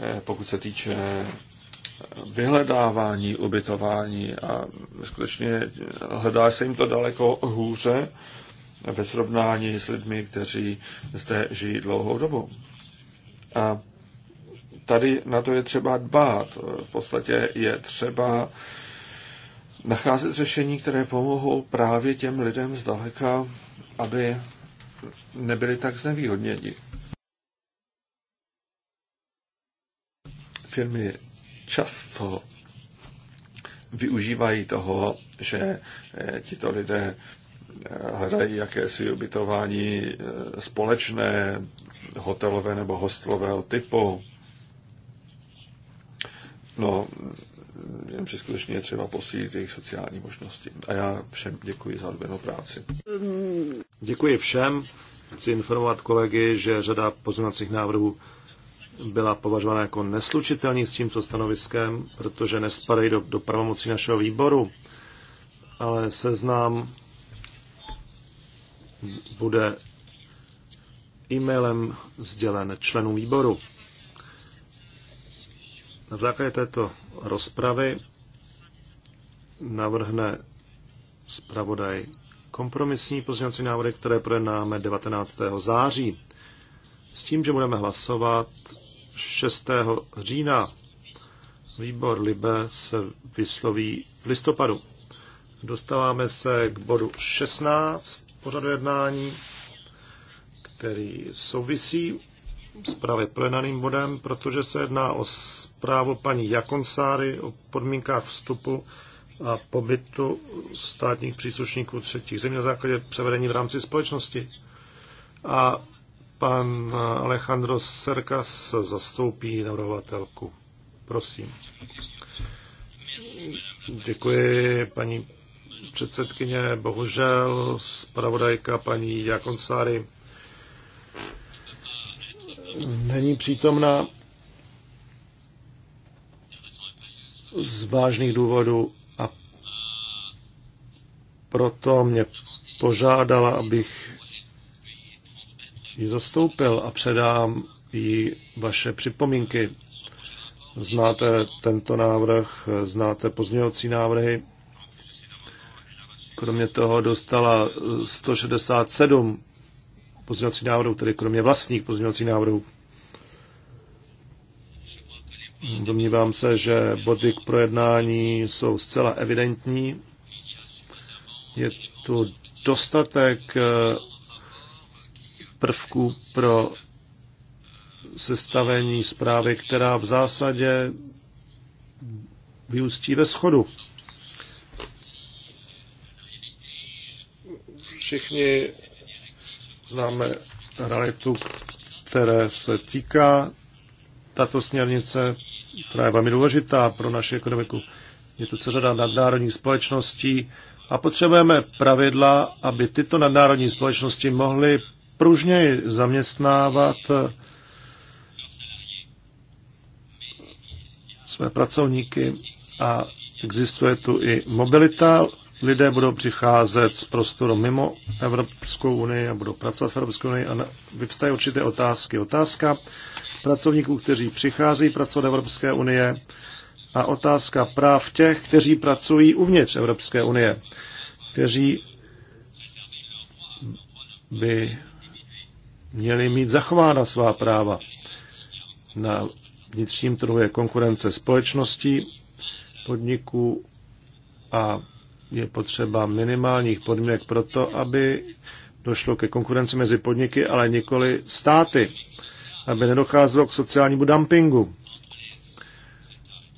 eh, pokud se týče vyhledávání, ubytování a skutečně hledá se jim to daleko hůře ve srovnání s lidmi, kteří zde žijí dlouhou dobu. A tady na to je třeba dbát. V podstatě je třeba nacházet řešení, které pomohou právě těm lidem zdaleka, aby nebyli tak znevýhodněni. Firmy často využívají toho, že eh, tito lidé hledají jakési ubytování eh, společné, hotelové nebo hostelového typu. No, jenomže skutečně je třeba posílit jejich sociální možnosti. A já všem děkuji za odvedenou práci. Děkuji všem. Chci informovat kolegy, že řada pozornacích návrhů byla považována jako neslučitelný s tímto stanoviskem, protože nespadají do, do pravomocí našeho výboru, ale seznám bude e-mailem sdělen členům výboru. Na základě této rozpravy navrhne zpravodaj kompromisní pozměňovací návrhy, které projednáme 19. září. S tím, že budeme hlasovat 6. října. Výbor Libe se vysloví v listopadu. Dostáváme se k bodu 16 pořadu jednání, který souvisí s právě plenaným bodem, protože se jedná o zprávu paní Jakonsáry o podmínkách vstupu a pobytu státních příslušníků třetích zemí na základě převedení v rámci společnosti. A pan Alejandro Serkas zastoupí navrhovatelku. Prosím. Děkuji, paní předsedkyně, bohužel zpravodajka paní Jakonsáry není přítomna z vážných důvodů a proto mě požádala, abych ji zastoupil a předám jí vaše připomínky. Znáte tento návrh, znáte pozměňovací návrhy Kromě toho dostala 167 eh, pozměňovacích návrhů, tedy kromě vlastních pozměňovacích návrhů. Domnívám se, že body k projednání jsou zcela evidentní. Je tu dostatek eh, prvků pro sestavení zprávy, která v zásadě vyústí ve schodu. Všichni známe realitu, které se týká tato směrnice, která je velmi důležitá pro naši ekonomiku. Je to celá řada nadnárodních společností a potřebujeme pravidla, aby tyto nadnárodní společnosti mohly pružněji zaměstnávat eh, své pracovníky a existuje tu i mobilita lidé budou přicházet z prostoru mimo Evropskou unii a budou pracovat v Evropské unii a vyvstají určité otázky. Otázka pracovníků, kteří přicházejí pracovat do Evropské unie a otázka práv těch, kteří pracují uvnitř Evropské unie, kteří by měli mít zachována svá práva. Na vnitřním trhu je konkurence společností, podniků a je potřeba minimálních podmínek pro to, aby došlo ke konkurenci mezi podniky, ale nikoli státy, aby nedocházelo k sociálnímu dumpingu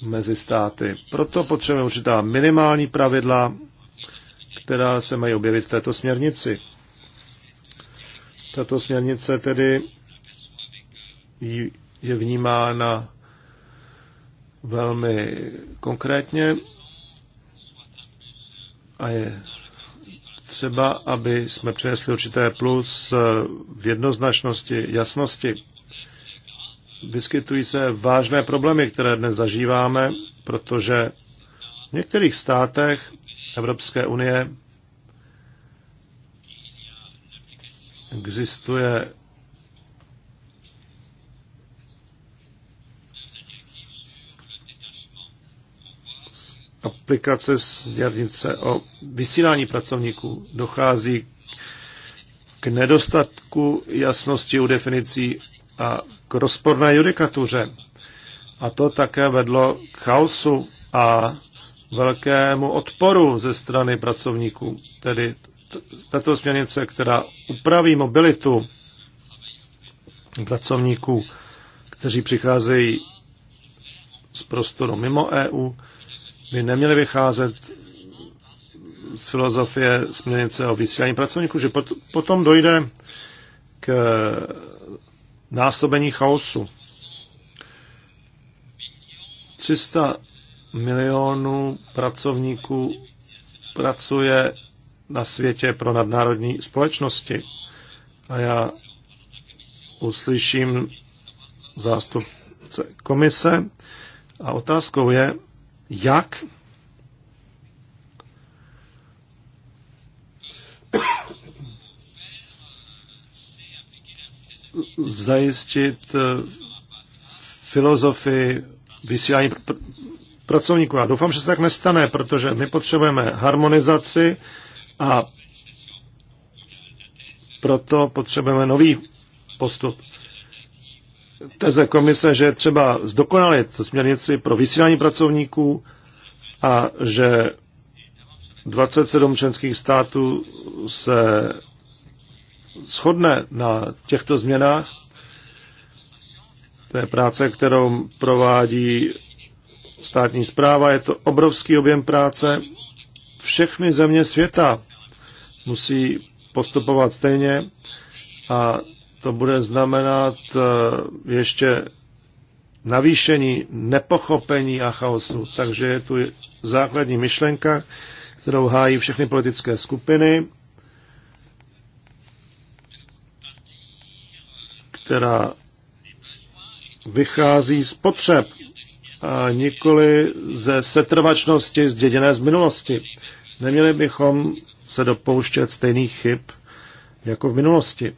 mezi státy. Proto potřebujeme určitá minimální pravidla, která se mají objevit v této směrnici. Tato směrnice tedy je vnímána velmi konkrétně a je třeba, aby jsme přinesli určité plus v jednoznačnosti, jasnosti. Vyskytují se vážné problémy, které dnes zažíváme, protože v některých státech Evropské unie existuje aplikace směrnice o vysílání pracovníků dochází k nedostatku jasnosti u definicí a k rozporné judikatuře. A to také vedlo k chaosu a velkému odporu ze strany pracovníků. Tedy tato směrnice, která upraví mobilitu pracovníků, kteří přicházejí z prostoru mimo EU, by neměli vycházet z filozofie směrnice o vysílání pracovníků, že potom dojde k násobení chaosu. 300 milionů pracovníků pracuje na světě pro nadnárodní společnosti. A já uslyším zástupce komise a otázkou je, jak zajistit eh, filozofii vysílání pr- pracovníků. Já doufám, že se tak nestane, protože my potřebujeme harmonizaci a proto potřebujeme nový postup teze komise, že je třeba zdokonalit směrnici pro vysílání pracovníků a že 27 členských států se shodne na těchto změnách. To je práce, kterou provádí státní zpráva. Je to obrovský objem práce. Všechny země světa musí postupovat stejně a to bude znamenat eh, ještě navýšení nepochopení a chaosu. Takže je tu základní myšlenka, kterou hájí všechny politické skupiny, která vychází z potřeb a nikoli ze setrvačnosti zděděné z minulosti. Neměli bychom se dopouštět stejných chyb jako v minulosti.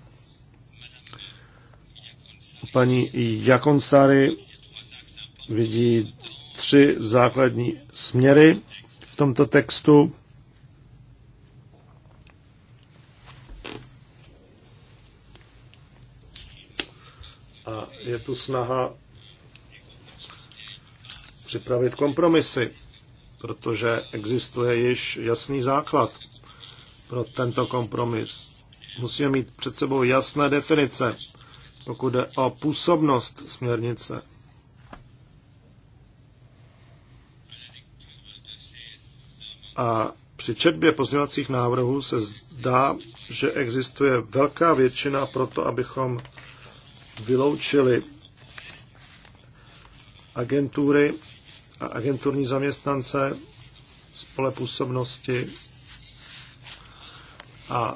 Paní Jakonsary vidí tři základní směry v tomto textu. A je tu snaha připravit kompromisy, protože existuje již jasný základ pro tento kompromis. Musíme mít před sebou jasné definice pokud jde o působnost směrnice. A při četbě pozměňovacích návrhů se zdá, že existuje velká většina pro to, abychom vyloučili agentury a agenturní zaměstnance z pole působnosti. A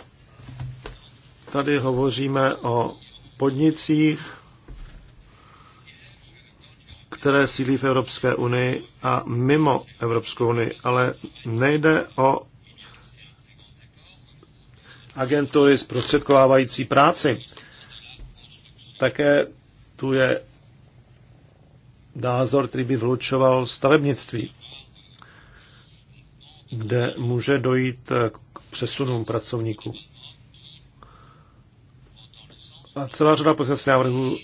tady hovoříme o podnicích, které sídlí v Evropské unii a mimo Evropskou unii, ale nejde o agentury zprostředkovávající práci. Také tu je názor, který by vlučoval stavebnictví, kde může dojít k přesunům pracovníků. A celá řada pozměňovacích návrhů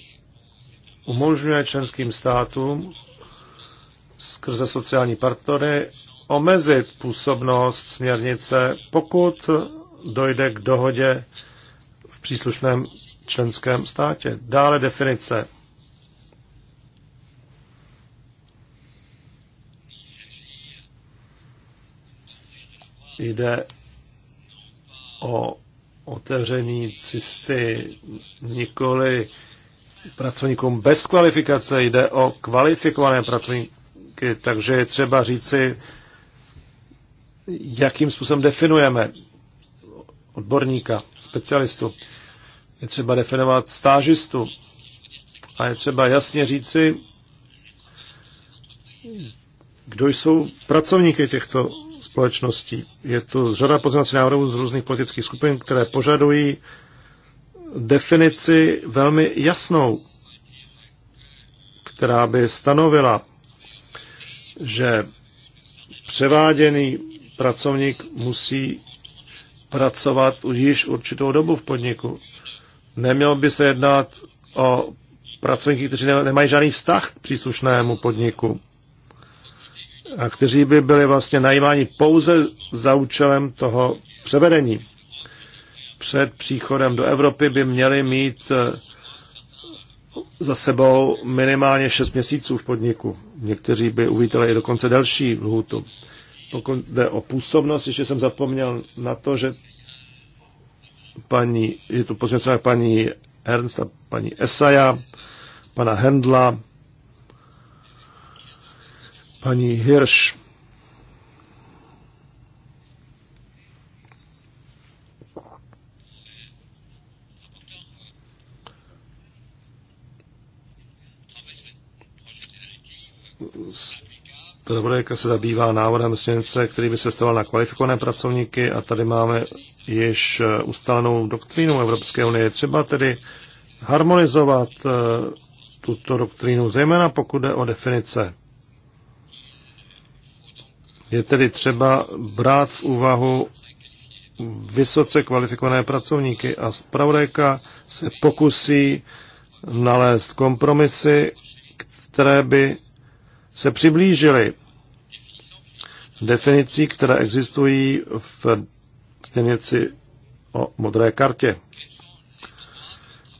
umožňuje členským státům skrze sociální partnery omezit působnost směrnice, pokud dojde k dohodě v příslušném členském státě. Dále definice. Jde o otevřený cysty nikoli pracovníkům bez kvalifikace, jde o kvalifikované pracovníky, takže je třeba říci, jakým způsobem definujeme odborníka, specialistu. Je třeba definovat stážistu a je třeba jasně říci, kdo jsou pracovníky těchto společností. Je to řada poznacích návrhů z různých politických skupin, které požadují definici velmi jasnou, která by stanovila, že převáděný pracovník musí pracovat už již určitou dobu v podniku. Nemělo by se jednat o pracovníky, kteří nemají žádný vztah k příslušnému podniku a kteří by byli vlastně najímáni pouze za účelem toho převedení. Před příchodem do Evropy by měli mít eh, za sebou minimálně 6 měsíců v podniku. Někteří by uvítali i dokonce delší lhůtu. Pokud jde o působnost, ještě jsem zapomněl na to, že paní, je tu pozměcená paní Ernst a paní Esaja, pana Hendla, Paní Hirsch. Zpravodajka se zabývá návrhem směrnice, který by se staval na kvalifikované pracovníky a tady máme již eh, ustálenou doktrínu Evropské unie. Třeba tedy harmonizovat eh, tuto doktrínu, zejména pokud jde o definice. Je tedy třeba brát v úvahu vysoce kvalifikované pracovníky a zpravodajka se pokusí nalézt kompromisy, které by se přiblížily definicí, které existují v směrnici o modré kartě.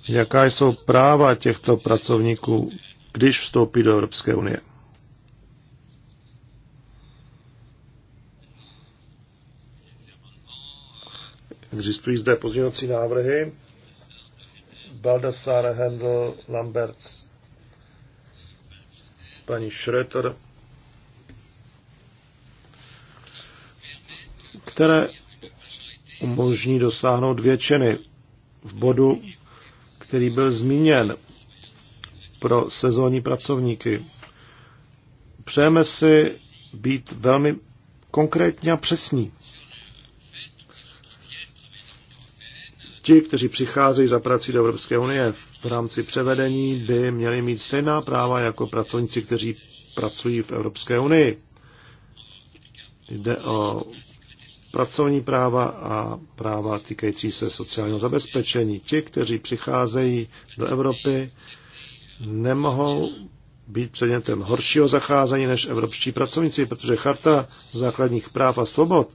Jaká jsou práva těchto pracovníků, když vstoupí do Evropské unie? Existují zde pozměňovací návrhy. Baldassare, Handel, Lamberts, paní Schröter, které umožní dosáhnout většiny v bodu, který byl zmíněn pro sezónní pracovníky. Přejeme si být velmi konkrétní a přesní. ti, kteří přicházejí za prací do Evropské unie v rámci převedení, by měli mít stejná práva jako pracovníci, kteří pracují v Evropské unii. Jde o pracovní práva a práva týkající se sociálního zabezpečení. Ti, kteří přicházejí do Evropy, nemohou být předmětem horšího zacházení než evropští pracovníci, protože Charta základních práv a svobod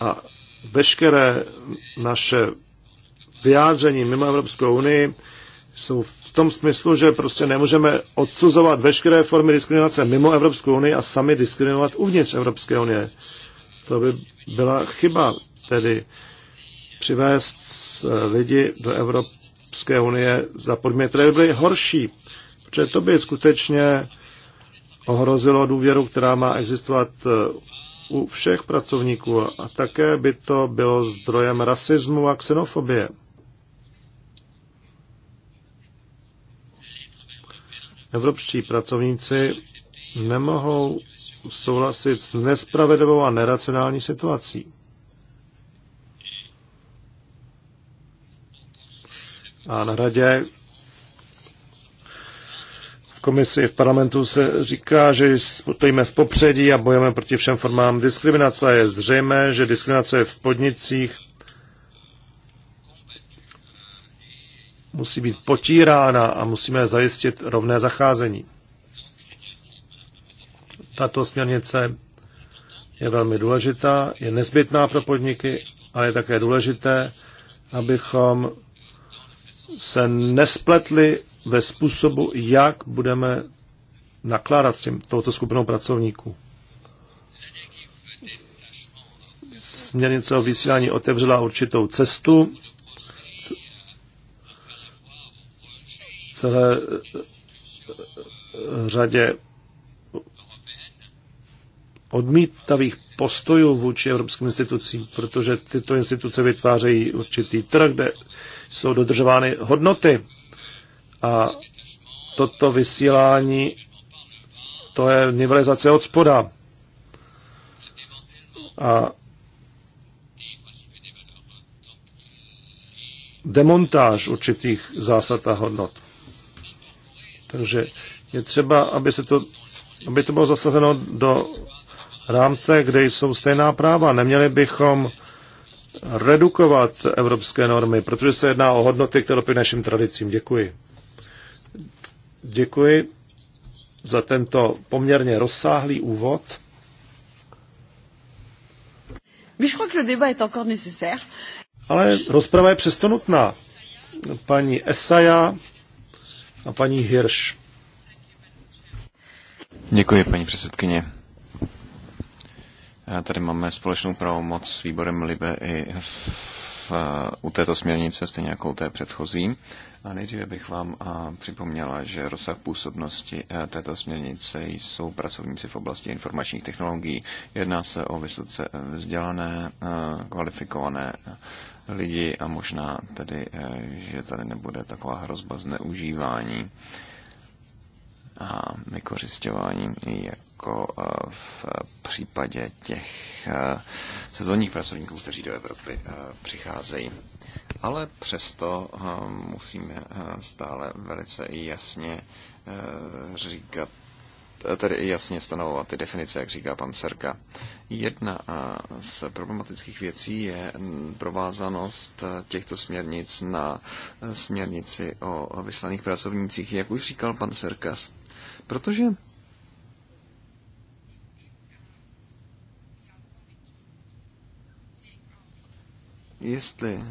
A veškeré naše vyjádření mimo Evropskou unii jsou v tom smyslu, že prostě nemůžeme odsuzovat veškeré formy diskriminace mimo Evropskou unii a sami diskriminovat uvnitř Evropské unie. To by byla chyba, tedy přivést eh, lidi do Evropské unie za podmínky, které by byly horší, protože to by skutečně ohrozilo důvěru, která má existovat eh, u všech pracovníků a také by to bylo zdrojem rasismu a xenofobie. Evropští pracovníci nemohou souhlasit s nespravedlivou a neracionální situací. A na radě komisi v parlamentu se říká, že stojíme v popředí a bojujeme proti všem formám diskriminace. Je zřejmé, že diskriminace v podnicích musí být potírána a musíme zajistit rovné zacházení. Tato směrnice je velmi důležitá, je nezbytná pro podniky, ale je také důležité, abychom se nespletli ve způsobu, jak budeme nakládat s tím, touto skupinou pracovníků. Směrnice o vysílání otevřela určitou cestu celé eh, řadě odmítavých postojů vůči evropským institucím, protože tyto instituce vytvářejí určitý trh, kde jsou dodržovány hodnoty a toto vysílání, to je nivelizace od spoda. A demontáž určitých zásad a hodnot. Takže je třeba, aby, se to, aby to bylo zasazeno do rámce, kde jsou stejná práva. Neměli bychom redukovat evropské normy, protože se jedná o hodnoty, které plní našim tradicím. Děkuji. Děkuji za tento poměrně rozsáhlý úvod. Ale rozprava je přesto nutná. Paní Esaja a paní Hirsch. Děkuji, paní předsedkyně. Já tady máme společnou pravomoc s výborem Libe i v, v, u této směrnice, stejně jako u té předchozí. A nejdříve bych vám připomněla, že rozsah působnosti e, této směrnice jsou pracovníci v oblasti informačních technologií. Jedná se o vysoce e, vzdělané, e, kvalifikované lidi a možná tedy, že tady nebude taková hrozba zneužívání a vykořišťování jako v případě těch sezónních pracovníků, kteří do Evropy přicházejí. Ale přesto eh, musíme eh, stále velice jasně eh, říkat, tedy jasně stanovovat ty definice, jak říká pan Serka. Jedna z problematických věcí je provázanost těchto směrnic na směrnici o vyslaných pracovnících, jak už říkal pan Serkas. Protože jestli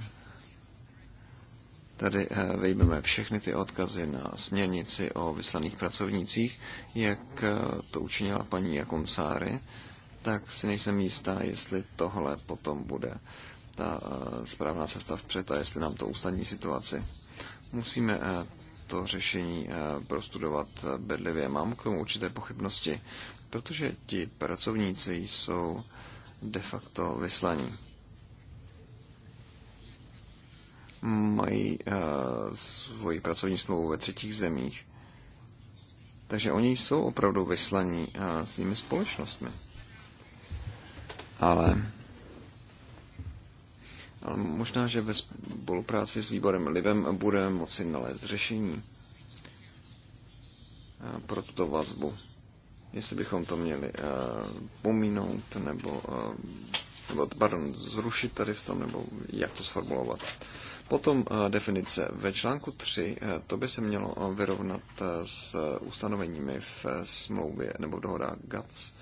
Tady eh, vejmeme všechny ty odkazy na směrnici o vyslaných pracovnících, jak eh, to učinila paní Jakonsáry, tak si nejsem jistá, jestli tohle potom bude ta eh, správná cesta vpřed a jestli nám to usnadní situaci. Musíme to řešení prostudovat bedlivě. Mám k tomu určité pochybnosti, protože ti pracovníci jsou de facto vyslaní mají eh, svoji pracovní smlouvu ve třetích zemích. Takže oni jsou opravdu vyslaní eh, s těmi společnostmi. Ale, ale možná, že ve spolupráci s výborem Livem budeme moci nalézt řešení eh, pro tuto vazbu. Jestli bychom to měli pomínout nebo, nebo pardon, zrušit tady v tom, nebo jak to sformulovat. Potom eh, definice. Ve článku 3 eh, to by se mělo eh, vyrovnat s ustanoveními v smlouvě nebo v dohodách GATS.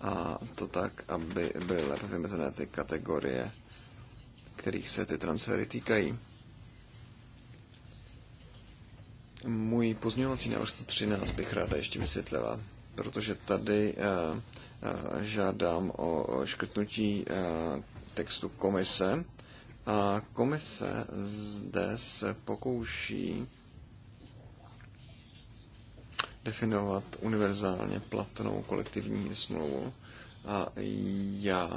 A to tak, aby byly lépe vymezené ty kategorie, kterých se ty transfery týkají. Můj pozměňovací návrh 113 bych ráda ještě vysvětlila, protože tady žádám o škrtnutí textu komise a komise zde se pokouší definovat univerzálně platnou kolektivní smlouvu. A já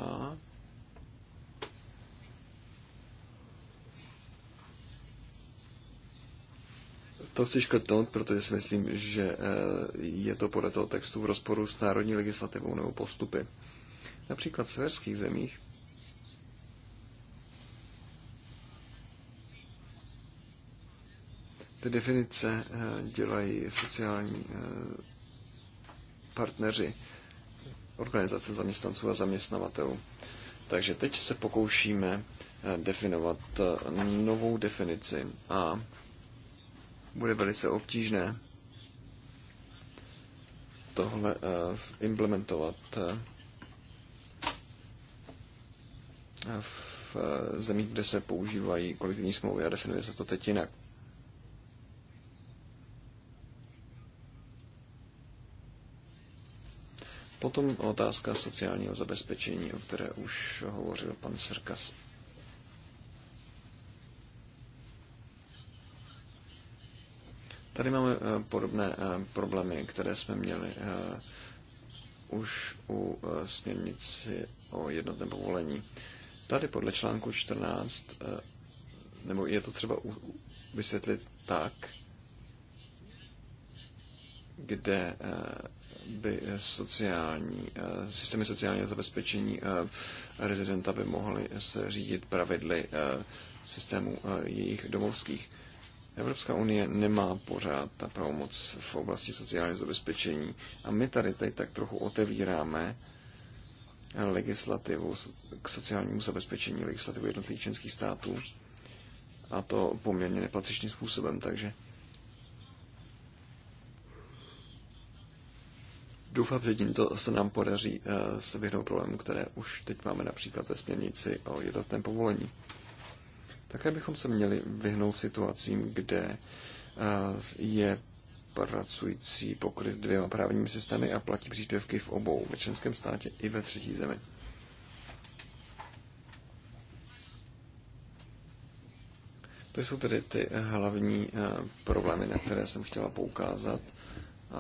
to chci škrtnout, protože si myslím, že eh, je to podle toho textu v rozporu s národní legislativou nebo postupy. Například v severských zemích ty definice eh, dělají sociální eh, partneři, organizace zaměstnanců a zaměstnavatelů. Takže teď se pokoušíme eh, definovat novou definici a bude velice obtížné tohle implementovat v zemích, kde se používají kolektivní smlouvy a definuje se to teď jinak. Potom otázka sociálního zabezpečení, o které už hovořil pan Serkas. Tady máme eh, podobné eh, problémy, které jsme měli eh, už u směrnici o jednotném povolení. Tady podle článku 14, nebo je to třeba vysvětlit tak, kde by eh, sociální, eh, systémy sociálního zabezpečení eh, rezidenta by mohly se řídit pravidly systému jejich domovských. Evropská unie nemá pořád ta pravomoc v oblasti sociálního zabezpečení a my tady teď tak trochu otevíráme legislativu k sociálnímu zabezpečení legislativu jednotlivých členských států a to poměrně nepatřičným způsobem, takže Doufám, že tímto se nám podaří eh, se vyhnout problémů, které už teď máme například ve směrnici o jednotném povolení. Také bychom se měli vyhnout situacím, kde eh, je pracující pokryt dvěma právními systémy a platí příspěvky v obou, ve členském státě i ve třetí zemi. To jsou tedy ty hlavní eh, problémy, na které jsem chtěla poukázat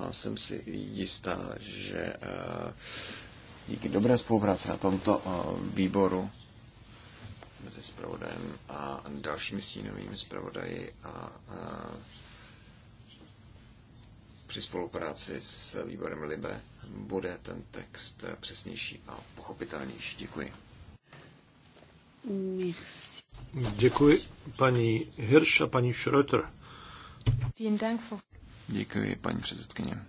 a jsem si jistá, že eh, díky dobré spolupráci na tomto eh, výboru mezi zpravodajem a dalšími stínovými zpravodaji a, eh, při spolupráci s výborem Libe bude ten text přesnější a pochopitelnější. Děkuji. Merci. Děkuji paní Hirsch a paní Schröter. Děkuji, paní předsedkyně.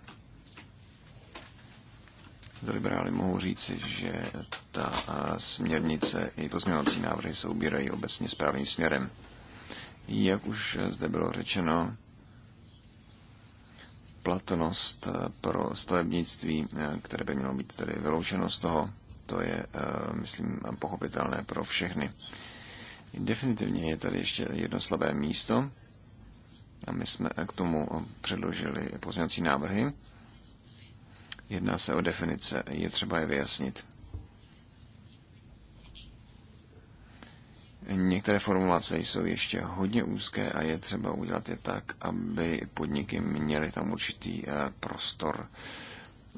Za liberály mohu říci, že ta směrnice i pozměňovací návrhy se ubírají obecně správným směrem. Jak už zde bylo řečeno, platnost pro stavebnictví, které by mělo být tedy vyloučeno z toho, to je, myslím, pochopitelné pro všechny. Definitivně je tady ještě jedno slabé místo, a my jsme k tomu předložili pozměňovací návrhy. Jedná se o definice, je třeba je vyjasnit. Některé formulace jsou ještě hodně úzké a je třeba udělat je tak, aby podniky měly tam určitý eh, prostor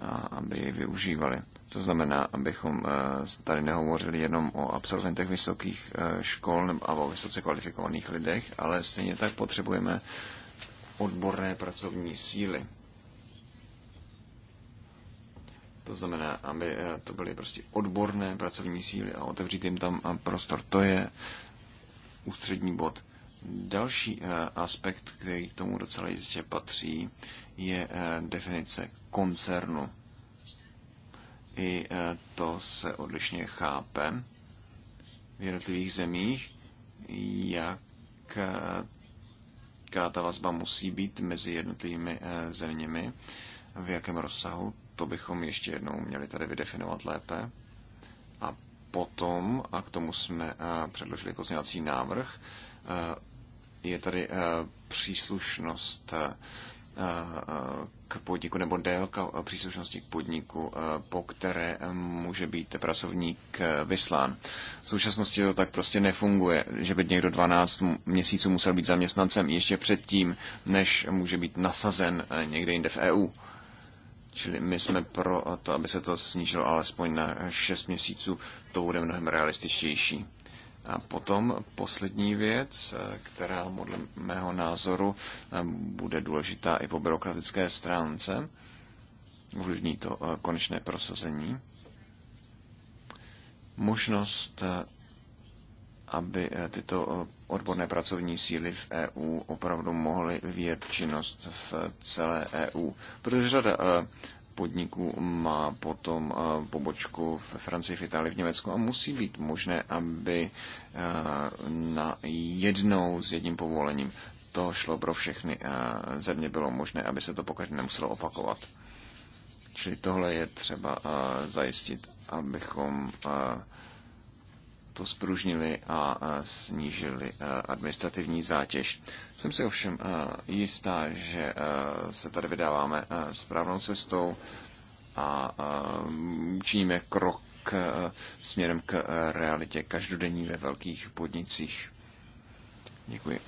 a aby je využívali. To znamená, abychom eh, tady nehovořili jenom o absolventech vysokých eh, škol nebo o vysoce kvalifikovaných lidech, ale stejně tak potřebujeme odborné pracovní síly. To znamená, aby eh, to byly prostě odborné pracovní síly a otevřít jim tam eh, prostor. To je ústřední bod. Další eh, aspekt, který k tomu docela jistě patří, je definice koncernu. I to se odlišně chápe v jednotlivých zemích, jak jaká ta vazba musí být mezi jednotlivými eh, zeměmi, v jakém rozsahu, to bychom ještě jednou měli tady vydefinovat lépe. A potom, a k tomu jsme eh, předložili pozměňovací návrh, eh, je tady příslušnost k podniku nebo délka příslušnosti k podniku, eh, po které eh, může být pracovník eh, vyslán. V současnosti to tak prostě nefunguje, že by někdo 12 měsíců musel být zaměstnancem ještě předtím, než může být nasazen někde jinde v EU. Čili my jsme pro to, aby se to snížilo alespoň na 6 měsíců, to bude mnohem realističtější. A potom poslední věc, eh, která podle mého názoru eh, bude důležitá i po byrokratické stránce, ovlivní to eh, konečné prosazení, možnost, aby tyto odborné pracovní síly v EU opravdu mohly vyjet činnost v celé EU. Protože řada podniků má potom eh, pobočku ve Francii, v Itálii, v Německu a musí být možné, aby eh, na jednou s jedním povolením to šlo pro všechny eh, země, bylo možné, aby se to pokaždé nemuselo opakovat. Čili tohle je třeba zajistit, abychom to spružnili a snížili e, administrativní zátěž. Jsem si ovšem e, jistá, že e, se tady vydáváme správnou cestou a činíme krok směrem k realitě každodenní ve velkých podnicích. Děkuji.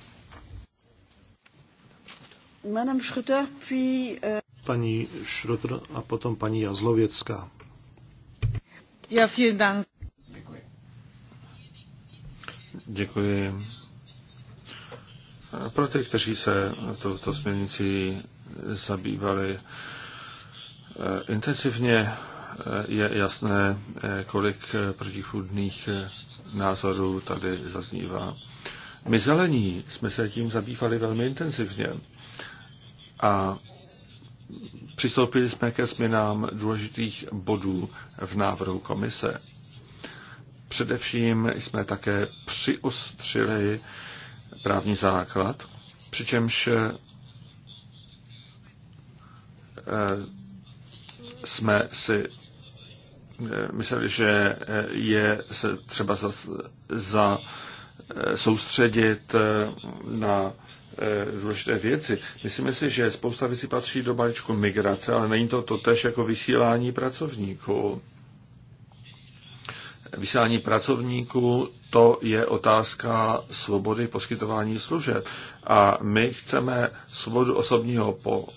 Paní Schröter a potom paní Jazlověcká. Ja, vielen Dank. Děkuji. Pro ty, kteří se touto směrnicí zabývali eh, intenzivně, eh, je jasné, eh, kolik protichudných názorů tady zaznívá. My zelení jsme se tím zabývali velmi intenzivně a přistoupili jsme ke změnám důležitých bodů v návrhu komise. Především jsme také přiostřili právní základ, přičemž eh, jsme si eh, mysleli, že eh, je se třeba za, za soustředit na důležité věci. Myslím si, že spousta věcí patří do balíčku migrace, ale není to totež jako vysílání pracovníků vysílání pracovníků, to je otázka svobody poskytování služeb. A my chceme svobodu osobního po,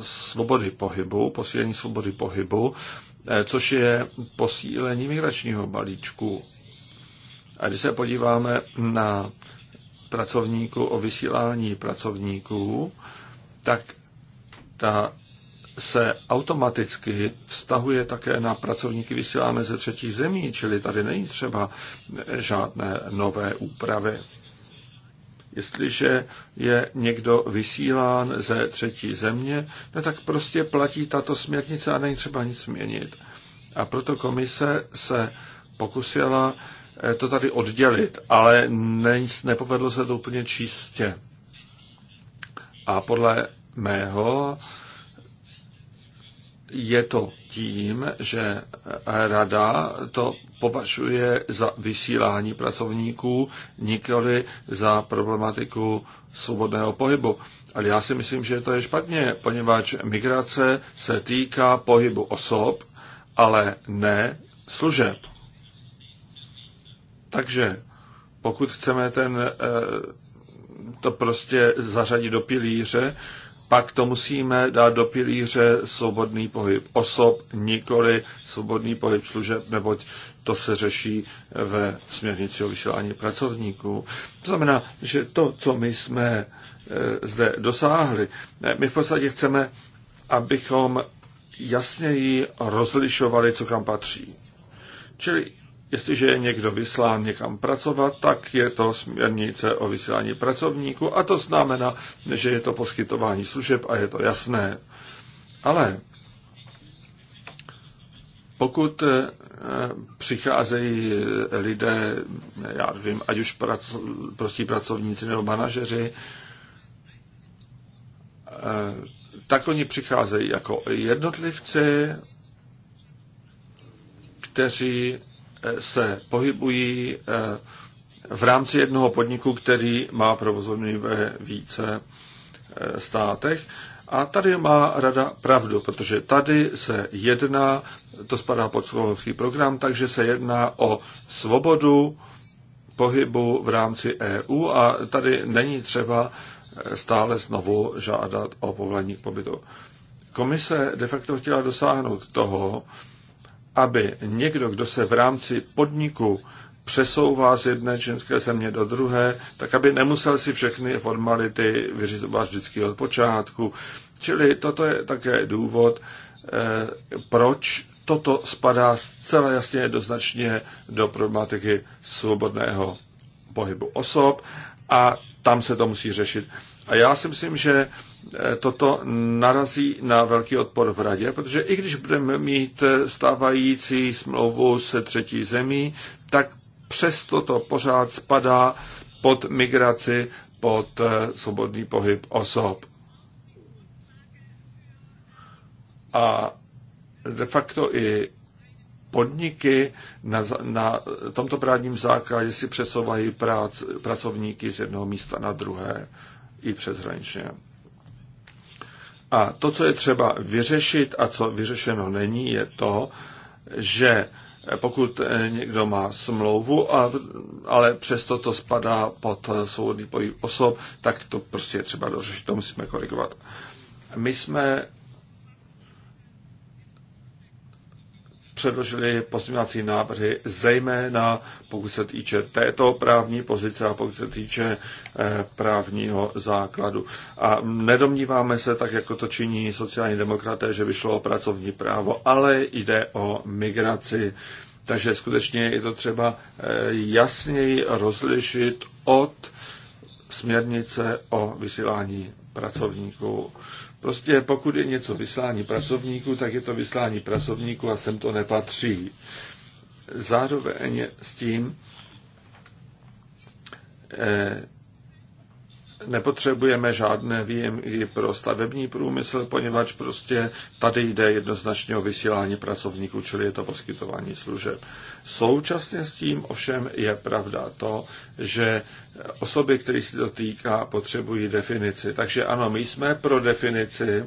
svobody pohybu, posílení svobody pohybu, eh, což je posílení migračního balíčku. A když se podíváme na pracovníku o vysílání pracovníků, tak ta se automaticky vztahuje také na pracovníky vysílané ze třetích zemí, čili tady není třeba žádné nové úpravy. Jestliže je někdo vysílán ze třetí země, no tak prostě platí tato směrnice a není třeba nic změnit. A proto komise se pokusila eh, to tady oddělit, ale ne, nepovedlo se to úplně čistě. A podle mého je to tím, že rada to považuje za vysílání pracovníků, nikoli za problematiku svobodného pohybu. Ale já si myslím, že to je špatně, poněvadž migrace se týká pohybu osob, ale ne služeb. Takže pokud chceme ten, eh, to prostě zařadit do pilíře, pak to musíme dát do pilíře svobodný pohyb osob, nikoli svobodný pohyb služeb, neboť to se řeší ve směrnici o vysílání pracovníků. To znamená, že to, co my jsme e, zde dosáhli, e, my v podstatě chceme, abychom jasněji rozlišovali, co kam patří. Čili Jestliže je někdo vyslán někam pracovat, tak je to směrnice o vysílání pracovníků a to znamená, že je to poskytování služeb a je to jasné. Ale pokud eh, přicházejí lidé, já vím, ať už prostí pracovníci nebo manažeři, eh, tak oni přicházejí jako jednotlivci, kteří se pohybují eh, v rámci jednoho podniku, který má provozovny ve více eh, státech. A tady má rada pravdu, protože tady se jedná, to spadá pod slovenský program, takže se jedná o svobodu pohybu v rámci EU a tady není třeba eh, stále znovu žádat o povolení k pobytu. Komise de facto chtěla dosáhnout toho, aby někdo, kdo se v rámci podniku přesouvá z jedné čínské země do druhé, tak aby nemusel si všechny formality vyřizovat vždycky od počátku. Čili toto je také důvod, eh, proč toto spadá zcela jasně jednoznačně do problematiky svobodného pohybu osob a tam se to musí řešit. A já si myslím, že eh, toto narazí na velký odpor v radě, protože i když budeme mít eh, stávající smlouvu se třetí zemí, tak přesto to pořád spadá pod migraci, pod eh, svobodný pohyb osob. A de facto i podniky na, na tomto právním základě si přesouvají prác, pracovníky z jednoho místa na druhé i přeshraničně. A to, co je třeba vyřešit a co vyřešeno není, je to, že pokud někdo má smlouvu, a, ale přesto to spadá pod svobodný pohyb osob, tak to prostě je třeba dořešit, to musíme korigovat. My jsme předložili pozměňovací návrhy, zejména pokud se týče této právní pozice a pokud se týče eh, právního základu. A nedomníváme se, tak jako to činí sociální demokraté, že vyšlo o pracovní právo, ale jde o migraci. Takže skutečně je to třeba eh, jasněji rozlišit od směrnice o vysílání pracovníků. Prostě pokud je něco vyslání pracovníků, tak je to vyslání pracovníků a sem to nepatří. Zároveň s tím eh, nepotřebujeme žádné výjimky pro stavební průmysl, poněvadž prostě tady jde jednoznačně o vysílání pracovníků, čili je to poskytování služeb. Eh, Současně s tím ovšem je pravda to, že osoby, které se to týká, potřebují definici. Takže ano, my jsme pro definici,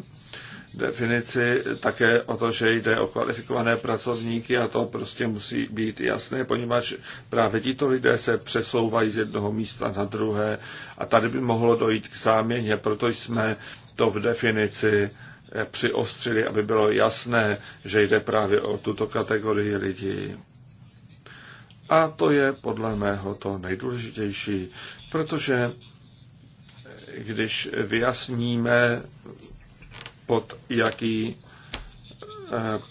definici také o to, že jde o kvalifikované pracovníky a to prostě musí být jasné, poněvadž právě tito lidé se přesouvají z jednoho místa na druhé a tady by mohlo dojít k záměně, proto jsme to v definici eh, přiostřili, aby bylo jasné, že jde právě o tuto kategorii lidí. A to je podle mého to nejdůležitější, protože když vyjasníme, pod jaký eh,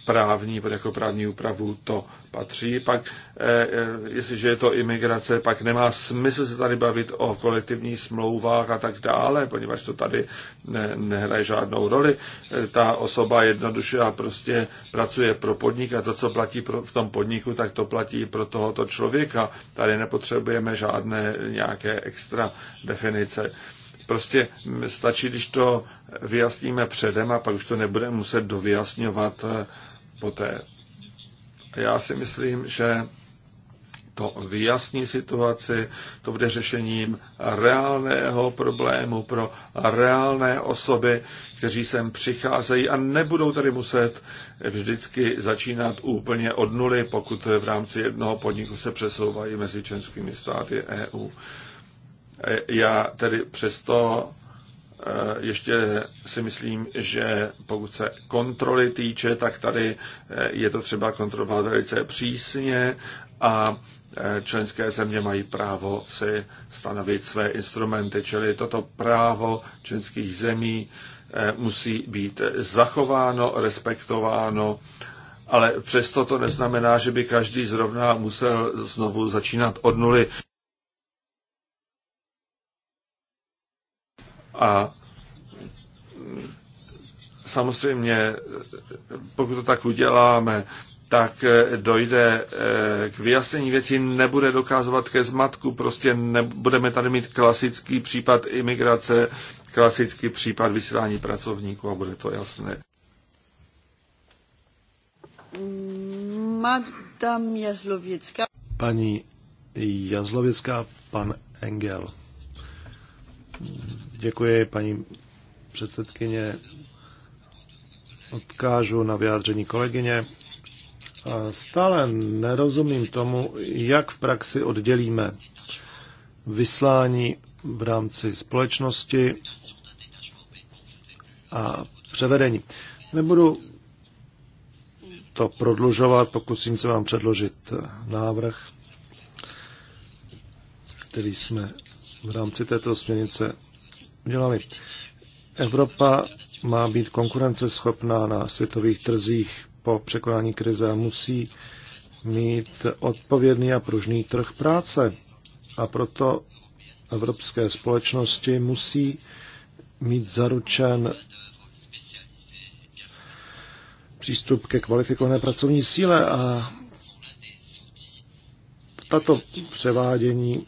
právní, pod jakou právní úpravu to patří, pak eh, eh, jestliže je to imigrace, pak nemá smysl se tady bavit o kolektivních smlouvách a tak dále, poněvadž to tady ne, eh, nehraje žádnou roli. Ta osoba jednoduše a prostě pracuje pro podnik a to, co platí pro, v tom podniku, tak to platí pro tohoto člověka. Tady nepotřebujeme žádné nějaké extra definice prostě mm, stačí, když to vyjasníme předem a pak už to nebudeme muset dovyjasňovat poté já si myslím, že to vyjasní situaci, to bude řešením reálného problému pro reálné osoby, kteří sem přicházejí a nebudou tady muset vždycky začínat úplně od nuly, pokud v rámci jednoho podniku se přesouvají mezi členskými státy EU. Já tedy přesto Eh, ještě si myslím, že pokud se kontroly týče, tak tady eh, je to třeba kontrolovat velice přísně a eh, členské země mají právo si stanovit své instrumenty, čili toto právo členských zemí musí být zachováno, respektováno, ale přesto to neznamená, že by každý zrovna musel znovu začínat od nuly. A samozřejmě, pokud to tak uděláme, tak dojde eh, k vyjasnění věcí, nebude dokázovat ke zmatku, prostě nebudeme tady mít klasický případ imigrace, klasický případ vysílání pracovníků a bude to jasné. Madame Jazlověcká. Paní Jazlověcká, pan Engel. Děkuji, paní předsedkyně. Odkážu na vyjádření kolegyně. stále nerozumím tomu, jak v praxi oddělíme vyslání v rámci společnosti a převedení. Nebudu to prodlužovat, pokusím se vám předložit návrh, který jsme v rámci této směrnice udělali. Evropa má být konkurenceschopná na světových trzích po překonání krize a musí mít odpovědný a pružný trh práce. A proto evropské společnosti musí mít zaručen přístup ke kvalifikované pracovní síle a tato převádění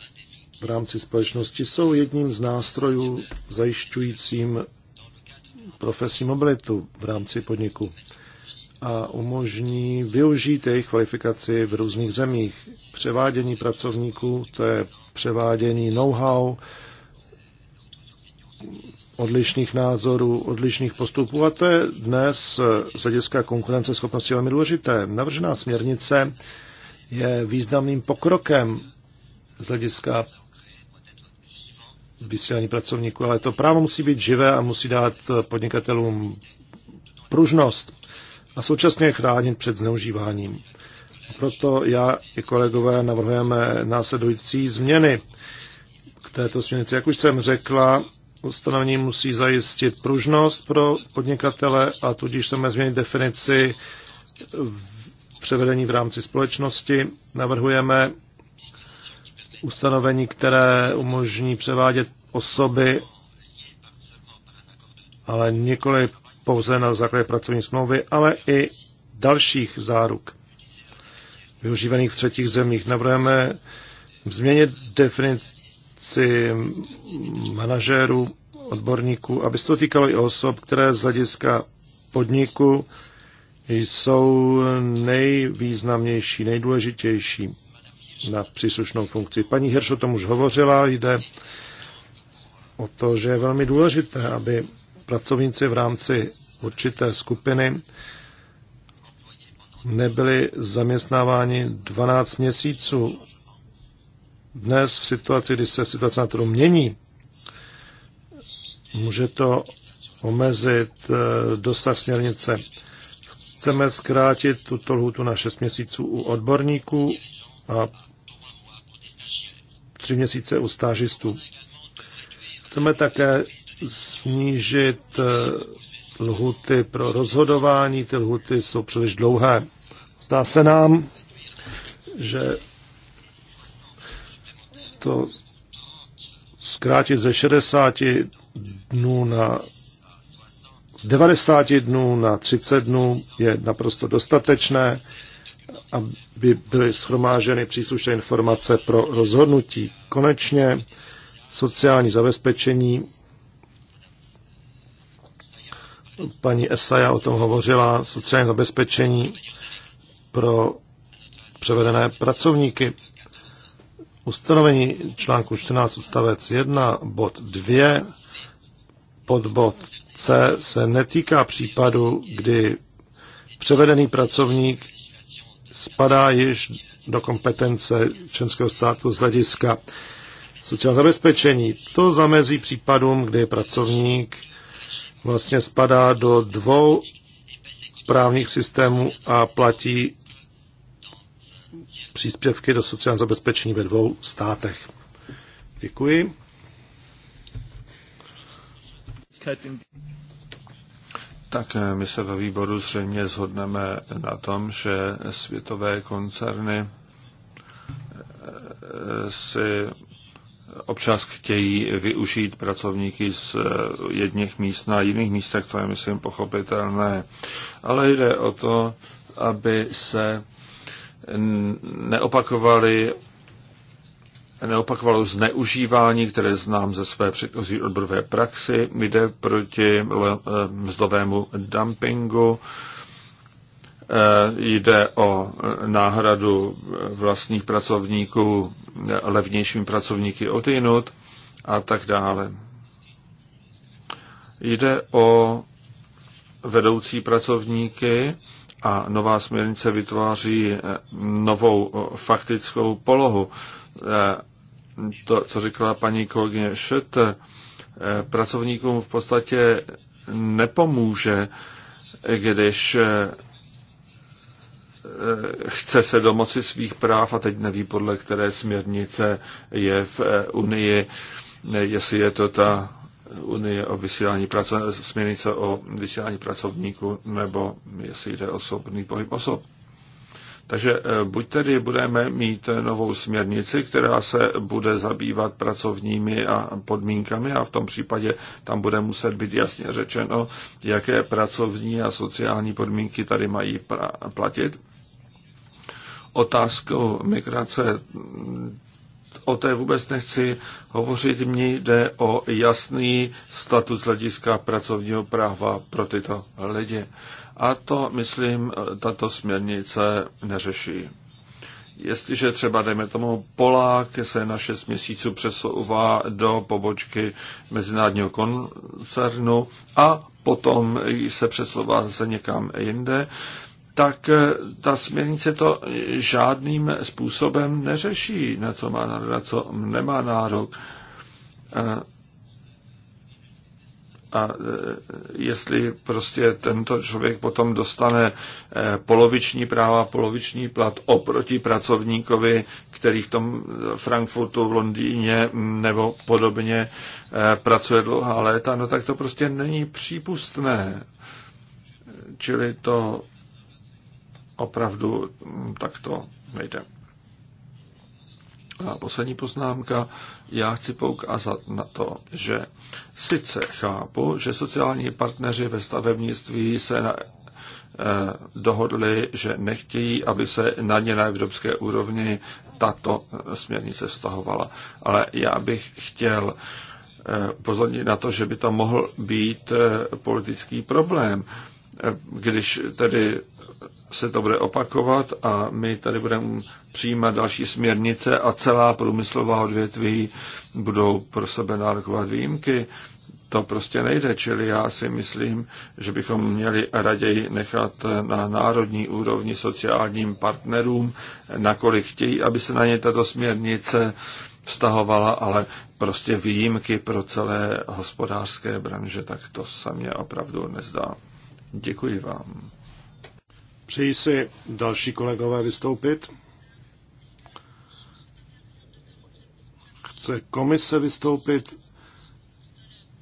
v rámci společnosti jsou jedním z nástrojů zajišťujícím profesní mobilitu v rámci podniku a umožní využít jejich kvalifikaci v různých zemích. Převádění pracovníků, to je převádění know-how, odlišných názorů, odlišných postupů a to je dnes z hlediska konkurenceschopnosti velmi důležité. Navržená směrnice je významným pokrokem z hlediska vysílání pracovníků, ale to právo musí být živé a musí dát eh, podnikatelům pružnost a současně chránit před zneužíváním. Proto já i kolegové navrhujeme následující změny k této směrnici. Jak už jsem řekla, ustanovení musí zajistit pružnost pro podnikatele a tudíž chceme změnit definici v převedení v rámci společnosti. Navrhujeme ustanovení, které umožní převádět osoby, ale nikoli pouze na základě pracovní smlouvy, ale i dalších záruk využívaných v třetích zemích. Navrhujeme změnit definici manažérů, odborníků, aby se to týkalo i osob, které z hlediska podniku jsou nejvýznamnější, nejdůležitější na příslušnou funkci. Paní Hirš o tom už hovořila, jde o to, že je velmi důležité, aby pracovníci v rámci určité skupiny nebyli zaměstnáváni 12 měsíců. Dnes v situaci, kdy se situace na trhu mění, může to omezit eh, dosah směrnice. Chceme zkrátit tuto lhutu na 6 měsíců u odborníků a tři měsíce u stážistů. Chceme také snížit eh, lhuty pro rozhodování. Ty lhuty jsou příliš dlouhé. Zdá se nám, že to zkrátit ze 60 dnů na z 90 dnů na 30 dnů je naprosto dostatečné aby byly schromáženy příslušné informace pro rozhodnutí. Konečně sociální zabezpečení. Paní Esaja o tom hovořila, sociální zabezpečení pro převedené pracovníky. Ustanovení článku 14 odstavec 1 bod 2 pod bod C se netýká případu, kdy převedený pracovník spadá již do kompetence členského státu z hlediska sociálního zabezpečení. To zamezí případům, kdy pracovník vlastně spadá do dvou právních systémů a platí příspěvky do sociálního zabezpečení ve dvou státech. Děkuji. Tak eh, my se ve výboru zřejmě zhodneme na tom, že světové koncerny eh, eh, si občas chtějí využít pracovníky z jedných míst na jiných místech, to je, myslím, pochopitelné. Ale jde o to, aby se neopakovaly neopakovalo zneužívání, které znám ze své předchozí odborové praxi, jde proti eh, mzdovému dumpingu, eh, jde o eh, náhradu vlastních pracovníků levnějšími pracovníky od jinut a tak dále. Jde o vedoucí pracovníky a nová směrnice vytváří novou faktickou polohu to, co říkala paní kolegyně Šet, eh, pracovníkům v podstatě nepomůže, když eh, eh, chce se domoci svých práv a teď neví, podle které směrnice je v Unii, jestli je to ta Unie o vysílání pracovníků, směrnice o vysílání pracovníků, nebo jestli jde osobný pohyb osob. Takže eh, buď tedy budeme mít eh, novou směrnici, která se bude zabývat pracovními a podmínkami a v tom případě tam bude muset být jasně řečeno, jaké pracovní a sociální podmínky tady mají platit. Otázkou migrace o té vůbec nechci hovořit, mně jde o jasný status hlediska pracovního práva pro tyto lidi. A to, myslím, tato směrnice neřeší. Jestliže třeba, dejme tomu, Polák se na 6 měsíců přesouvá do pobočky mezinárodního koncernu a potom se přesouvá se někam jinde, tak ta směrnice to žádným způsobem neřeší, na co má nárok, na co nemá nárok. A e, jestli prostě tento člověk potom dostane e, poloviční práva, poloviční plat oproti pracovníkovi, který v tom e, Frankfurtu, v Londýně nebo podobně pracuje dlouhá léta, no tak to prostě není přípustné. Čili to opravdu takto nejde. A poslední poznámka, já chci poukázat na to, že sice chápu, že sociální partneři ve stavebnictví se na, eh, dohodli, že nechtějí, aby se na ně na evropské úrovni tato eh, směrnice vztahovala. Ale já bych chtěl eh, pozornit na to, že by to mohl být eh, politický problém. Eh, když tedy se to bude opakovat a my tady budeme přijímat další směrnice a celá průmyslová odvětví budou pro sebe nárokovat výjimky, to prostě nejde, čili já si myslím, že bychom měli raději nechat na národní úrovni sociálním partnerům, nakolik chtějí, aby se na ně tato směrnice vztahovala, ale prostě výjimky pro celé hospodářské branže, tak to se mně opravdu nezdá. Děkuji vám. Přeji si další kolegové vystoupit. Chce komise vystoupit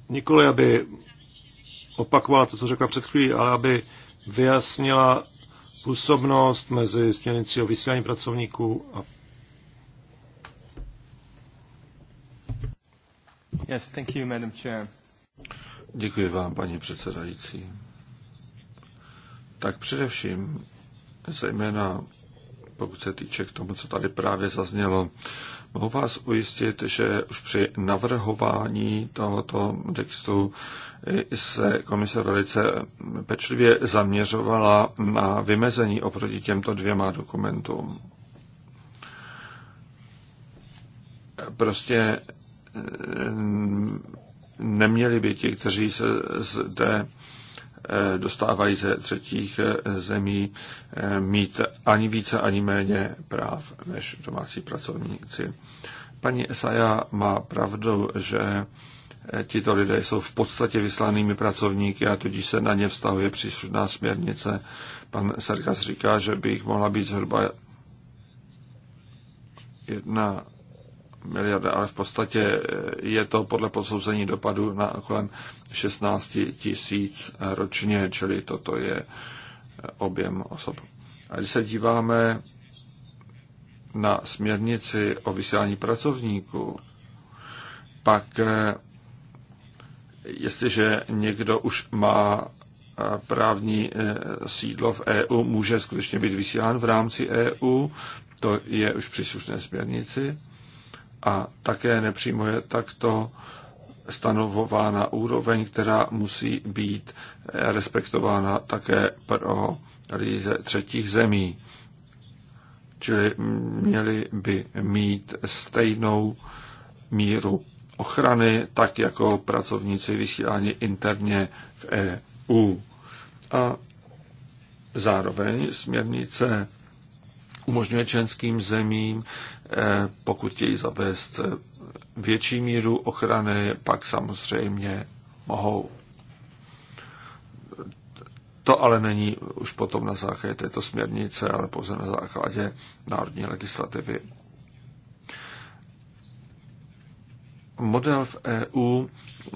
nikoli, aby opakovala to, co řekla před chvílí, ale aby vyjasnila působnost mezi směrnicí o vysílání pracovníků a Yes, thank you, Madam Chair. Děkuji vám, paní předsedající tak především, zejména pokud se týče k tomu, co tady právě zaznělo, mohu vás ujistit, že už při navrhování tohoto textu se komise velice pečlivě zaměřovala na vymezení oproti těmto dvěma dokumentům. Prostě neměli by ti, kteří se zde dostávají ze třetích eh, zemí, eh, mít ani více, ani méně práv než domácí pracovníci. Paní Esaja má pravdu, že eh, tito lidé jsou v podstatě vyslanými pracovníky a tudíž se na ně vztahuje příslušná směrnice. Pan Serkas říká, že by jich mohla být zhruba jedna miliarda, ale v podstatě eh, je to podle posouzení dopadu na kolem 16 tisíc ročně, čili toto je eh, objem osob. A když se díváme na směrnici o vysílání pracovníků, pak eh, jestliže někdo už má právní sídlo v EU, může skutečně být vysílán v rámci EU, to je už příslušné směrnici a také nepřímo je takto stanovována úroveň, která musí být respektována také pro lidi ze třetích zemí. Čili měli by mít stejnou míru ochrany, tak jako pracovníci vysílání interně v EU. A zároveň směrnice umožňuje členským zemím Eh, pokud chtějí zavést eh, větší míru ochrany, pak samozřejmě mohou. To ale není už potom na základě této směrnice, ale pouze na základě národní legislativy. model v EU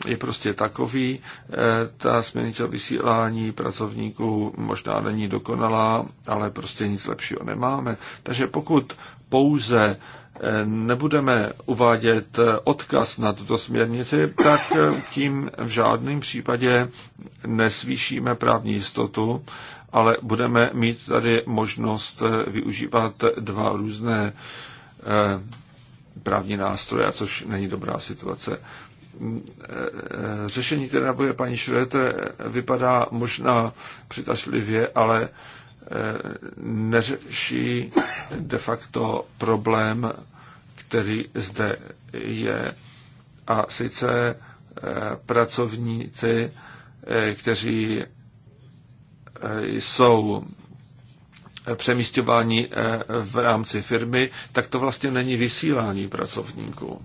je prostě takový. Eh, ta směrnice o vysílání pracovníků možná není dokonalá, ale prostě nic lepšího nemáme. Takže pokud pouze eh, nebudeme uvádět eh, odkaz na tuto směrnici, tak eh, tím v žádném případě nesvýšíme právní jistotu, ale budeme mít tady možnost využívat dva různé právní nástroje, což není dobrá situace. Mm, řešení, které navrhuje paní Šrete, vypadá možná přitažlivě, ale Eh, neřeší de facto problém, který zde je. A sice eh, pracovníci, eh, kteří jsou přemístěvání v rámci firmy, tak to vlastně není vysílání pracovníků.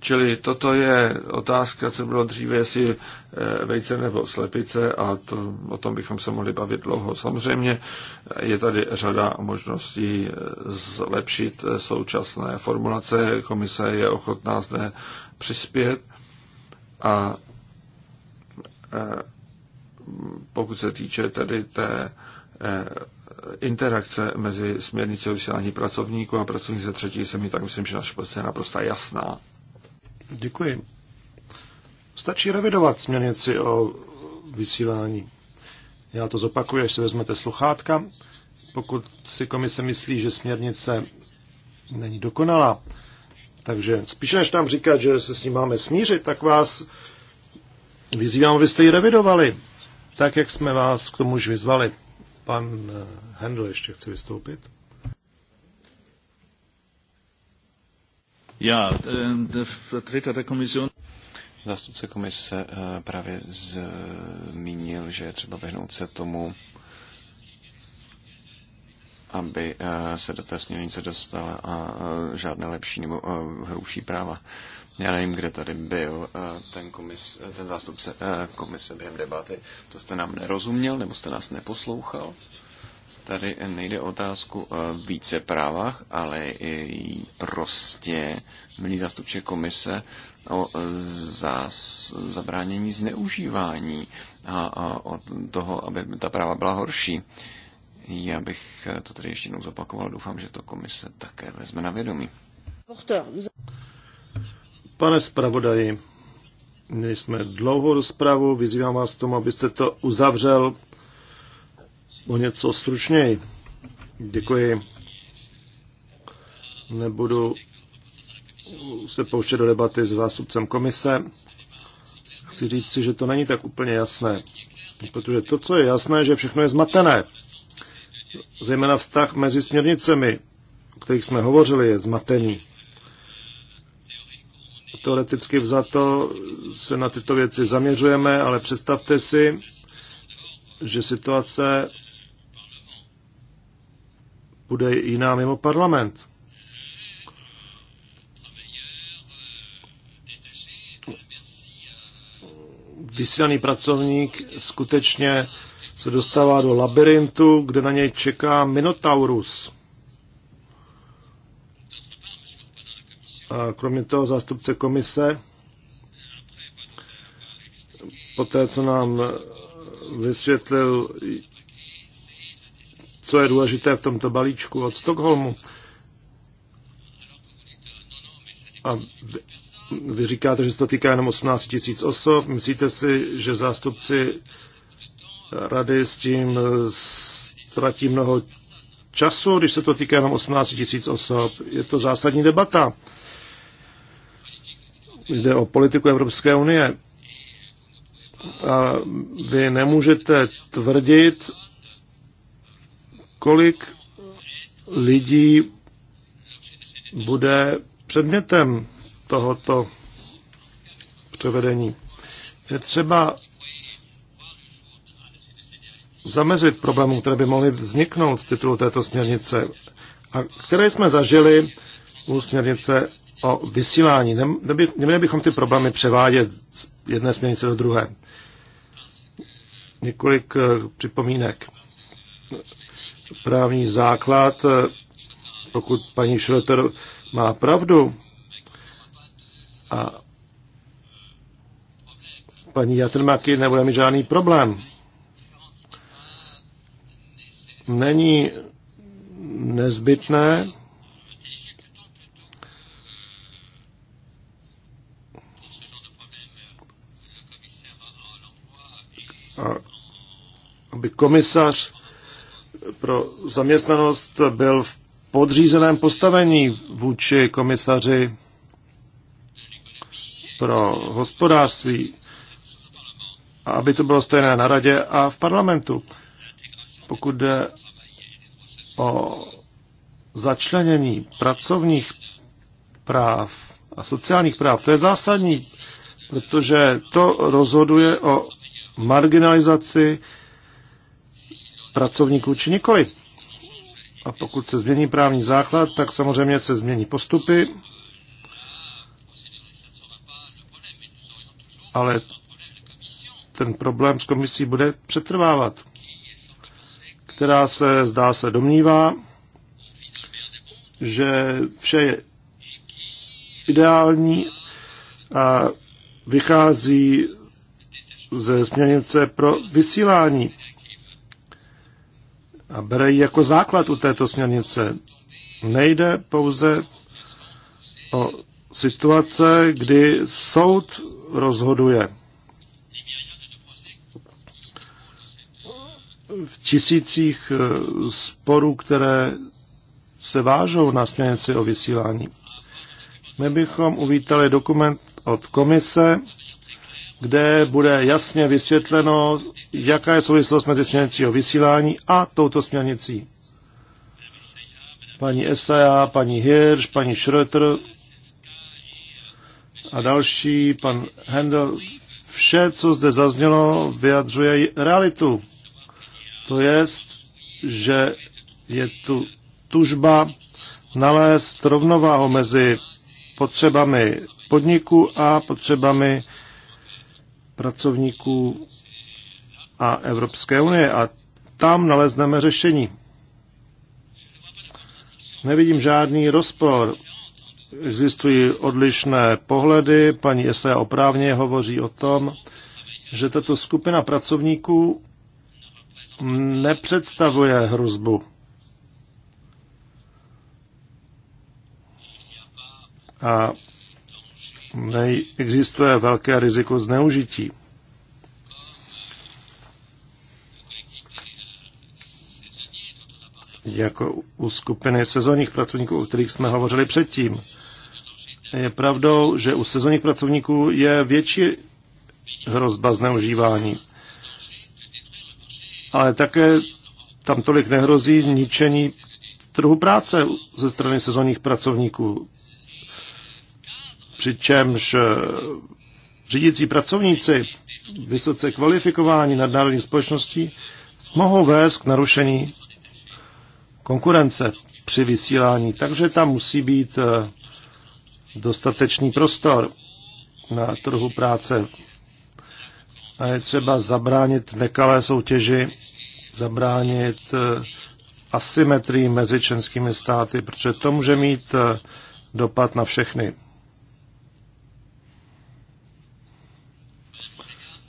Čili toto je otázka, co bylo dříve, jestli eh, vejce nebo slepice a to, o tom bychom se mohli bavit dlouho. Samozřejmě eh, je tady řada možností eh, zlepšit současné formulace. Komise je ochotná zde přispět a pokud se týče tedy té interakce mezi směrnicí o vysílání pracovníků a pracovníků ze třetí zemí, tak myslím, že naše pozice je naprosto jasná. Děkuji. Stačí revidovat směrnici o vysílání. Já to zopakuju, až si vezmete sluchátka. Pokud si komise myslí, že směrnice není dokonalá, takže spíše než nám říkat, že se s ním máme smířit, tak vás vyzývám, abyste ji revidovali, tak jak jsme vás k tomu už vyzvali. Pan eh, Hendl ještě chce vystoupit. Ja, Vertreter eh, der Kommission. Zástupce komise eh, právě zmínil, že je třeba vyhnout se tomu, aby eh, se do té směrnice dostala a žádné lepší nebo hrouší práva. Já nevím, kde tady byl ten, komis, ten zástupce komise během debaty. To jste nám nerozuměl, nebo jste nás neposlouchal? Tady nejde o otázku eh, více právách, ale i prostě, milý zastupče komise, o eh, zás, zabránění zneužívání a, a od toho, aby ta práva byla horší. Já bych eh, to tady ještě jednou zopakoval, doufám, že to komise také vezme na vědomí. Pane zpravodaji, měli jsme dlouhou rozpravu, vyzývám vás k tomu, abyste to uzavřel o něco stručněji. Děkuji. Nebudu se pouštět do debaty s zástupcem komise. Chci říct si, že to není tak úplně jasné, protože to, co je jasné, že všechno je zmatené. Zejména vztah mezi směrnicemi, o kterých jsme hovořili, je zmatený. Teoreticky vzato se na tyto věci zaměřujeme, ale představte si, že situace bude jiná mimo parlament. Vysílaný pracovník skutečně se dostává do labirintu, kde na něj čeká Minotaurus. A kromě toho zástupce komise, poté co nám vysvětlil, co je důležité v tomto balíčku od Stockholmu. A vy říkáte, že se to týká jenom 18 tisíc osob. Myslíte si, že zástupci rady s tím eh, ztratí mnoho času, když se to týká jenom 18 tisíc osob? Je to zásadní debata. Jde o politiku Evropské unie. A vy nemůžete tvrdit, kolik lidí bude předmětem tohoto převedení. Je třeba zamezit problémů, které by mohly vzniknout z titulu této směrnice a které jsme zažili u směrnice o vysílání. Neměli bychom ty problémy převádět z jedné směrnice do druhé. Několik eh, připomínek právní základ, eh, pokud paní Schroeter má pravdu a paní Jatrmaky nebude mít žádný problém. Není nezbytné aby komisař pro zaměstnanost byl v podřízeném postavení vůči komisaři pro hospodářství, aby to bylo stejné na radě a v parlamentu. Pokud jde o začlenění pracovních práv a sociálních práv, to je zásadní, protože to rozhoduje o marginalizaci pracovníků či nikoli. A pokud se změní právní základ, tak samozřejmě se změní postupy, ale ten problém s komisí bude přetrvávat, která se, zdá se, domnívá, že vše je ideální a vychází ze směrnice pro vysílání a bere ji jako základ u této směrnice. Nejde pouze o situace, kdy soud rozhoduje. V tisících eh, sporů, které se vážou na směrnici o vysílání. My bychom uvítali dokument od komise, kde bude jasně vysvětleno, jaká je souvislost mezi směrnicí o vysílání a touto směrnicí. Paní Esaja, paní Hirsch, paní Schröter a další, pan Hendel, vše, co zde zaznělo, vyjadřuje realitu. To je, že je tu tužba nalézt rovnováhu mezi potřebami podniku a potřebami pracovníků a Evropské unie a tam nalezneme řešení. Nevidím žádný rozpor. Existují odlišné pohledy. Paní Esea oprávně hovoří o tom, že tato skupina pracovníků nepředstavuje hrozbu. A existuje velké riziko zneužití. Jako u skupiny sezónních pracovníků, o kterých jsme hovořili předtím. Je pravdou, že u sezónních pracovníků je větší hrozba zneužívání. Ale také tam tolik nehrozí ničení trhu práce ze strany sezónních pracovníků přičemž eh, řídící pracovníci vysoce kvalifikování nadnárodních společností mohou vést k narušení konkurence při vysílání. Takže tam musí být eh, dostatečný prostor na trhu práce. A je třeba zabránit nekalé soutěži, zabránit eh, asymetrii mezi členskými státy, protože to může mít dopad na všechny.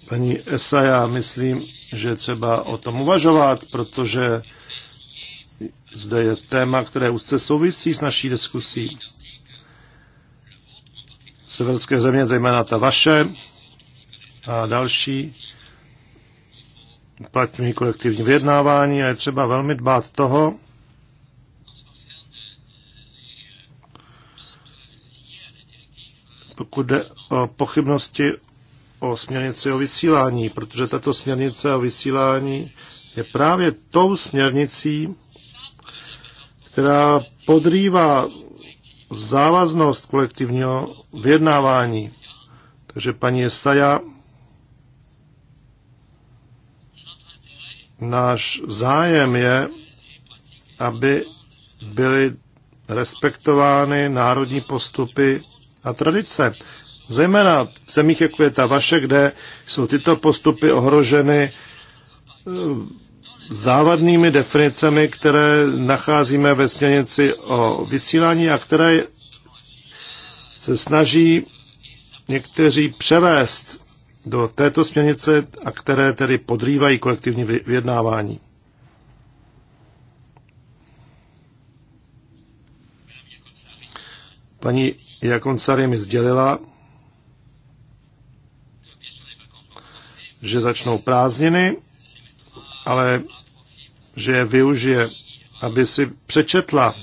paní Esa, já myslím, že třeba o tom uvažovat, protože zde je téma, které úzce souvisí s naší diskusí. Severské země, zejména ta vaše a další, uplatňují kolektivní vyjednávání a je třeba velmi dbát toho, pokud jde o pochybnosti o směrnici o vysílání, protože tato směrnice o vysílání je právě tou směrnicí, která podrývá závaznost kolektivního vyjednávání. Takže paní Esaja, náš zájem je, aby byly respektovány národní postupy a tradice. Zejména v zemích, jako je ta vaše, kde jsou tyto postupy ohroženy eh, závadnými definicemi, které nacházíme ve směrnici o vysílání a které se snaží někteří převést do této směrnice a které tedy podrývají kolektivní vyjednávání. Paní Jakoncary mi sdělila, že začnou prázdniny, ale že je využije, aby si přečetla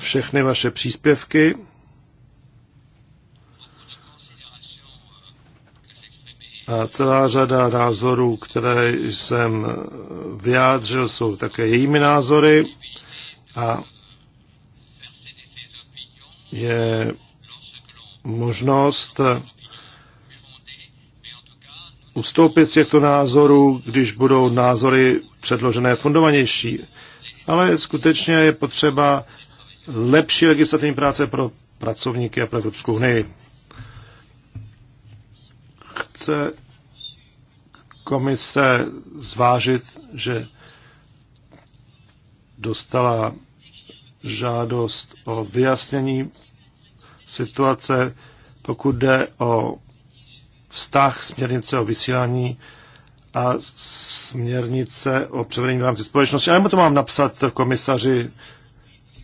všechny vaše příspěvky. A celá řada názorů, které jsem vyjádřil, jsou také jejími názory a je možnost ustoupit z těchto názorů, když budou názory předložené fundovanější. Ale skutečně je potřeba lepší legislativní práce pro pracovníky a pro Evropskou unii. Chce komise zvážit, že dostala žádost o vyjasnění situace, pokud jde o vztah směrnice o vysílání a směrnice o převedení v rámci společnosti. A nebo to mám napsat komisaři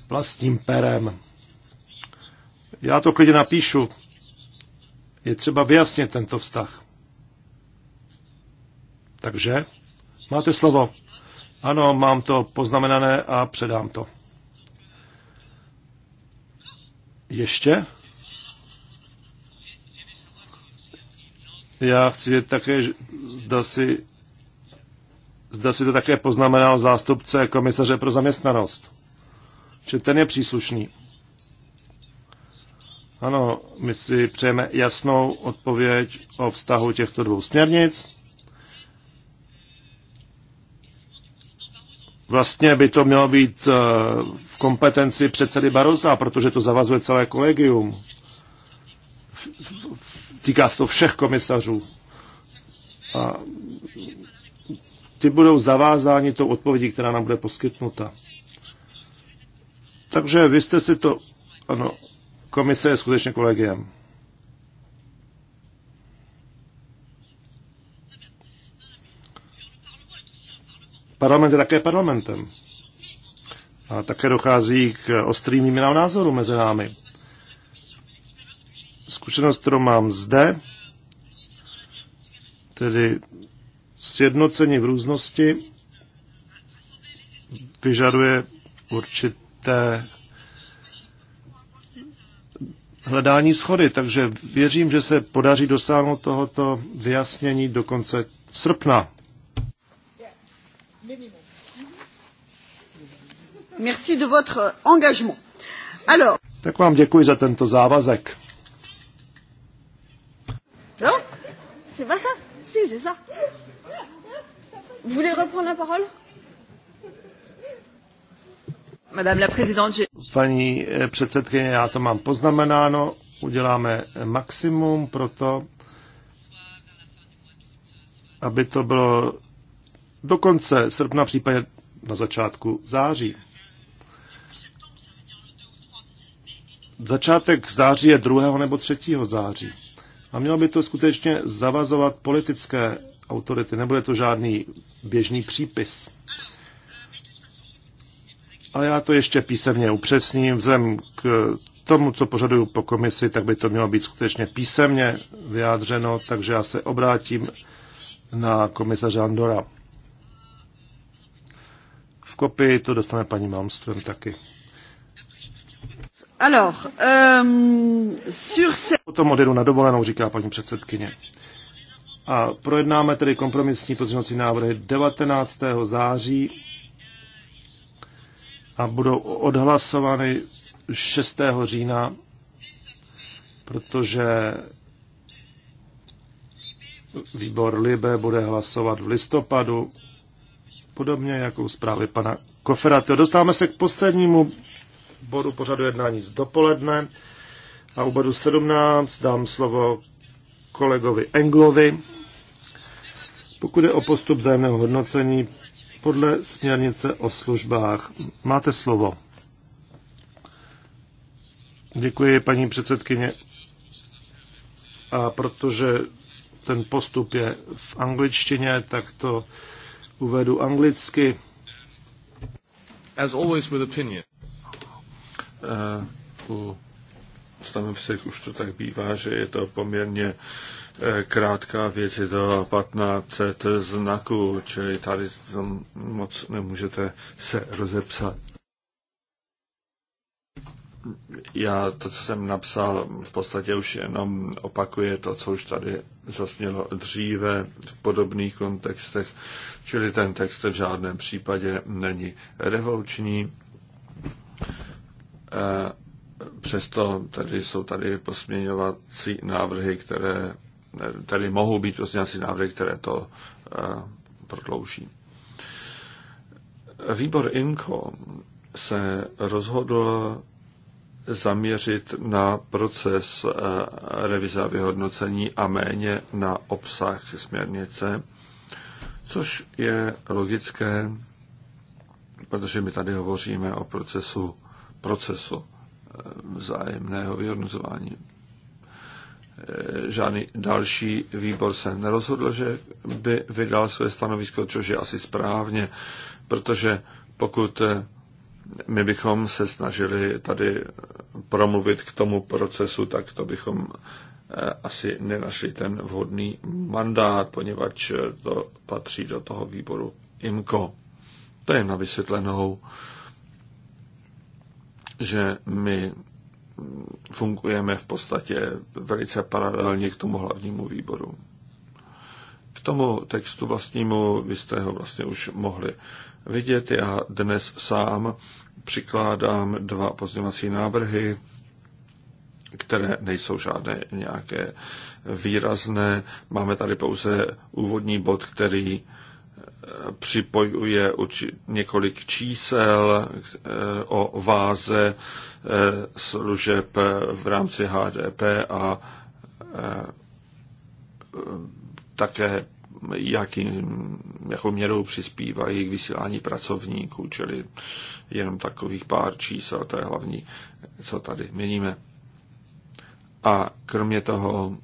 vlastním perem. Já to klidně napíšu. Je třeba vyjasnit tento vztah. Takže máte slovo. Ano, mám to poznamenané a předám to. Ještě? Já chci vědět také, zda si, zda si to také poznamenal zástupce komisaře pro zaměstnanost, že ten je příslušný. Ano, my si přejeme jasnou odpověď o vztahu těchto dvou směrnic. Vlastně by to mělo být eh, v kompetenci předsedy Barosa, protože to zavazuje celé kolegium. Týká se to všech komisařů. A ty budou zavázáni tou odpovědí, která nám bude poskytnuta. Takže vy jste si to, ano, komise je skutečně kolegiem. Parlament je také parlamentem. A také dochází k ostrým výměnám názoru mezi námi zkušenost, kterou mám zde, tedy sjednocení v různosti, vyžaduje určité hledání schody, takže věřím, že se podaří dosáhnout tohoto vyjasnění do konce srpna. Merci de votre engagement. Alors... Tak vám děkuji za tento závazek. c'est pas ça Si, c'est ça. Vous voulez reprendre la parole Madame la présidente, j'ai... Paní eh, předsedkyně, já to mám poznamenáno, uděláme eh, maximum pro to, aby to bylo do konce srpna, případně na začátku září. Začátek září je 2. nebo 3. září. A mělo by to skutečně zavazovat politické autority. Nebude to žádný běžný přípis. Ale já to ještě písemně upřesním. Vzem k tomu, co požaduju po komisi, tak by to mělo být skutečně písemně vyjádřeno, takže já se obrátím na komisaře Andora. V kopii to dostane paní Malmström taky. O tom modelu Potom na dovolenou, říká paní předsedkyně. A projednáme tedy kompromisní pozměňovací návrhy 19. září a budou odhlasovány 6. října, protože výbor Libe bude hlasovat v listopadu, podobně jako zprávy pana Koferatio. Dostáváme se k poslednímu bodu pořadu jednání z dopoledne a u bodu 17 dám slovo kolegovi Englovi. Pokud je o postup zájemného hodnocení podle směrnice o službách, máte slovo. Děkuji, paní předsedkyně. A protože ten postup je v angličtině, tak to uvedu anglicky. As always with opinion u stanovisek už to tak bývá, že je to poměrně e, krátká věc, je to 15 znaků, čili tady moc nemůžete se rozepsat. Já to, co jsem napsal, v podstatě už jenom opakuje to, co už tady zasnělo dříve v podobných kontextech, čili ten text v žádném případě není revoluční Eh, přesto tady jsou tady posměňovací návrhy, které eh, tady mohou být posměňovací návrhy, které to eh, prodlouží. Výbor INCO se rozhodl zaměřit na proces revize a vyhodnocení a méně na obsah směrnice, což je logické, protože my tady hovoříme o procesu procesu eh, vzájemného vyhodnocování. Eh, žádný další výbor se nerozhodl, že by vydal své stanovisko, což je asi správně, protože pokud eh, my bychom se snažili tady promluvit k tomu procesu, tak to bychom asi nenašli ten vhodný mandát, poněvadž to patří do toho výboru IMCO. To je na vysvětlenou že my fungujeme v podstatě velice paralelně k tomu hlavnímu výboru. K tomu textu vlastnímu vy jste ho vlastně už mohli vidět. Já dnes sám přikládám dva pozměňovací návrhy, které nejsou žádné nějaké výrazné. Máme tady pouze úvodní bod, který připojuje několik čísel eh, o váze eh, služeb eh, v rámci HDP a také jaký, jakou měrou přispívají k vysílání pracovníků, čili jenom takových pár čísel, to je hlavní, co tady měníme. A kromě toho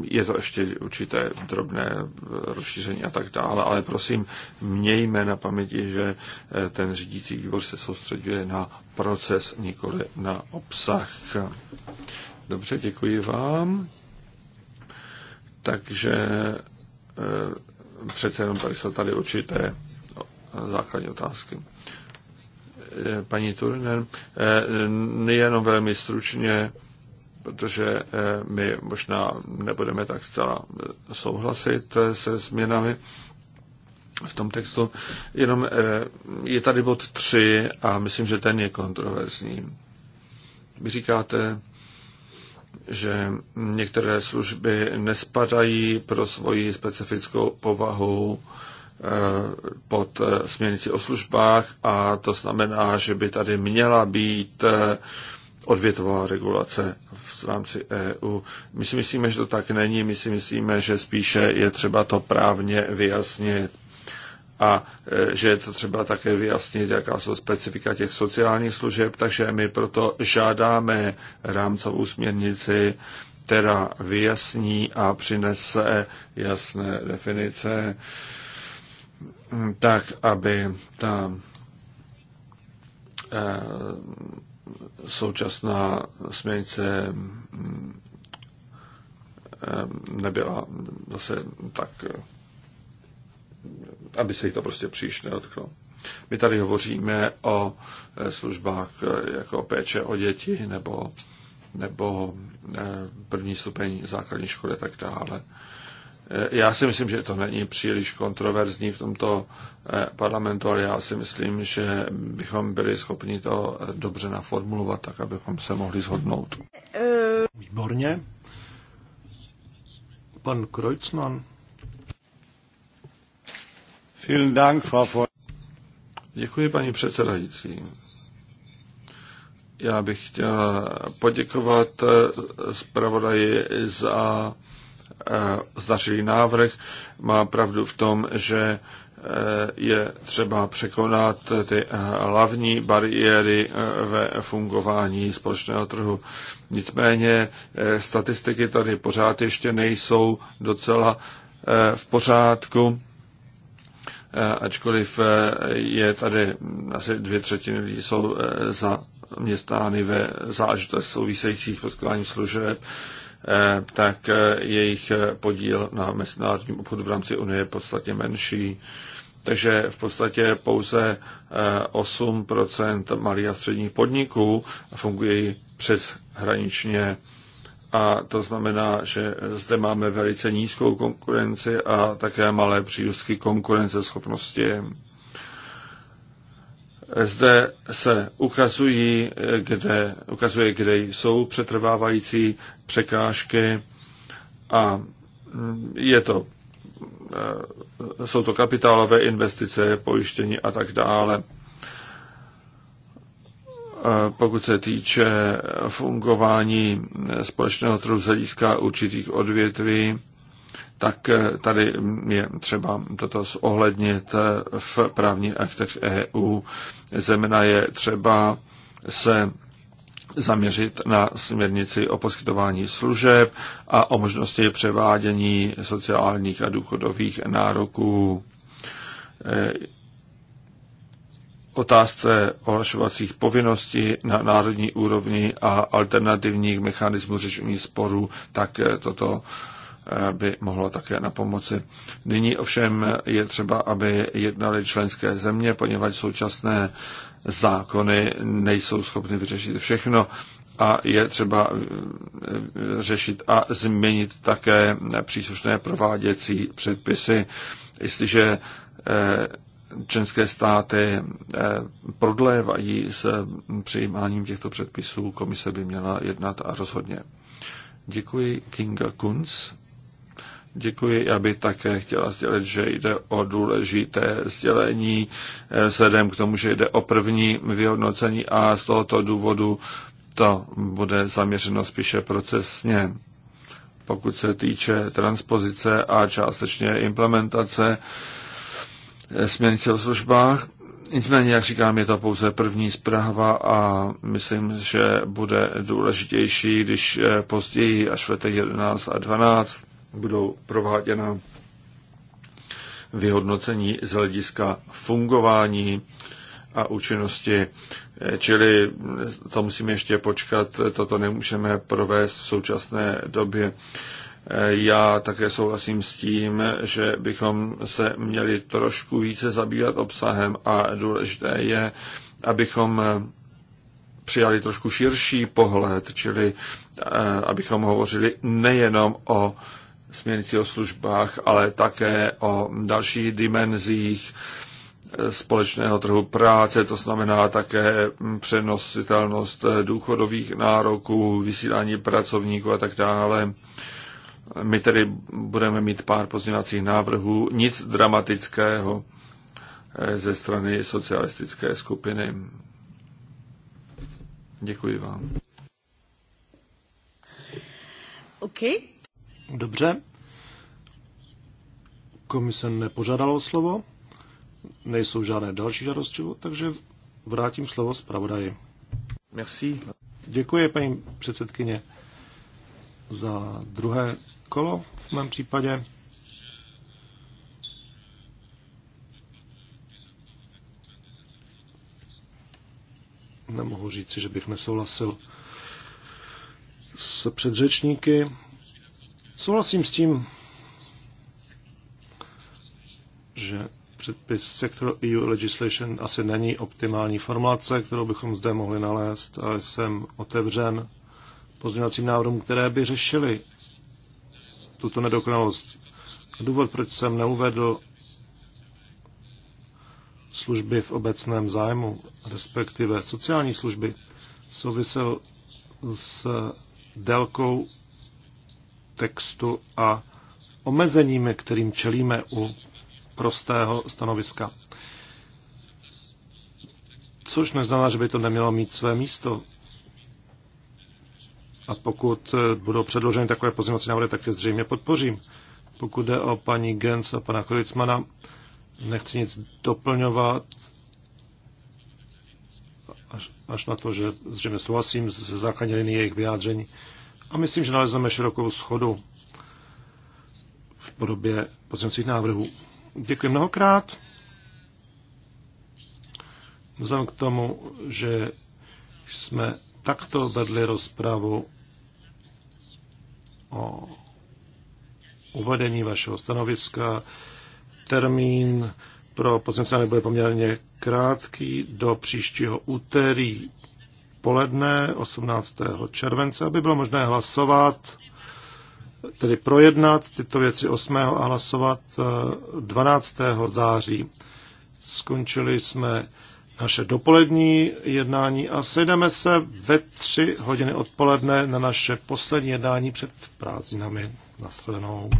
je to ještě určité drobné rozšíření a tak dále, ale prosím, mějme na paměti, že eh, ten řídící výbor se soustředuje na proces, nikoli na obsah. Dobře, děkuji vám. Takže eh, přece jenom tady jsou tady určité základní otázky. Eh, paní Turinen, nejenom velmi stručně, protože eh, my možná nebudeme tak zcela eh, souhlasit eh, se změnami v tom textu. Jenom je tady bod 3 a myslím, že ten je kontroverzní. Vy říkáte, že některé služby nespadají pro svoji specifickou povahu pod směrnici o službách a to znamená, že by tady měla být odvětová regulace v rámci EU. My si myslíme, že to tak není, my si myslíme, že spíše je třeba to právně vyjasnit a e, že je to třeba také vyjasnit, jaká jsou specifika těch sociálních služeb, takže my proto žádáme rámcovou směrnici, která vyjasní a přinese jasné definice, tak aby ta e, současná směnice mm, eh, nebyla zase tak, eh, aby se jí to prostě příliš nedotklo. My tady hovoříme o eh, službách jako péče o děti nebo, nebo první stupeň základní školy a tak dále. Eh, já si myslím, že to není příliš kontroverzní v tomto eh, parlamentu, ale já si myslím, že bychom byli schopni to eh, dobře naformulovat, tak abychom se mohli shodnout. Výborně. Pan Kreuzmann. Vielen Dank, Frau Děkuji, paní předsedající. Já bych chtěl poděkovat zpravodaji za zdařilý návrh. Má pravdu v tom, že e, je třeba překonat ty e, hlavní bariéry e, ve fungování společného trhu. Nicméně statistiky tady pořád ještě nejsou docela v pořádku, ačkoliv je tady asi dvě třetiny lidí jsou za městány ve zážitech souvisejících poskytování služeb Eh, tak eh, jejich eh, podíl na mezinárodním obchodu v rámci Unie je podstatně menší. Takže v podstatě pouze 8 malých a středních podniků fungují přes hraničně. A to znamená, že zde máme velice nízkou konkurenci a také malé přírůstky konkurenceschopnosti. schopnosti. Zde se ukazují, kde, ukazuje, kde jsou přetrvávající překážky a mm, je to, e, jsou to kapitálové investice, pojištění a tak dále. E, pokud se týče fungování společného trhu z hlediska určitých odvětví, tak eh, tady je třeba toto zohlednit eh, v právních aktech EU. Zemina je třeba se zaměřit na směrnici o poskytování služeb a o možnosti převádění sociálních a důchodových nároků. Eh, otázce ohlašovacích povinností na národní úrovni a alternativních mechanismů řešení sporů, tak toto by mohlo také na pomoci. Nyní ovšem je třeba, aby jednaly členské země, poněvadž současné zákony nejsou schopny vyřešit všechno a je třeba eh, eh, řešit a změnit také příslušné prováděcí předpisy. Jestliže eh, členské státy prodlévají s přijímáním těchto předpisů, komise by měla jednat a rozhodně. Děkuji Kinga Kunz. Děkuji, já bych také chtěla sdělit, že jde o důležité sdělení, eh, vzhledem k tomu, že jde o první vyhodnocení a z tohoto důvodu to bude zaměřeno spíše procesně. Pokud se týče transpozice a částečně implementace eh, směrnice o službách, Nicméně, jak říkám, je to pouze první zpráva a myslím, že bude důležitější, když eh, později, až v letech 11 a 12, budou prováděna vyhodnocení z hlediska fungování a účinnosti. Čili to musíme ještě počkat, toto nemůžeme provést v současné době. Já také souhlasím s tím, že bychom se měli trošku více zabývat obsahem a důležité je, abychom přijali trošku širší pohled, čili eh, abychom hovořili nejenom o směrnici o službách, ale také o dalších dimenzích společného trhu práce, to znamená také přenositelnost důchodových nároků, vysílání pracovníků a tak dále. My tedy budeme mít pár pozměňovacích návrhů, nic dramatického ze strany socialistické skupiny. Děkuji vám. Okay. Dobře. Komise nepožádala o slovo. Nejsou žádné další žádosti, takže vrátím slovo zpravodaji. Merci. Děkuji, paní předsedkyně, za druhé kolo v mém případě. Nemohu říci, že bych nesouhlasil s předřečníky. Souhlasím s tím, že předpis Sector EU legislation asi není optimální formulace, kterou bychom zde mohli nalézt, ale jsem otevřen pozměňovacím návrhům, které by řešily tuto nedokonalost. Důvod, proč jsem neuvedl služby v obecném zájmu, respektive sociální služby, souvisel s délkou textu a omezeními, kterým čelíme u prostého stanoviska. Což neznamená, že by to nemělo mít své místo. A pokud eh, budou předloženy takové pozměňovací návrhy, tak je zřejmě podpořím. Pokud jde o paní Gens a pana Kolicmana, nechci nic doplňovat, až, až na to, že zřejmě souhlasím se základní jejich vyjádření a myslím, že nalezneme širokou schodu v podobě pozemcích návrhů. Děkuji mnohokrát. Vzhledem k tomu, že jsme takto vedli rozpravu o uvedení vašeho stanoviska. Termín pro pozemce bude poměrně krátký do příštího úterý poledne 18. července, aby bylo možné hlasovat, tedy projednat tyto věci 8. a hlasovat 12. Eh, září. Skončili jsme naše dopolední jednání a sejdeme se ve 3 hodiny odpoledne na naše poslední jednání před prázdninami. Nasledanou.